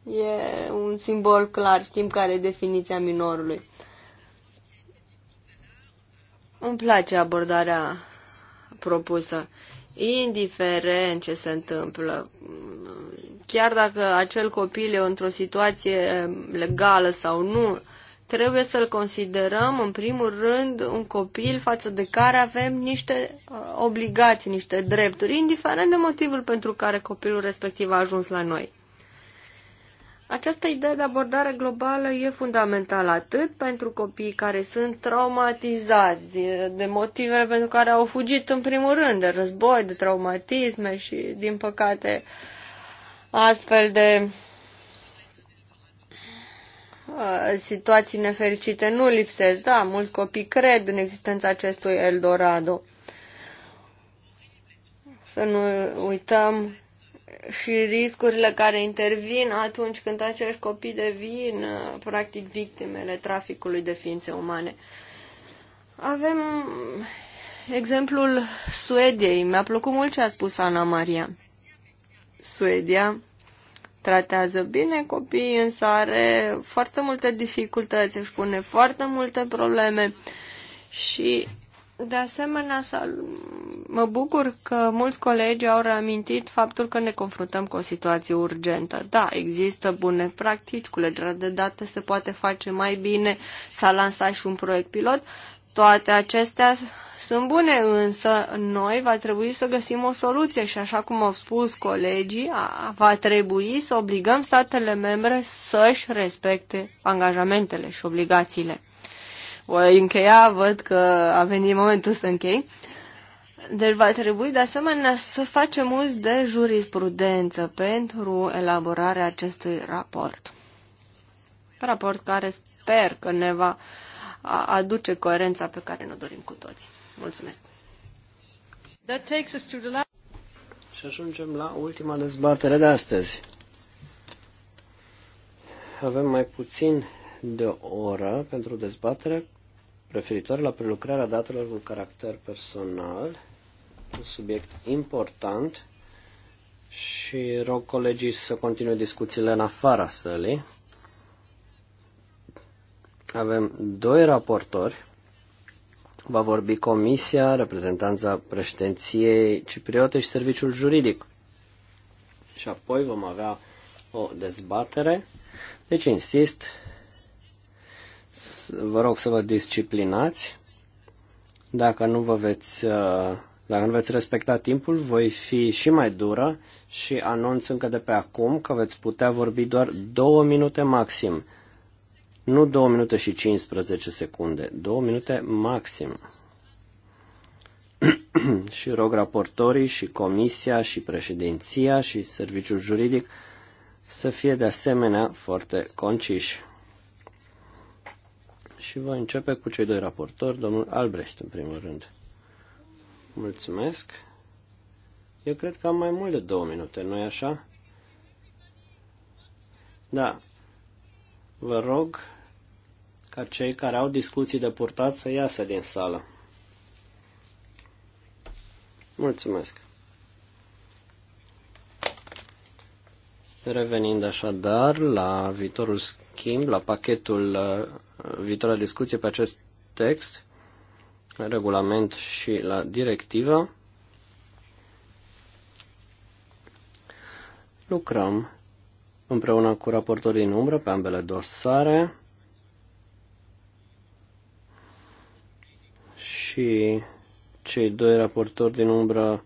e un simbol clar, știm care e definiția minorului. Îmi place abordarea propusă. Indiferent ce se întâmplă, chiar dacă acel copil e într-o situație legală sau nu, trebuie să-l considerăm, în primul rând, un copil față de care avem niște uh, obligații, niște drepturi, indiferent de motivul pentru care copilul respectiv a ajuns la noi. Această idee de abordare globală e fundamentală atât pentru copiii care sunt traumatizați de motivele pentru care au fugit în primul rând, de război, de traumatisme și, din păcate, astfel de Ah, situații nefericite nu lipsesc. Da, mulți copii cred în existența acestui Eldorado. Să nu uităm și riscurile care intervin atunci când acești copii devin ah, practic victimele traficului de ființe umane. Avem exemplul Suediei. Mi-a plăcut mult ce a spus Ana Maria. Suedia tratează bine copiii, însă are foarte multe dificultăți, își pune foarte multe probleme și de asemenea mă bucur că mulți colegi au reamintit faptul că ne confruntăm cu o situație urgentă. Da, există bune practici, legea de date se poate face mai bine, s-a lansat și un proiect pilot, toate acestea sunt bune, însă noi va trebui să găsim o soluție și așa cum au spus colegii, va trebui să obligăm statele membre să-și respecte angajamentele și obligațiile. Voi încheia, văd că a venit momentul să închei. Deci va trebui de asemenea să facem uz de jurisprudență pentru elaborarea acestui raport. Raport care sper că ne va aduce coerența pe care ne dorim cu toții. Mulțumesc. That takes us to the last... Și ajungem la ultima dezbatere de astăzi. Avem mai puțin de o oră pentru dezbatere referitor la prelucrarea datelor cu caracter personal, un subiect important și rog colegii să continue discuțiile în afara sălii. Avem doi raportori Va vorbi Comisia, reprezentanța președinției cipriote și serviciul juridic. Și apoi vom avea o dezbatere. Deci insist, vă rog să vă disciplinați. Dacă nu vă veți, uh, dacă nu veți respecta timpul, voi fi și mai dură și anunț încă de pe acum că veți putea vorbi doar două minute maxim. Nu 2 minute și 15 secunde, 2 minute maxim. și rog raportorii și comisia și președinția și serviciul juridic să fie de asemenea foarte conciși. Și voi începe cu cei doi raportori, domnul Albrecht în primul rând. Mulțumesc. Eu cred că am mai mult de două minute, nu-i așa? Da. Vă rog ca cei care au discuții de purtat să iasă din sală. Mulțumesc! Revenind așadar la viitorul schimb, la pachetul uh, viitoarea discuție pe acest text, regulament și la directivă, lucrăm împreună cu raportorii în umbră pe ambele dosare. și cei doi raportori din umbră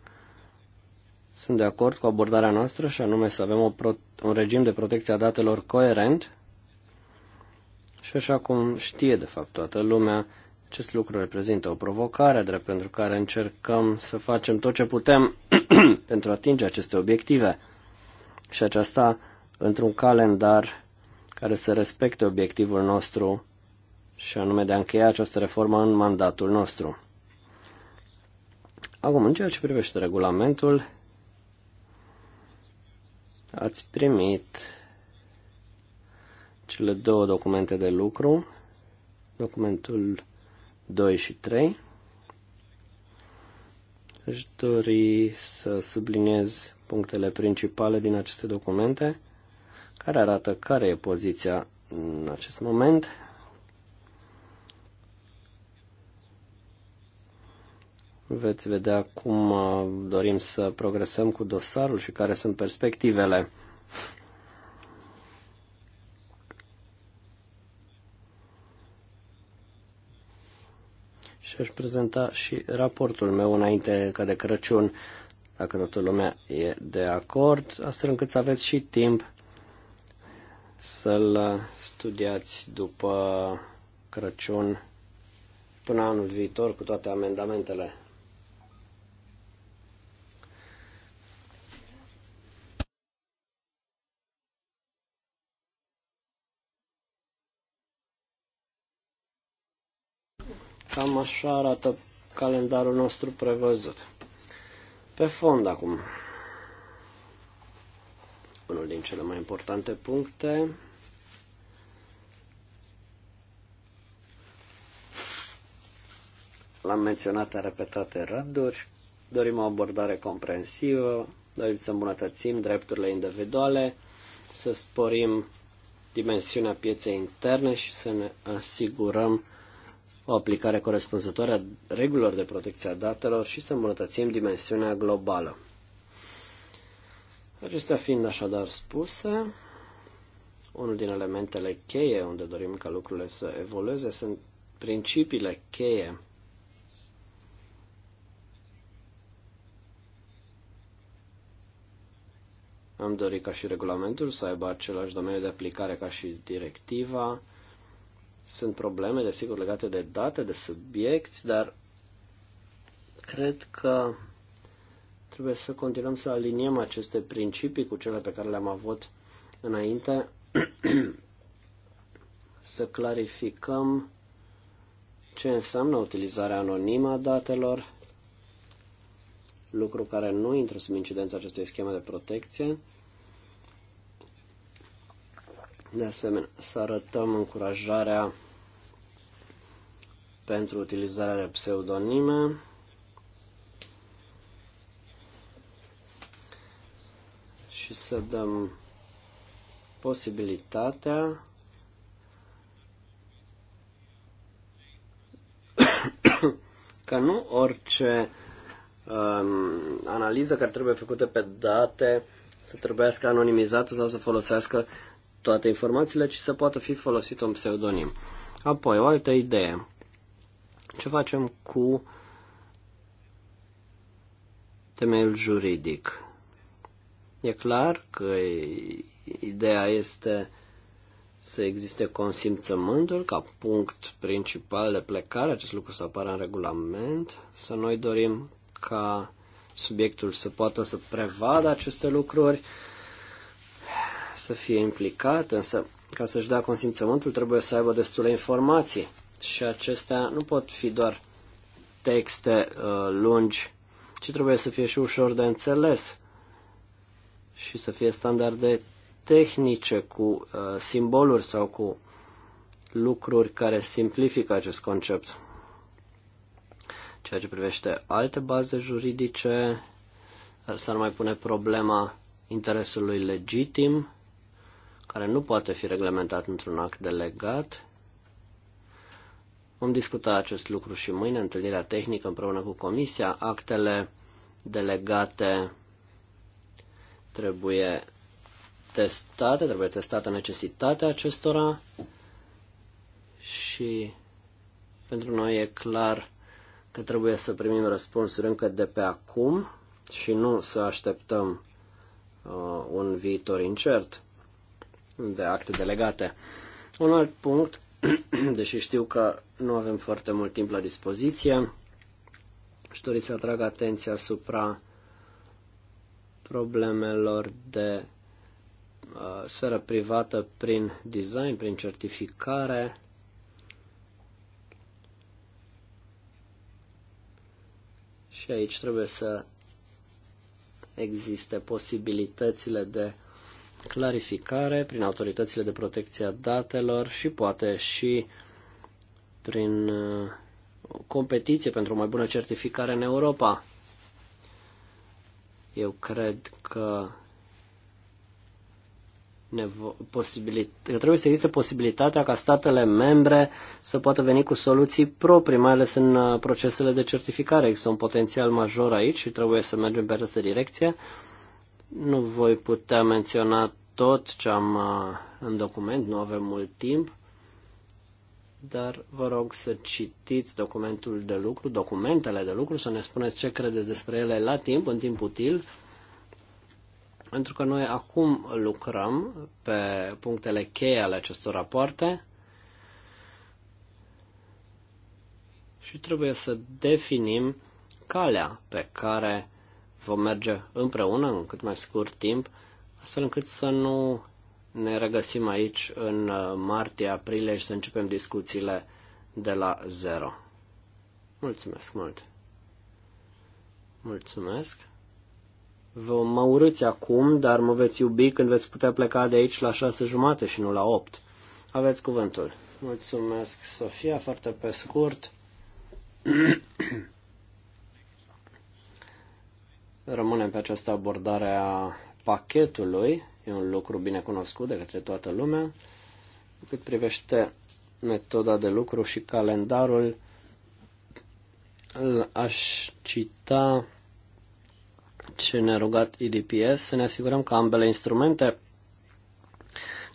sunt de acord cu abordarea noastră și anume să avem o pro- un regim de protecție a datelor coerent și așa cum știe de fapt toată lumea, acest lucru reprezintă o provocare, drept pentru care încercăm să facem tot ce putem pentru a atinge aceste obiective. Și aceasta într-un calendar care să respecte obiectivul nostru și anume de a încheia această reformă în mandatul nostru. Acum, în ceea ce privește regulamentul, ați primit cele două documente de lucru, documentul 2 și 3. Aș dori să subliniez punctele principale din aceste documente, care arată care e poziția în acest moment Veți vedea cum uh, dorim să progresăm cu dosarul și care sunt perspectivele. și aș prezenta și raportul meu înainte ca de Crăciun, dacă toată lumea e de acord, astfel încât să aveți și timp să-l studiați după Crăciun până anul viitor cu toate amendamentele. Cam așa arată calendarul nostru prevăzut. Pe fond acum. Unul din cele mai importante puncte l-am menționat în repetate rânduri, dorim o abordare comprensivă, dorim să îmbunătățim drepturile individuale, să sporim dimensiunea pieței interne și să ne asigurăm o aplicare corespunzătoare a regulilor de protecție a datelor și să îmbunătățim dimensiunea globală. Acestea fiind așadar spuse, unul din elementele cheie unde dorim ca lucrurile să evolueze sunt principiile cheie Am dorit ca și regulamentul să aibă același domeniu de aplicare ca și directiva, sunt probleme, desigur, legate de date, de subiecti, dar cred că trebuie să continuăm să aliniem aceste principii cu cele pe care le-am avut înainte, să clarificăm ce înseamnă utilizarea anonimă a datelor, lucru care nu intră sub incidența acestei scheme de protecție, de asemenea, să arătăm încurajarea pentru utilizarea de pseudonime. Și să dăm posibilitatea că nu orice um, analiză care trebuie făcută pe date să trebuiască anonimizată sau să folosească toate informațiile, ci să poată fi folosit un pseudonim. Apoi, o altă idee. Ce facem cu temeiul juridic? E clar că ideea este să existe consimțământul ca punct principal de plecare, acest lucru să apară în regulament, să noi dorim ca subiectul să poată să prevadă aceste lucruri, să fie implicat, însă ca să-și dea consimțământul trebuie să aibă destule informații și acestea nu pot fi doar texte uh, lungi, ci trebuie să fie și ușor de înțeles și să fie standarde tehnice cu uh, simboluri sau cu lucruri care simplifică acest concept. Ceea ce privește alte baze juridice, s-ar mai pune problema interesului legitim care nu poate fi reglementat într-un act delegat. Vom discuta acest lucru și mâine, întâlnirea tehnică împreună cu Comisia. Actele delegate trebuie testate, trebuie testată necesitatea acestora și pentru noi e clar că trebuie să primim răspunsuri încă de pe acum și nu să așteptăm uh, un viitor incert de acte delegate. Un alt punct, deși știu că nu avem foarte mult timp la dispoziție, aș dori să atrag atenția asupra problemelor de uh, sferă privată prin design, prin certificare. Și aici trebuie să existe posibilitățile de clarificare prin autoritățile de protecție a datelor și poate și prin uh, competiție pentru o mai bună certificare în Europa. Eu cred că că trebuie să existe posibilitatea ca statele membre să poată veni cu soluții proprii, mai ales în uh, procesele de certificare. Există un potențial major aici și trebuie să mergem pe această direcție. Nu voi putea menționa tot ce am uh, în document, nu avem mult timp, dar vă rog să citiți documentul de lucru, documentele de lucru, să ne spuneți ce credeți despre ele la timp, în timp util, pentru că noi acum lucrăm pe punctele cheie ale acestor rapoarte și trebuie să definim calea pe care vom merge împreună în cât mai scurt timp, astfel încât să nu ne regăsim aici în uh, martie, aprilie și să începem discuțiile de la zero. Mulțumesc mult! Mulțumesc! Vă mă urâți acum, dar mă veți iubi când veți putea pleca de aici la șase jumate și nu la opt. Aveți cuvântul. Mulțumesc, Sofia, foarte pe scurt. Rămânem pe această abordare a pachetului, e un lucru bine cunoscut de către toată lumea. Cât privește metoda de lucru și calendarul, aș cita ce ne-a rugat IDPS, să ne asigurăm că ambele instrumente,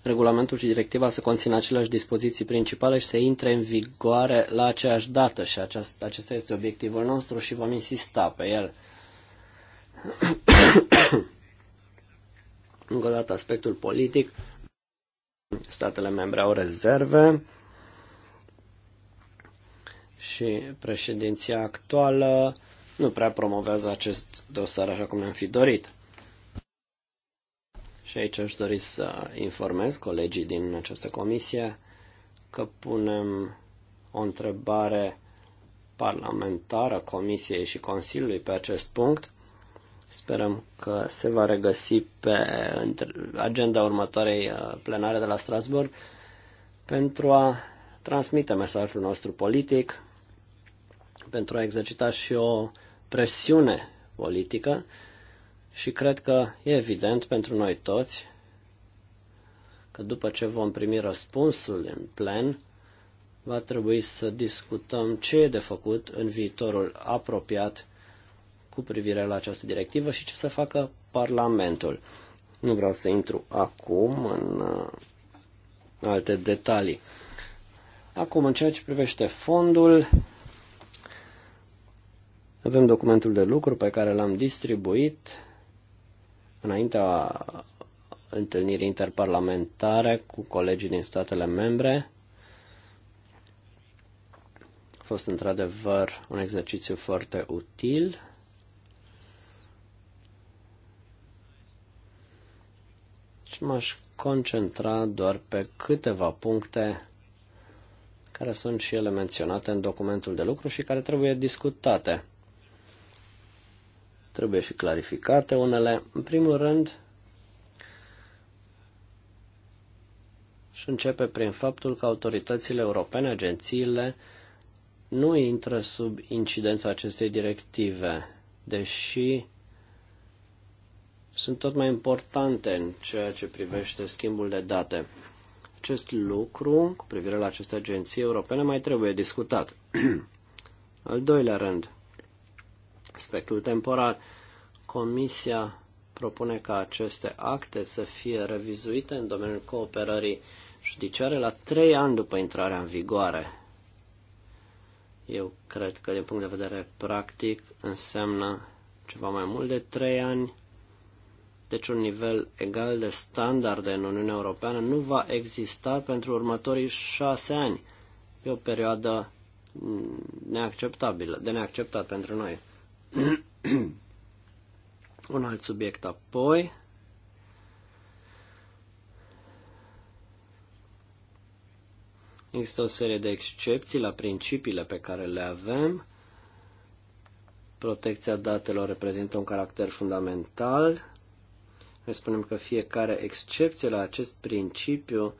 regulamentul și directiva, să conțină aceleași dispoziții principale și să intre în vigoare la aceeași dată și aceasta, acesta este obiectivul nostru și vom insista pe el. Încă o dată, aspectul politic. Statele membre au rezerve și președinția actuală nu prea promovează acest dosar așa cum ne-am fi dorit. Și aici aș dori să informez colegii din această comisie că punem o întrebare parlamentară Comisiei și Consiliului pe acest punct Sperăm că se va regăsi pe agenda următoarei uh, plenare de la Strasburg pentru a transmite mesajul nostru politic, pentru a exercita și o presiune politică și cred că e evident pentru noi toți că după ce vom primi răspunsul în plen, va trebui să discutăm ce e de făcut în viitorul apropiat cu privire la această directivă și ce să facă Parlamentul. Nu vreau să intru acum în uh, alte detalii. Acum, în ceea ce privește fondul, avem documentul de lucru pe care l-am distribuit înaintea întâlnirii interparlamentare cu colegii din statele membre. A fost într-adevăr un exercițiu foarte util. m-aș concentra doar pe câteva puncte care sunt și ele menționate în documentul de lucru și care trebuie discutate. Trebuie și clarificate unele. În primul rând, și începe prin faptul că autoritățile europene, agențiile, nu intră sub incidența acestei directive, deși sunt tot mai importante în ceea ce privește schimbul de date. Acest lucru, cu privire la aceste agenții europene, mai trebuie discutat. Al doilea rând, aspectul temporal. Comisia propune ca aceste acte să fie revizuite în domeniul cooperării judiciare la trei ani după intrarea în vigoare. Eu cred că, din punct de vedere practic, înseamnă ceva mai mult de trei ani deci un nivel egal de standarde în Uniunea Europeană nu va exista pentru următorii șase ani. E o perioadă neacceptabilă, de neacceptat pentru noi. un alt subiect apoi. Există o serie de excepții la principiile pe care le avem. Protecția datelor reprezintă un caracter fundamental noi spunem că fiecare excepție la acest principiu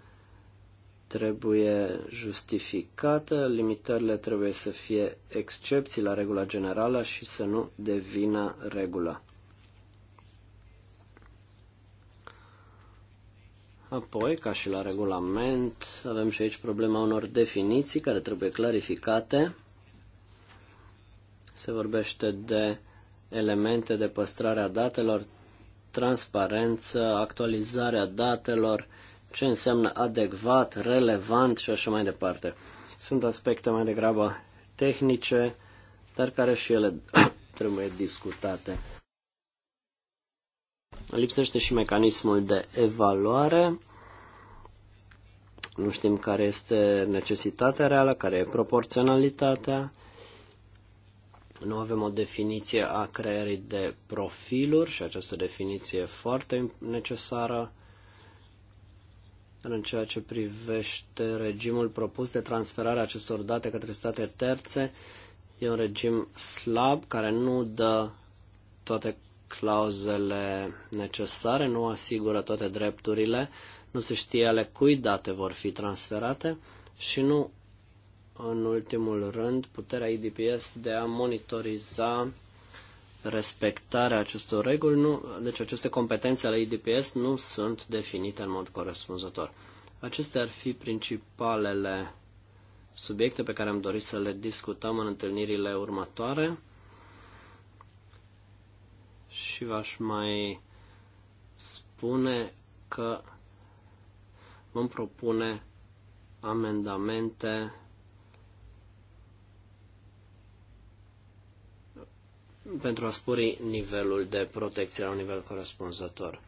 trebuie justificată, limitările trebuie să fie excepții la regula generală și să nu devină regulă. Apoi, ca și la regulament, avem și aici problema unor definiții care trebuie clarificate. Se vorbește de elemente de păstrare a datelor, transparență, actualizarea datelor, ce înseamnă adecvat, relevant și așa mai departe. Sunt aspecte mai degrabă tehnice, dar care și ele trebuie discutate. Lipsește și mecanismul de evaluare. Nu știm care este necesitatea reală, care e proporționalitatea. Nu avem o definiție a creierii de profiluri și această definiție e foarte necesară. În ceea ce privește regimul propus de transferare a acestor date către state terțe, e un regim slab care nu dă toate clauzele necesare, nu asigură toate drepturile, nu se știe ale cui date vor fi transferate și nu în ultimul rând, puterea IDPS de a monitoriza respectarea acestor reguli, nu, deci aceste competențe ale IDPS nu sunt definite în mod corespunzător. Acestea ar fi principalele subiecte pe care am dorit să le discutăm în întâlnirile următoare și v-aș mai spune că vom propune amendamente pentru a spori nivelul de protecție la un nivel corespunzător.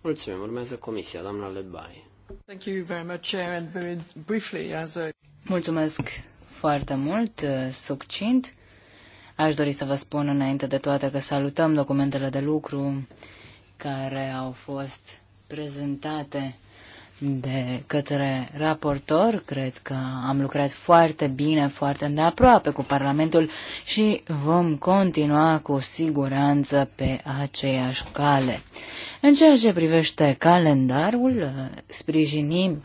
Mulțumim. Urmează comisia, doamna Lebai. Thank you very much, Chair, and very briefly as a... Mulțumesc foarte mult, uh, succint. Aș dori să vă spun înainte de toate că salutăm documentele de lucru care au fost prezentate de către raportor. Cred că am lucrat foarte bine, foarte îndeaproape cu Parlamentul și vom continua cu siguranță pe aceeași cale. În ceea ce privește calendarul, sprijinim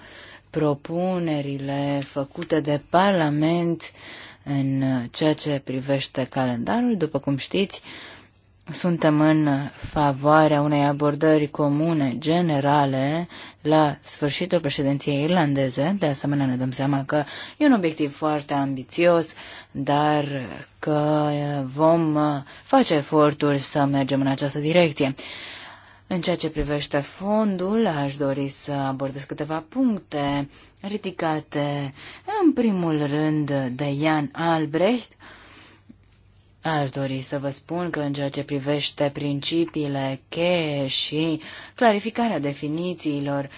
propunerile făcute de Parlament în ceea ce privește calendarul. După cum știți, suntem în favoarea unei abordări comune, generale, la sfârșitul președinției irlandeze. De asemenea, ne dăm seama că e un obiectiv foarte ambițios, dar că vom face eforturi să mergem în această direcție. În ceea ce privește fondul, aș dori să abordez câteva puncte ridicate, în primul rând, de Ian Albrecht, Aș dori să vă spun că în ceea ce privește principiile cheie și clarificarea definițiilor,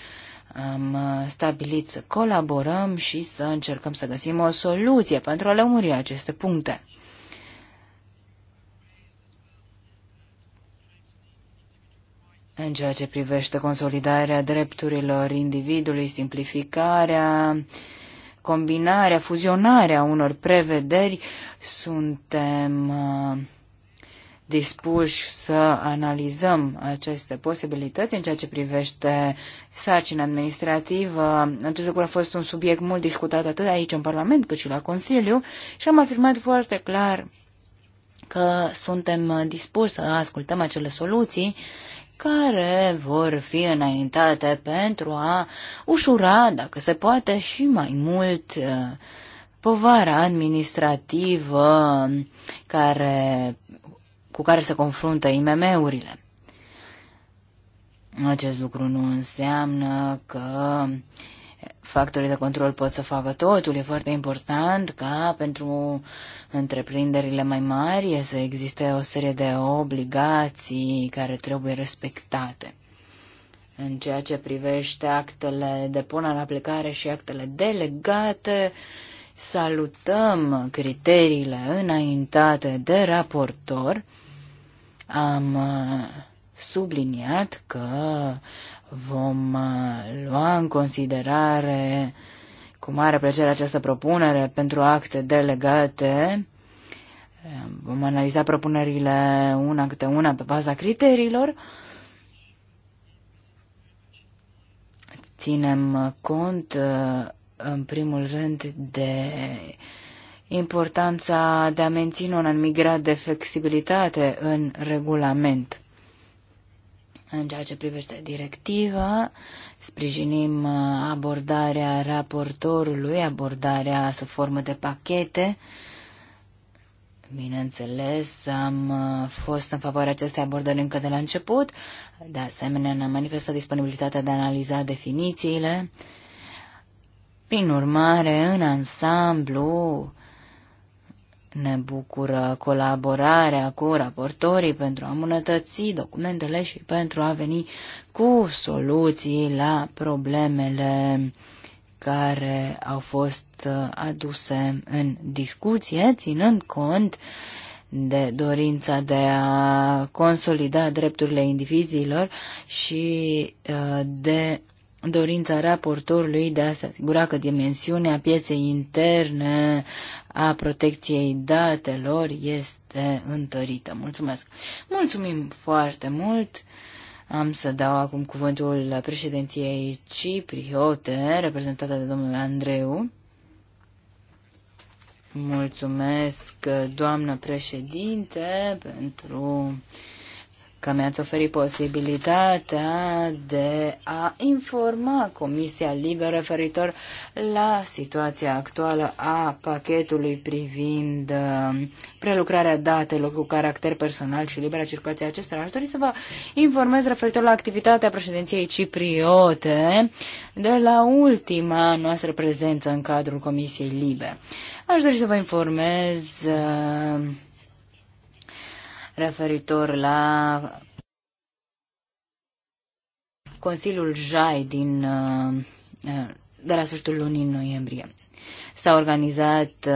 am uh, stabilit să colaborăm și să încercăm să găsim o soluție pentru a lămuri aceste puncte. În ceea ce privește consolidarea drepturilor individului, simplificarea, uh, combinarea, fuzionarea unor prevederi, suntem uh, dispuși să analizăm aceste posibilități în ceea ce privește sarcina administrativă. Acest lucru a fost un subiect mult discutat atât aici în Parlament cât și la Consiliu și am afirmat foarte clar că suntem dispuși să ascultăm acele soluții care vor fi înaintate pentru a ușura, dacă se poate, și mai mult uh, povara administrativă care, cu care se confruntă IMM-urile. Acest lucru nu înseamnă că uh, factorii de control pot să facă totul. E foarte important ca pentru întreprinderile mai mari să existe o serie de obligații care trebuie respectate. În ceea ce privește actele de până la aplicare și actele delegate, salutăm criteriile înaintate de raportor. Am uh, subliniat că Vom uh, lua în considerare cu mare plăcere această propunere pentru acte delegate. Vom analiza propunerile una câte una pe baza criteriilor. Ținem cont, uh, în primul rând, de importanța de a menține un anumit grad de flexibilitate în regulament. În ceea ce privește directiva, sprijinim uh, abordarea raportorului, abordarea sub formă de pachete. Bineînțeles, am uh, fost în favoarea acestei abordări încă de la început. De asemenea, ne-am manifestat disponibilitatea de a analiza definițiile. Prin urmare, în ansamblu, ne bucură colaborarea cu raportorii pentru a îmbunătăți documentele și pentru a veni cu soluții la problemele care au fost uh, aduse în discuție, ținând cont de dorința de a consolida drepturile indivizilor și uh, de dorința raportorului de a se asigura că dimensiunea pieței interne a protecției datelor este întărită. Mulțumesc! Mulțumim foarte mult! Am să dau acum cuvântul președinției cipriote, reprezentată de domnul Andreu. Mulțumesc, doamnă președinte, pentru uh, că mi-ați oferit posibilitatea de a informa Comisia Liberă referitor la situația actuală a pachetului privind uh, prelucrarea datelor cu caracter personal și libera circulație acestora. Aș dori să vă informez referitor la activitatea președinției cipriote de la ultima noastră prezență în cadrul Comisiei Libe. Aș dori să vă informez uh, referitor la Consiliul JAI din, uh, uh, de la sfârșitul lunii noiembrie. S-a organizat uh,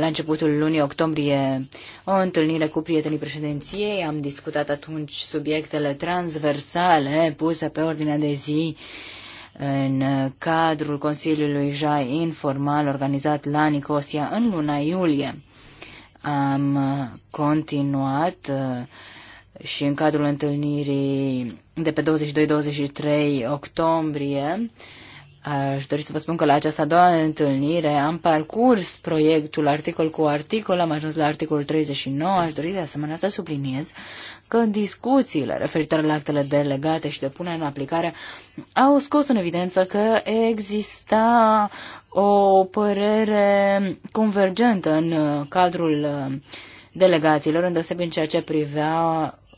la începutul lunii octombrie o întâlnire cu prietenii președinției. Am discutat atunci subiectele transversale puse pe ordinea de zi în cadrul Consiliului JAI informal organizat la Nicosia în luna iulie. Am uh, continuat uh, și în cadrul întâlnirii de pe 22-23 octombrie Aș dori să vă spun că la această a doua întâlnire am parcurs proiectul articol cu articol, am ajuns la articolul 39. Aș dori de asemenea să subliniez că discuțiile referitoare la actele delegate și de punere în aplicare au scos în evidență că exista o părere convergentă în uh, cadrul uh, delegațiilor, îndeosebi în ceea ce privea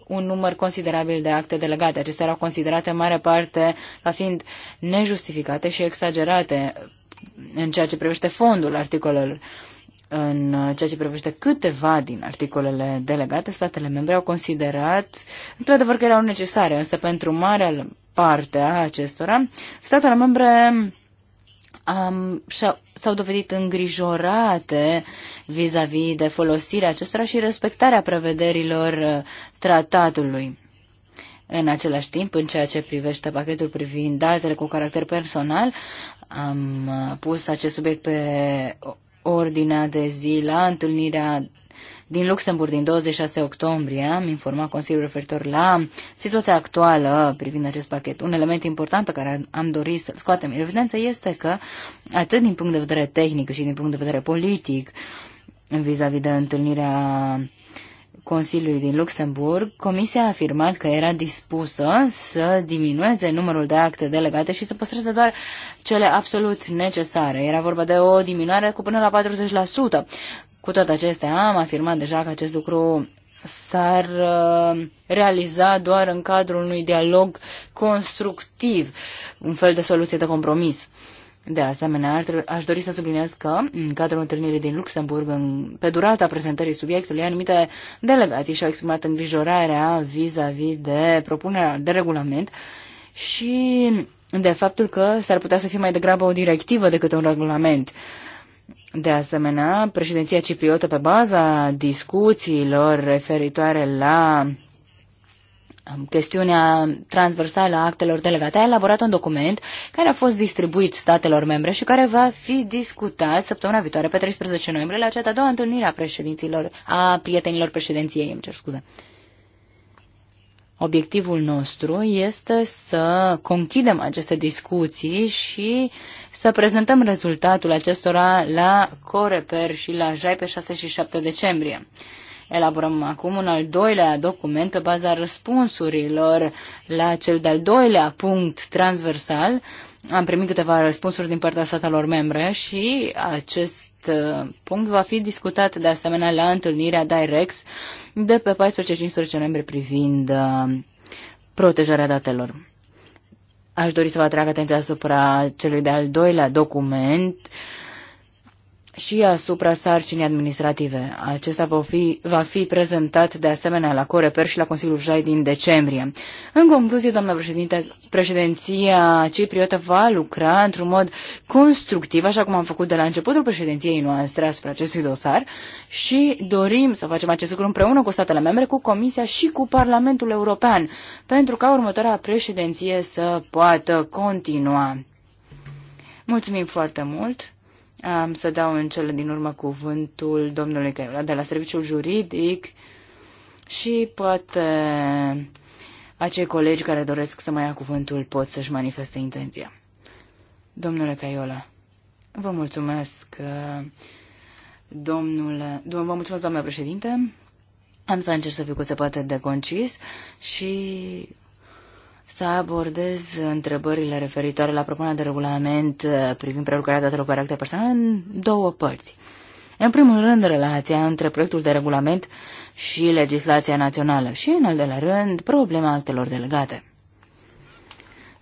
un număr considerabil de acte delegate. Acestea erau considerate în mare parte la fiind nejustificate și exagerate în ceea ce privește fondul articolelor. În uh, ceea ce privește câteva din articolele delegate, statele membre au considerat, într-adevăr, că erau necesare, însă pentru marea parte a acestora, statele membre um, s-au dovedit îngrijorate vis-a-vis -vis de folosirea acestora și respectarea prevederilor uh, tratatului. În același timp, în ceea ce privește pachetul privind datele cu caracter personal, am uh, pus acest subiect pe ordinea de zi la întâlnirea din Luxemburg din 26 octombrie am informat Consiliul referitor la situația actuală privind acest pachet. Un element important pe care am dorit să-l scoatem în evidență este că, atât din punct de vedere tehnic și din punct de vedere politic, vis-a-vis -vis de întâlnirea Consiliului din Luxemburg, Comisia a afirmat că era dispusă să diminueze numărul de acte delegate și să păstreze doar cele absolut necesare. Era vorba de o diminuare cu până la 40%. Cu toate acestea, am afirmat deja că acest lucru s-ar uh, realiza doar în cadrul unui dialog constructiv, un fel de soluție de compromis. De asemenea, aș dori să subliniez că, în cadrul întâlnirii din Luxemburg, în, pe durata prezentării subiectului, anumite delegații și-au exprimat îngrijorarea vis-a-vis -vis de propunerea de regulament și de faptul că s-ar putea să fie mai degrabă o directivă decât un regulament. Uh, de asemenea, președinția cipriotă, pe baza discuțiilor referitoare la um, chestiunea transversală a actelor delegate, a elaborat un document care a fost distribuit statelor membre și care va fi discutat săptămâna viitoare, pe 13 noiembrie, la cea de-a doua întâlnire a președinților, a prietenilor președinției, îmi cer scuze. Obiectivul nostru este să conchidem aceste discuții și uh, să prezentăm rezultatul acestora la Coreper și la JAI pe 6 și 7 decembrie. Elaborăm acum un al doilea document pe baza răspunsurilor la cel de-al doilea punct transversal. Am primit câteva răspunsuri din partea statelor membre și acest uh, punct va fi discutat de asemenea la întâlnirea DIREX de pe 14-15 noiembrie privind uh, protejarea datelor. Aș dori să vă atrag atenția asupra celui de-al doilea document și asupra sarcinii administrative. Acesta va fi, va fi prezentat de asemenea la Coreper și la Consiliul Jai din decembrie. În concluzie, doamna președinte, președinția cipriotă va lucra într-un mod constructiv, așa cum am făcut de la începutul președinției noastre asupra acestui dosar și dorim să facem acest lucru împreună cu statele membre, cu Comisia și cu Parlamentul European, pentru ca următoarea președinție să poată continua. Mulțumim foarte mult! Am să dau în cele din urmă cuvântul domnului Căiula de la Serviciul Juridic și poate acei colegi care doresc să mai ia cuvântul pot să-și manifeste intenția. Domnule Caiola, vă mulțumesc, domnule, vă mulțumesc, doamna președinte. Am să încerc să fiu cât se poate de concis și să abordez întrebările referitoare la propunerea de regulament uh, privind prelucrarea datelor cu caracter personal în două părți. În primul rând, relația între proiectul de regulament și legislația națională și, în al doilea rând, problema actelor delegate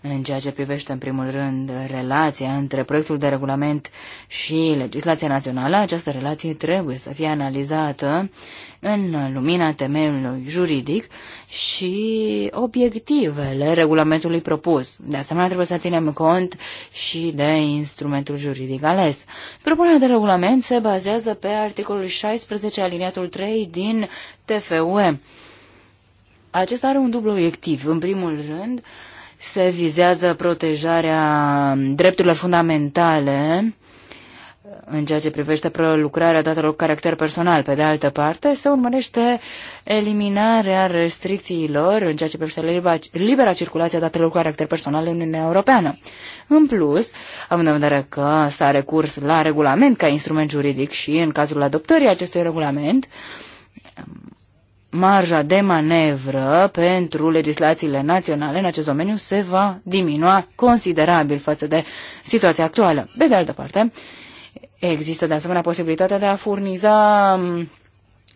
în ceea ce privește, în primul rând, relația între proiectul de regulament și legislația națională, această relație trebuie să fie analizată în lumina temeiului juridic și obiectivele regulamentului propus. De asemenea, trebuie să ținem cont și de instrumentul juridic ales. Propunerea de regulament se bazează pe articolul 16 aliniatul 3 din TFUE. Acesta are un dublu obiectiv. În primul rând, se vizează protejarea drepturilor fundamentale în ceea ce privește prelucrarea datelor cu caracter personal. Pe de altă parte, se urmărește eliminarea restricțiilor în ceea ce privește libera, libera circulație a datelor cu caracter personal în Uniunea Europeană. În plus, având în vedere că s-a recurs la regulament ca instrument juridic și în cazul adoptării acestui regulament, marja de manevră pentru legislațiile naționale în acest domeniu se va diminua considerabil față de situația actuală. Pe de altă parte, există de asemenea posibilitatea de a furniza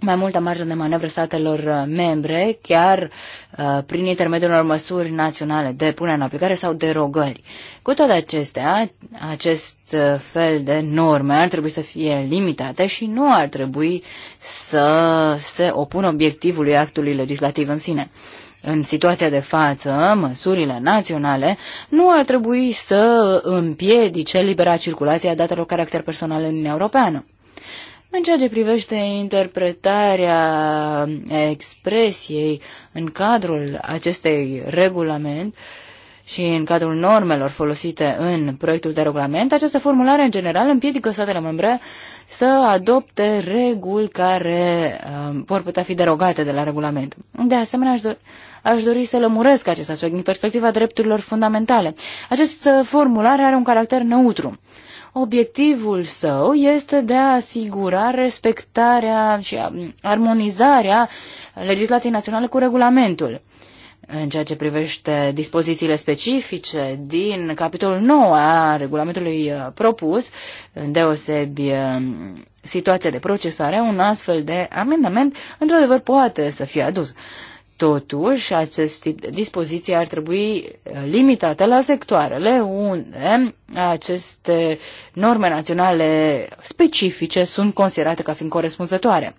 mai multă marjă de manevră statelor uh, membre, chiar uh, prin intermediul unor măsuri naționale de punere în aplicare sau derogări. Cu toate acestea, acest uh, fel de norme ar trebui să fie limitate și nu ar trebui să se opună obiectivului actului legislativ în sine. În situația de față, măsurile naționale nu ar trebui să împiedice libera circulație a datelor caracter personal în Uniunea Europeană. În ceea ce privește interpretarea expresiei în cadrul acestei regulament și în cadrul normelor folosite în proiectul de regulament, această formulare în general împiedică statele membre să adopte reguli care uh, vor putea fi derogate de la regulament. De asemenea, aș, do- aș dori să lămuresc acest aspect din perspectiva drepturilor fundamentale. Această formulare are un caracter neutru. Uh, obiectivul său este de a asigura respectarea și armonizarea legislației naționale cu regulamentul. În ceea ce privește dispozițiile specifice din capitolul 9 a regulamentului uh, propus, deosebi uh, situația de procesare, un astfel de amendament într-adevăr poate să fie adus. Totuși, acest tip de dispoziții ar trebui uh, limitate la sectoarele unde aceste norme naționale specifice sunt considerate ca fiind corespunzătoare.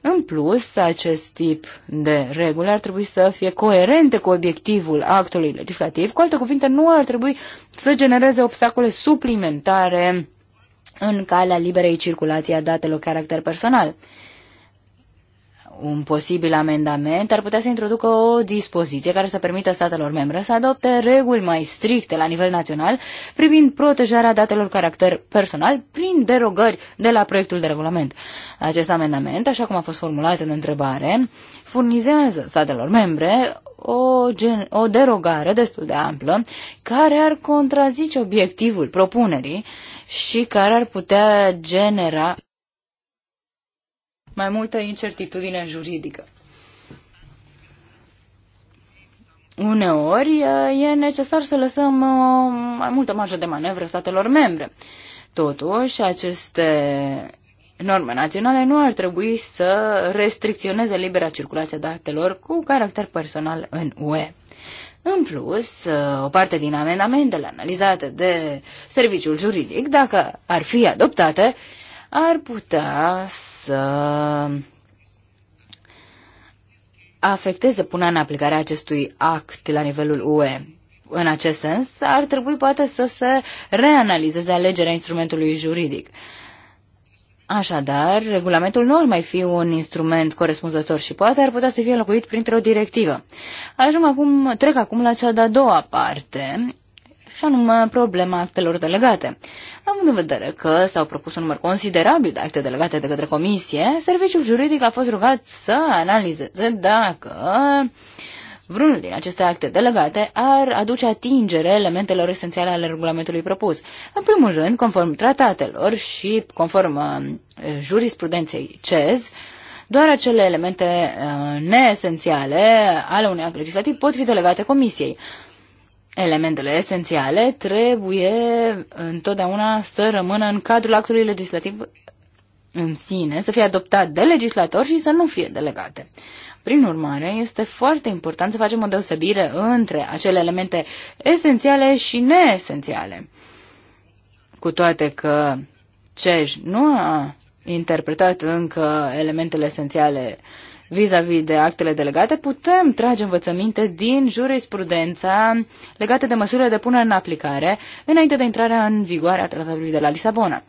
În plus, acest tip de reguli ar trebui să fie coerente cu obiectivul actului legislativ, cu alte cuvinte, nu ar trebui să genereze obstacole suplimentare în calea liberei circulației a datelor caracter personal un posibil amendament ar putea să introducă o dispoziție care să permită statelor membre să adopte reguli mai stricte la nivel național privind protejarea datelor caracter personal prin derogări de la proiectul de regulament. Acest amendament, așa cum a fost formulat în întrebare, furnizează statelor membre o, gen, o derogare destul de amplă care ar contrazice obiectivul propunerii și care ar putea genera mai multă incertitudine juridică. Uneori eh, e necesar să lăsăm eh, mai multă marjă de manevră statelor membre. Totuși, aceste norme naționale nu ar trebui să restricționeze libera circulație datelor cu caracter personal în UE. În plus, eh, o parte din amendamentele analizate de serviciul juridic, dacă ar fi adoptate, ar putea să afecteze punerea în aplicare a acestui act la nivelul UE. În acest sens, ar trebui poate să se reanalizeze alegerea instrumentului juridic. Așadar, regulamentul nu ar mai fi un instrument corespunzător și poate ar putea să fie înlocuit printr-o directivă. Ajung acum, trec acum la cea de-a doua parte și anume problema actelor delegate. Având în vedere că s-au propus un număr considerabil de acte delegate de către comisie, serviciul juridic a fost rugat să analizeze dacă vreunul din aceste acte delegate ar aduce atingere elementelor esențiale ale regulamentului propus. În primul rând, conform tratatelor și conform eh, jurisprudenței CEZ, doar acele elemente uh, neesențiale ale unui act legislativ pot fi delegate comisiei elementele esențiale trebuie întotdeauna să rămână în cadrul actului legislativ în sine, să fie adoptat de legislator și să nu fie delegate. Prin urmare, este foarte important să facem o deosebire între acele elemente esențiale și neesențiale. Cu toate că CEJ nu a interpretat încă elementele esențiale uh, vis-a-vis -vis de actele delegate, putem trage învățăminte din jurisprudența legată de măsurile de punere în aplicare înainte de intrarea în vigoare a tratatului de la Lisabona.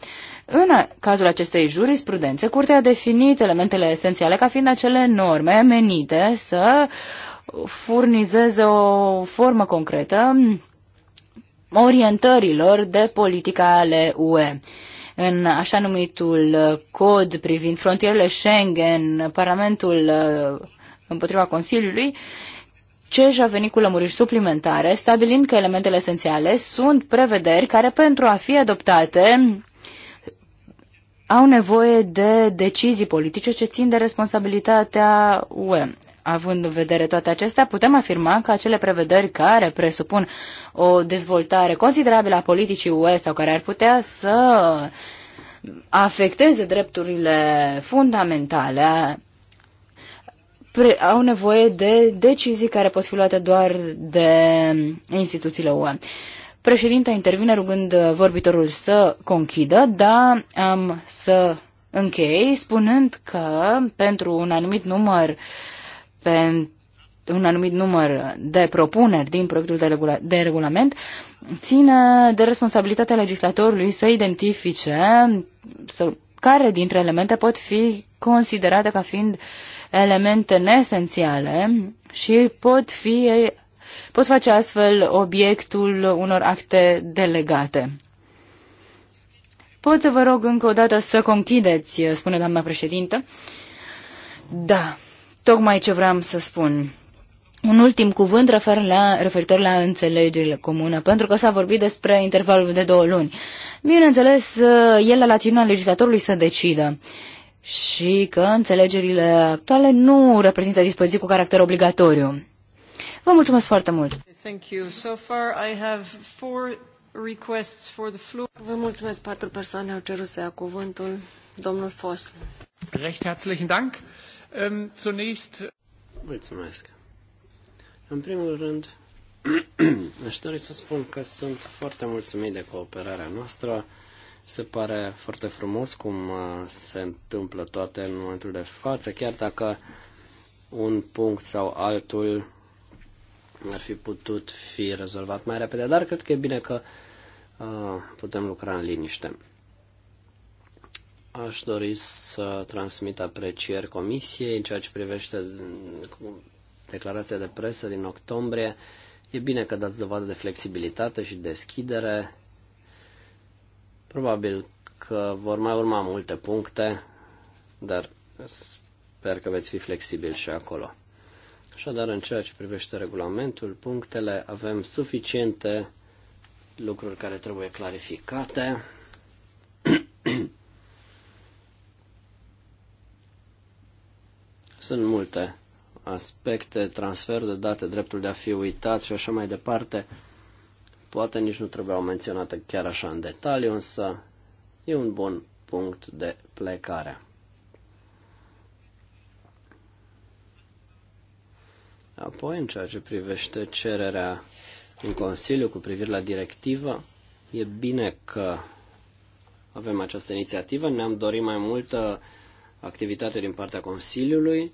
În cazul acestei jurisprudențe, Curtea a definit elementele esențiale ca fiind acele norme menite să furnizeze o formă concretă orientărilor de politică ale UE în așa numitul uh, cod privind frontierele Schengen, Parlamentul uh, împotriva Consiliului, CEJ a venit cu lămuriri suplimentare, stabilind că elementele esențiale sunt prevederi care, pentru a fi adoptate, au nevoie de decizii politice ce țin de responsabilitatea UE. Având în vedere toate acestea, putem afirma că acele prevederi care presupun o dezvoltare considerabilă a politicii UE sau care ar putea să afecteze drepturile fundamentale au nevoie de decizii care pot fi luate doar de instituțiile UE. Președinta intervine rugând vorbitorul să conchidă, dar am să închei spunând că pentru un anumit număr pe un anumit număr de propuneri din proiectul de, regula- de regulament ține de responsabilitatea legislatorului să identifice să, care dintre elemente pot fi considerate ca fiind elemente nesențiale și pot fi pot face astfel obiectul unor acte delegate. Pot să vă rog încă o dată să conchideți, spune doamna președintă. Da, Tocmai ce vreau să spun. Un ultim cuvânt refer la, referitor la înțelegerile comune, pentru că s-a vorbit despre intervalul de două luni. Bineînțeles, el la latina legislatorului să decidă și că înțelegerile actuale nu reprezintă dispoziții cu caracter obligatoriu. Vă mulțumesc foarte mult! Vă mulțumesc, patru persoane au cerut să ia cuvântul. Domnul Fos. Recht herzlichen Dank. Zunächst. Mulțumesc. În primul rând, aș dori să spun că sunt foarte mulțumit de cooperarea noastră. Se pare foarte frumos cum uh, se întâmplă toate în momentul de față, chiar dacă un punct sau altul ar fi putut fi rezolvat mai repede, dar cred că e bine că uh, putem lucra în liniște. Aș dori să transmit aprecieri comisiei în ceea ce privește declarația de presă din octombrie. E bine că dați dovadă de flexibilitate și deschidere. Probabil că vor mai urma multe puncte, dar sper că veți fi flexibil și acolo. Așadar, în ceea ce privește regulamentul, punctele, avem suficiente lucruri care trebuie clarificate. Sunt multe aspecte, transfer de date, dreptul de a fi uitat și așa mai departe. Poate nici nu trebuiau menționate chiar așa în detaliu, însă e un bun punct de plecare. Apoi, în ceea ce privește cererea în Consiliu cu privire la directivă, e bine că avem această inițiativă. Ne-am dorit mai multă uh, activitate din partea Consiliului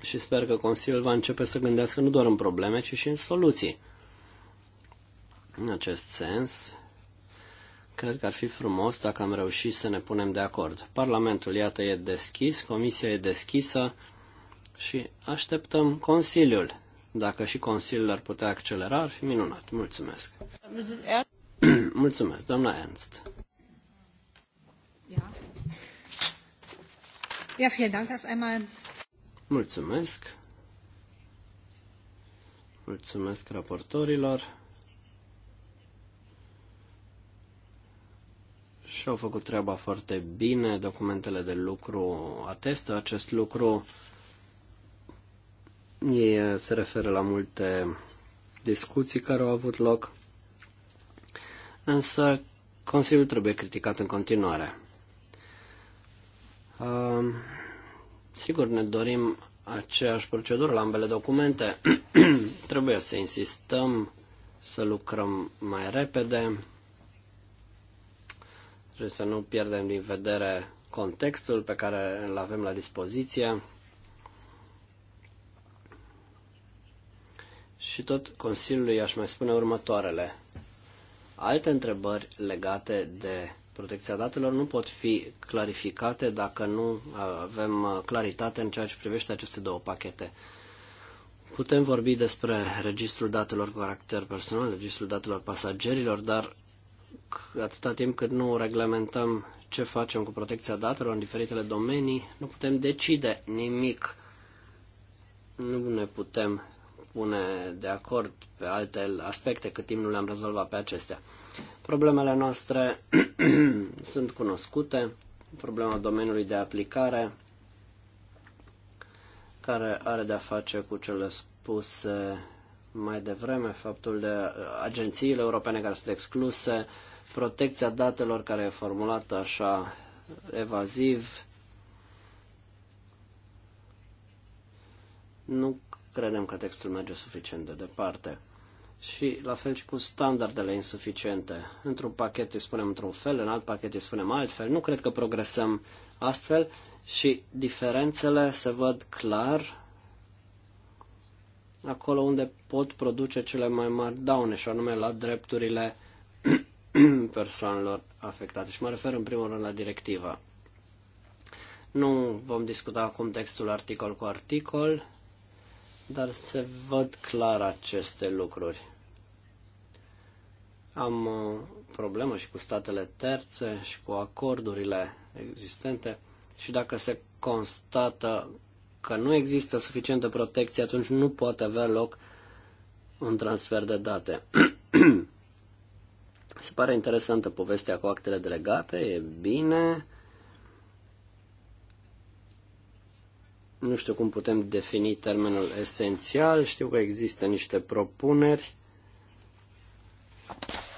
și sper că Consiliul va începe să gândească nu doar în probleme, ci și în soluții. În acest sens, cred că ar fi frumos dacă am reușit să ne punem de acord. Parlamentul, iată, e deschis, Comisia e deschisă și așteptăm Consiliul. Dacă și Consiliul ar putea accelera, ar fi minunat. Mulțumesc. Mulțumesc, doamna Ernst. Ja. Ja, vielen Dank erst einmal. Mulțumesc. Mulțumesc raportorilor. și au făcut treaba foarte bine. Documentele de lucru atestă acest lucru. Ei eh, se referă la multe discuții care au avut loc, însă Consiliul trebuie criticat în continuare sigur, ne dorim aceeași procedură la ambele documente. Trebuie să insistăm să lucrăm mai repede. Trebuie să nu pierdem din vedere contextul pe care îl avem la dispoziție. Și tot Consiliului aș mai spune următoarele. Alte întrebări legate de protecția datelor nu pot fi clarificate dacă nu avem claritate în ceea ce privește aceste două pachete. Putem vorbi despre registrul datelor cu caracter personal, registrul datelor pasagerilor, dar atâta timp cât nu reglementăm ce facem cu protecția datelor în diferitele domenii, nu putem decide nimic. Nu ne putem pune de acord pe alte aspecte cât timp nu le-am rezolvat pe acestea. Problemele noastre sunt cunoscute, problema domeniului de aplicare, care are de-a face cu cele spuse mai devreme, faptul de agențiile europene care sunt excluse, protecția datelor care e formulată așa evaziv. Nu credem că textul merge suficient de departe și la fel și cu standardele insuficiente. Într-un pachet îi spunem într-un fel, în alt pachet îi spunem altfel. Nu cred că progresăm astfel și diferențele se văd clar acolo unde pot produce cele mai mari daune, și anume la drepturile persoanelor afectate. Și mă refer în primul rând la directiva. Nu vom discuta acum textul articol cu articol, dar se văd clar aceste lucruri. Am uh, problemă și cu statele terțe și cu acordurile existente și dacă se constată că nu există suficientă protecție, atunci nu poate avea loc un transfer de date. Se pare interesantă povestea cu actele delegate, e bine. Nu știu cum putem defini termenul esențial, știu că există niște propuneri.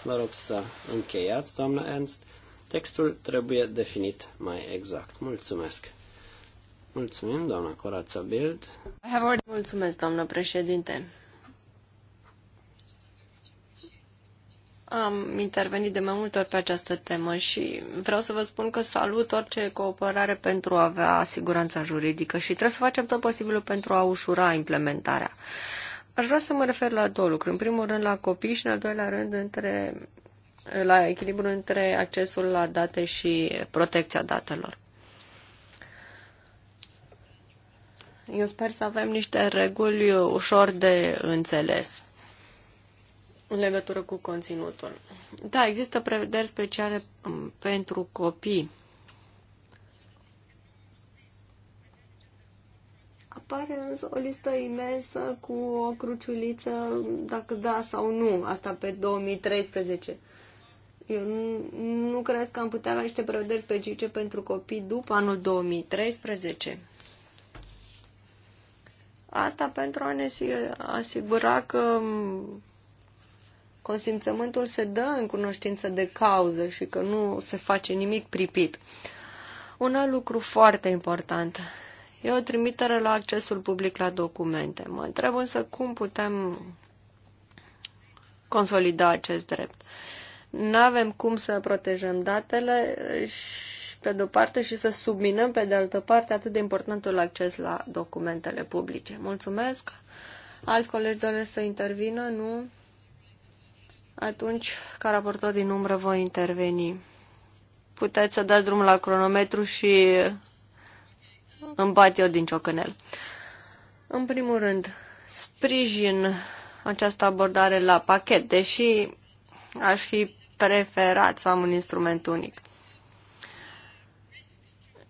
Vă rog să încheiați, doamnă Ernst. Textul trebuie definit mai exact. Mulțumesc. Mulțumim, doamna Corața Bild. Mulțumesc, doamnă președinte. Am intervenit de mai multe ori pe această temă și vreau să vă spun că salut orice cooperare pentru a avea siguranța juridică și trebuie să facem tot posibilul pentru a ușura implementarea. Aș vrea să mă refer la două lucruri. În primul rând la copii și în al doilea rând între, la echilibru între accesul la date și protecția datelor. Eu sper să avem niște reguli ușor de înțeles în legătură cu conținutul. Da, există prevederi speciale mm, pentru copii apare însă o listă imensă cu o cruciuliță, dacă da sau nu, asta pe 2013. Eu nu, nu cred că am putea avea niște prevederi specifice pentru copii după anul 2013. Asta pentru a ne asigura că mm, consimțământul se dă în cunoștință de cauză și că nu se face nimic pripit. Un alt lucru foarte important E o trimitere la accesul public la documente. Mă întreb însă cum putem consolida acest drept. Nu avem cum să protejăm datele și, pe de-o parte și să subminăm pe de altă parte atât de importantul acces la documentele publice. Mulțumesc! Alți colegi doresc să intervină? Nu? Atunci, ca raportor din umbră, voi interveni. Puteți să dați drumul la cronometru și îmi bat eu din ciocanel. În primul rând, sprijin această abordare la pachet, deși aș fi preferat să am un instrument unic.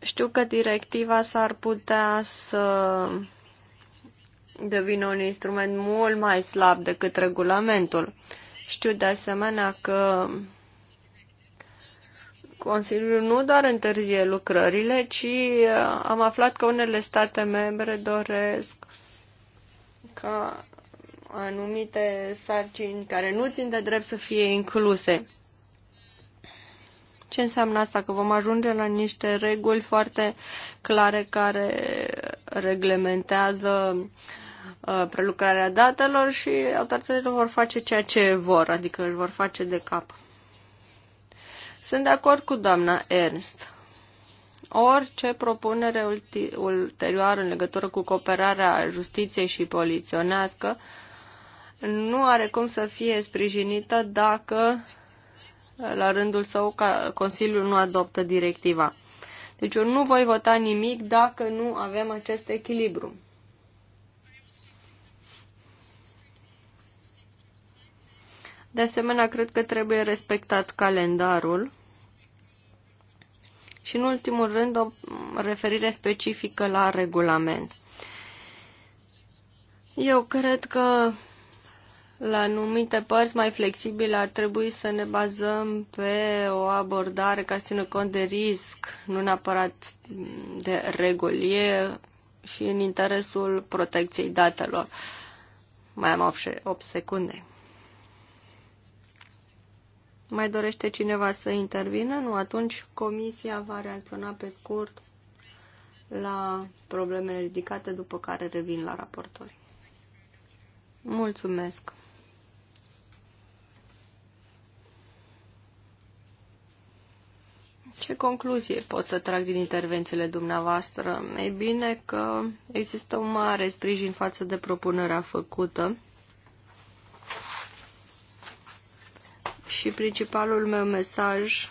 Știu că directiva s-ar putea să devină un instrument mult mai slab decât regulamentul. Știu de asemenea că Consiliul nu doar întârzie lucrările, ci uh, am aflat că unele state membre doresc ca anumite sarcini care nu țin de drept să fie incluse. Ce înseamnă asta? Că vom ajunge la niște reguli foarte clare care reglementează uh, prelucrarea datelor și autoritățile vor face ceea ce vor, adică își vor face de cap. Sunt de acord cu doamna Ernst. Orice propunere ulterioară în legătură cu cooperarea justiției și poliționească nu are cum să fie sprijinită dacă, la rândul său, Consiliul nu adoptă directiva. Deci eu nu voi vota nimic dacă nu avem acest echilibru. De asemenea, cred că trebuie respectat calendarul și, în ultimul rând, o referire specifică la regulament. Eu cred că la anumite părți mai flexibile ar trebui să ne bazăm pe o abordare care ține cont de risc, nu neapărat de regulie și în interesul protecției datelor. Mai am 8 secunde. Mai dorește cineva să intervină? Nu, atunci comisia va reacționa pe scurt la problemele ridicate, după care revin la raportori. Mulțumesc! Ce concluzie pot să trag din intervențiile dumneavoastră? Ei bine că există un mare sprijin față de propunerea făcută Și principalul meu mesaj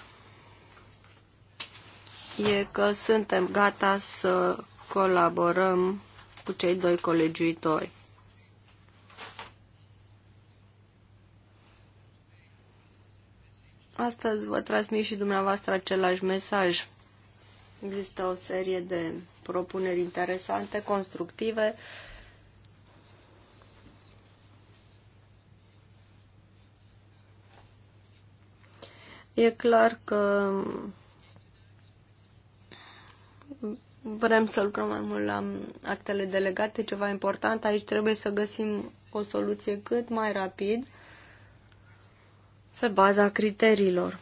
e că suntem gata să colaborăm cu cei doi colegiuitori. Astăzi vă transmit și dumneavoastră același mesaj. Există o serie de propuneri interesante, constructive, E clar că vrem să lucrăm mai mult la actele delegate, ceva important. Aici trebuie să găsim o soluție cât mai rapid pe baza criteriilor.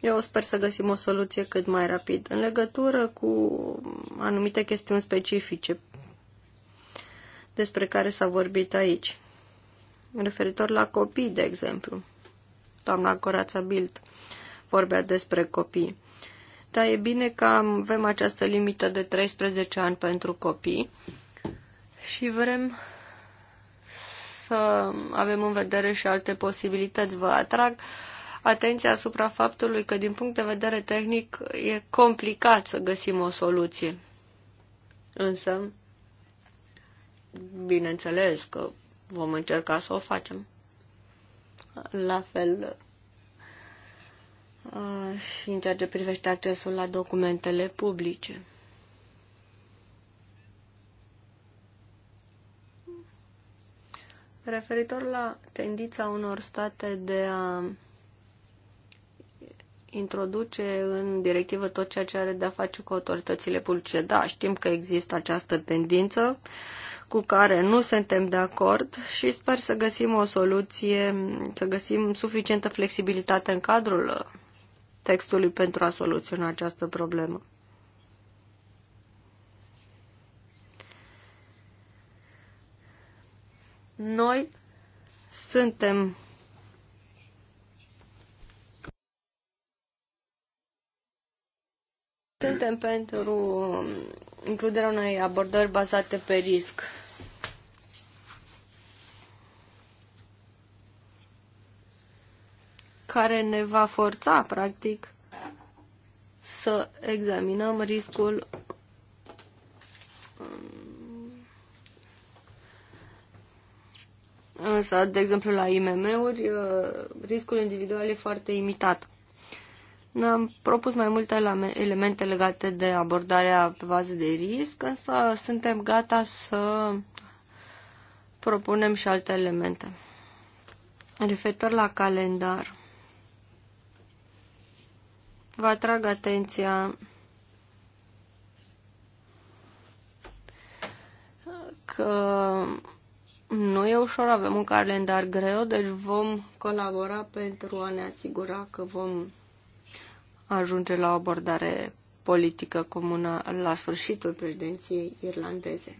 Eu sper să găsim o soluție cât mai rapid. În legătură cu anumite chestiuni specifice despre care s-a vorbit aici referitor la copii, de exemplu. Doamna Corața Bild vorbea despre copii. Dar e bine că avem această limită de 13 ani pentru copii și vrem să avem în vedere și alte posibilități. Vă atrag atenția asupra faptului că, din punct de vedere tehnic, e complicat să găsim o soluție. Însă, bineînțeles că Vom încerca să o facem. La fel uh, și în ceea ce privește accesul la documentele publice. Referitor la tendința unor state de a introduce în directivă tot ceea ce are de a face cu autoritățile publice. Da, știm că există această tendință. Uh, cu care nu suntem de acord și sper să găsim o soluție, să găsim suficientă flexibilitate în cadrul textului pentru a soluționa această problemă. Noi suntem Suntem pentru includerea unei abordări bazate pe risc care ne va forța, practic, să examinăm riscul um, Însă, de exemplu, la IMM-uri, uh, riscul individual e foarte imitat. Ne-am propus mai multe elemente legate de abordarea pe bază de risc, însă suntem gata să propunem și alte elemente. Referitor la calendar, Vă atrag atenția că nu e ușor, avem un calendar greu, deci vom colabora pentru a ne asigura că vom ajunge la o abordare politică comună la sfârșitul președinției irlandeze.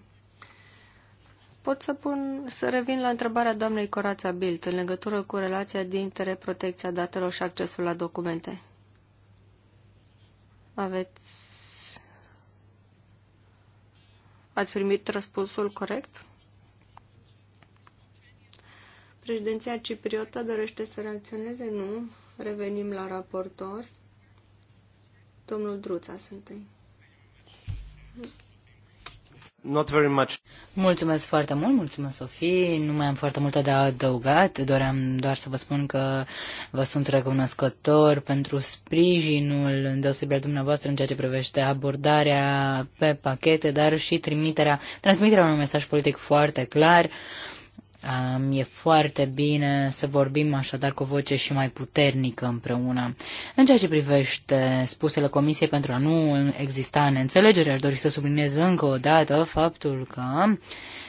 Pot să, pun, să revin la întrebarea doamnei Corața Bilt în legătură cu relația dintre protecția datelor și accesul la documente. Aveți... Ați primit răspunsul corect? Președinția cipriotă dorește să reacționeze? Nu. Revenim la raportori. Domnul Druța sunt întâi. Not very much. Mulțumesc foarte mult, mulțumesc Sofie. Nu mai am foarte multe de adăugat, doream doar să vă spun că vă sunt recunoscător pentru sprijinul îndeosebit al dumneavoastră în ceea ce privește abordarea pe pachete, dar și trimiterea, transmiterea unui mesaj politic foarte clar. Um, e foarte bine să vorbim așadar cu o voce și mai puternică împreună. În ceea ce privește spusele Comisiei pentru a nu exista neînțelegere, aș dori să subliniez încă o dată faptul că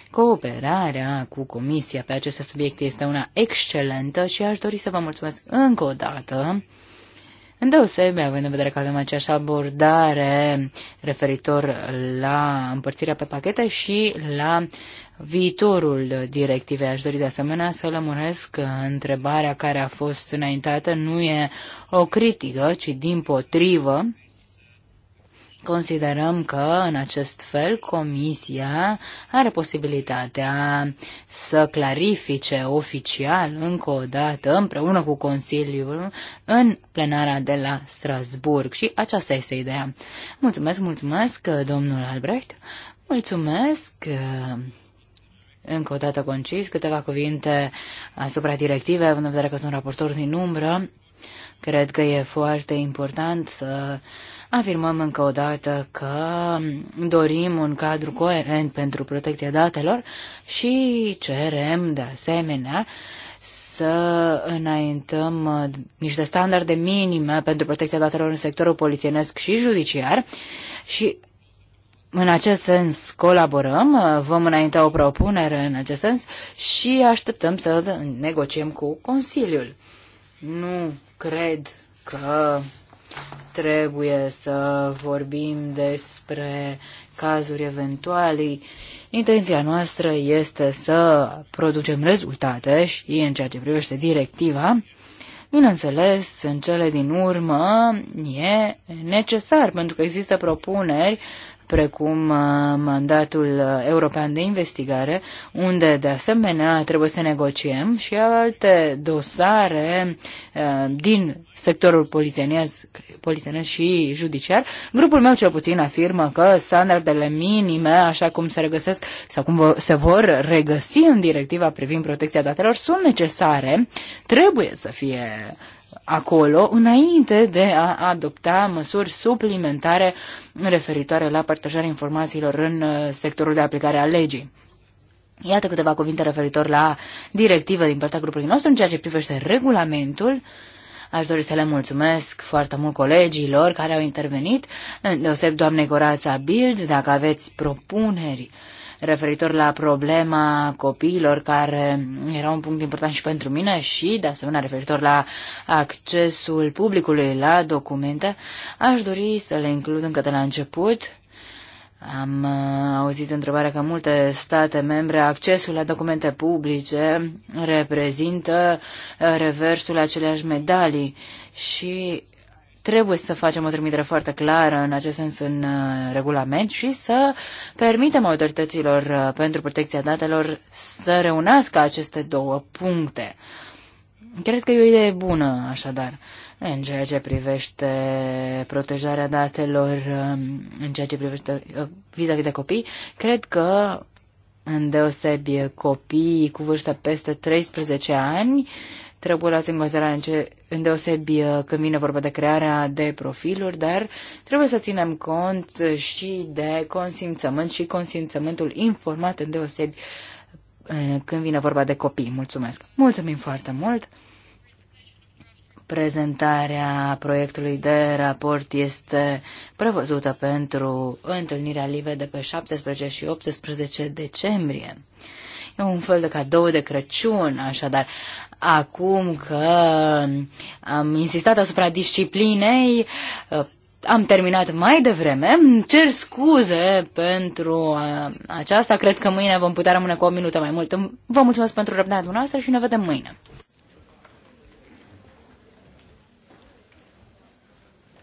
cooperarea cu Comisia pe aceste subiecte este una excelentă și aș dori să vă mulțumesc încă o dată Îndeosebi, având în vedere că avem aceeași abordare referitor la împărțirea pe pachete și la viitorul directivei. Aș dori de asemenea să lămuresc că întrebarea care a fost înaintată nu e o critică, ci din potrivă Considerăm că, în acest fel, Comisia are posibilitatea să clarifice oficial, încă o dată, împreună cu Consiliul, în plenara de la Strasburg. Și aceasta este ideea. Mulțumesc, mulțumesc, domnul Albrecht. Mulțumesc. Încă o dată concis, câteva cuvinte asupra directivei, având în vedere că sunt raportor din umbră. Cred că e foarte important să Afirmăm încă o dată că dorim un cadru coerent pentru protecția datelor și cerem, de asemenea, să înaintăm niște standarde minime pentru protecția datelor în sectorul polițienesc și judiciar și în acest sens colaborăm, vom înainta o propunere în acest sens și așteptăm să negociem cu Consiliul. Nu cred că Trebuie să vorbim despre cazuri eventuale. Intenția noastră este să producem rezultate și în ceea ce privește directiva, bineînțeles, în cele din urmă e necesar, pentru că există propuneri precum uh, mandatul european de investigare, unde de asemenea trebuie să negociem și alte dosare uh, din sectorul polițienesc, și judiciar. Grupul meu cel puțin afirmă că standardele minime, așa cum se regăsesc sau cum se vor regăsi în directiva privind protecția datelor, sunt necesare, trebuie să fie acolo înainte de a adopta măsuri suplimentare referitoare la partajarea informațiilor în uh, sectorul de aplicare a legii. Iată câteva cuvinte referitor la directivă din partea grupului nostru în ceea ce privește regulamentul. Aș dori să le mulțumesc foarte mult colegilor care au intervenit, deoseb doamnei Corața Bild, dacă aveți propuneri referitor la problema copiilor, care era un punct important și pentru mine și, de asemenea, referitor la accesul publicului la documente, aș dori să le includ încă de la început. Am uh, auzit întrebarea că în multe state membre accesul la documente publice reprezintă uh, reversul aceleași medalii și trebuie să facem o trimitere foarte clară în acest sens în uh, regulament și să permitem autorităților uh, pentru protecția datelor să reunească aceste două puncte. Cred că e o idee bună, așadar, în ceea ce privește protejarea datelor, um, în ceea ce privește uh, vis-a-vis -vis de copii. Cred că, îndeosebi copiii cu vârstă peste 13 ani, uh, trebuie luați în considerare deosebi uh, când vine vorba de crearea de profiluri, dar trebuie să ținem cont și de consimțământ și consimțământul informat în deosebi uh, când vine vorba de copii. Mulțumesc! Mulțumim foarte mult! Prezentarea proiectului de raport este prevăzută pentru întâlnirea live de pe 17 și 18 decembrie. E un fel de cadou de Crăciun, așadar acum că am insistat asupra disciplinei, uh, am terminat mai devreme, cer scuze pentru uh, aceasta, cred că mâine vom putea rămâne cu o minută mai mult. Vă mulțumesc pentru răbdarea dumneavoastră și ne vedem mâine.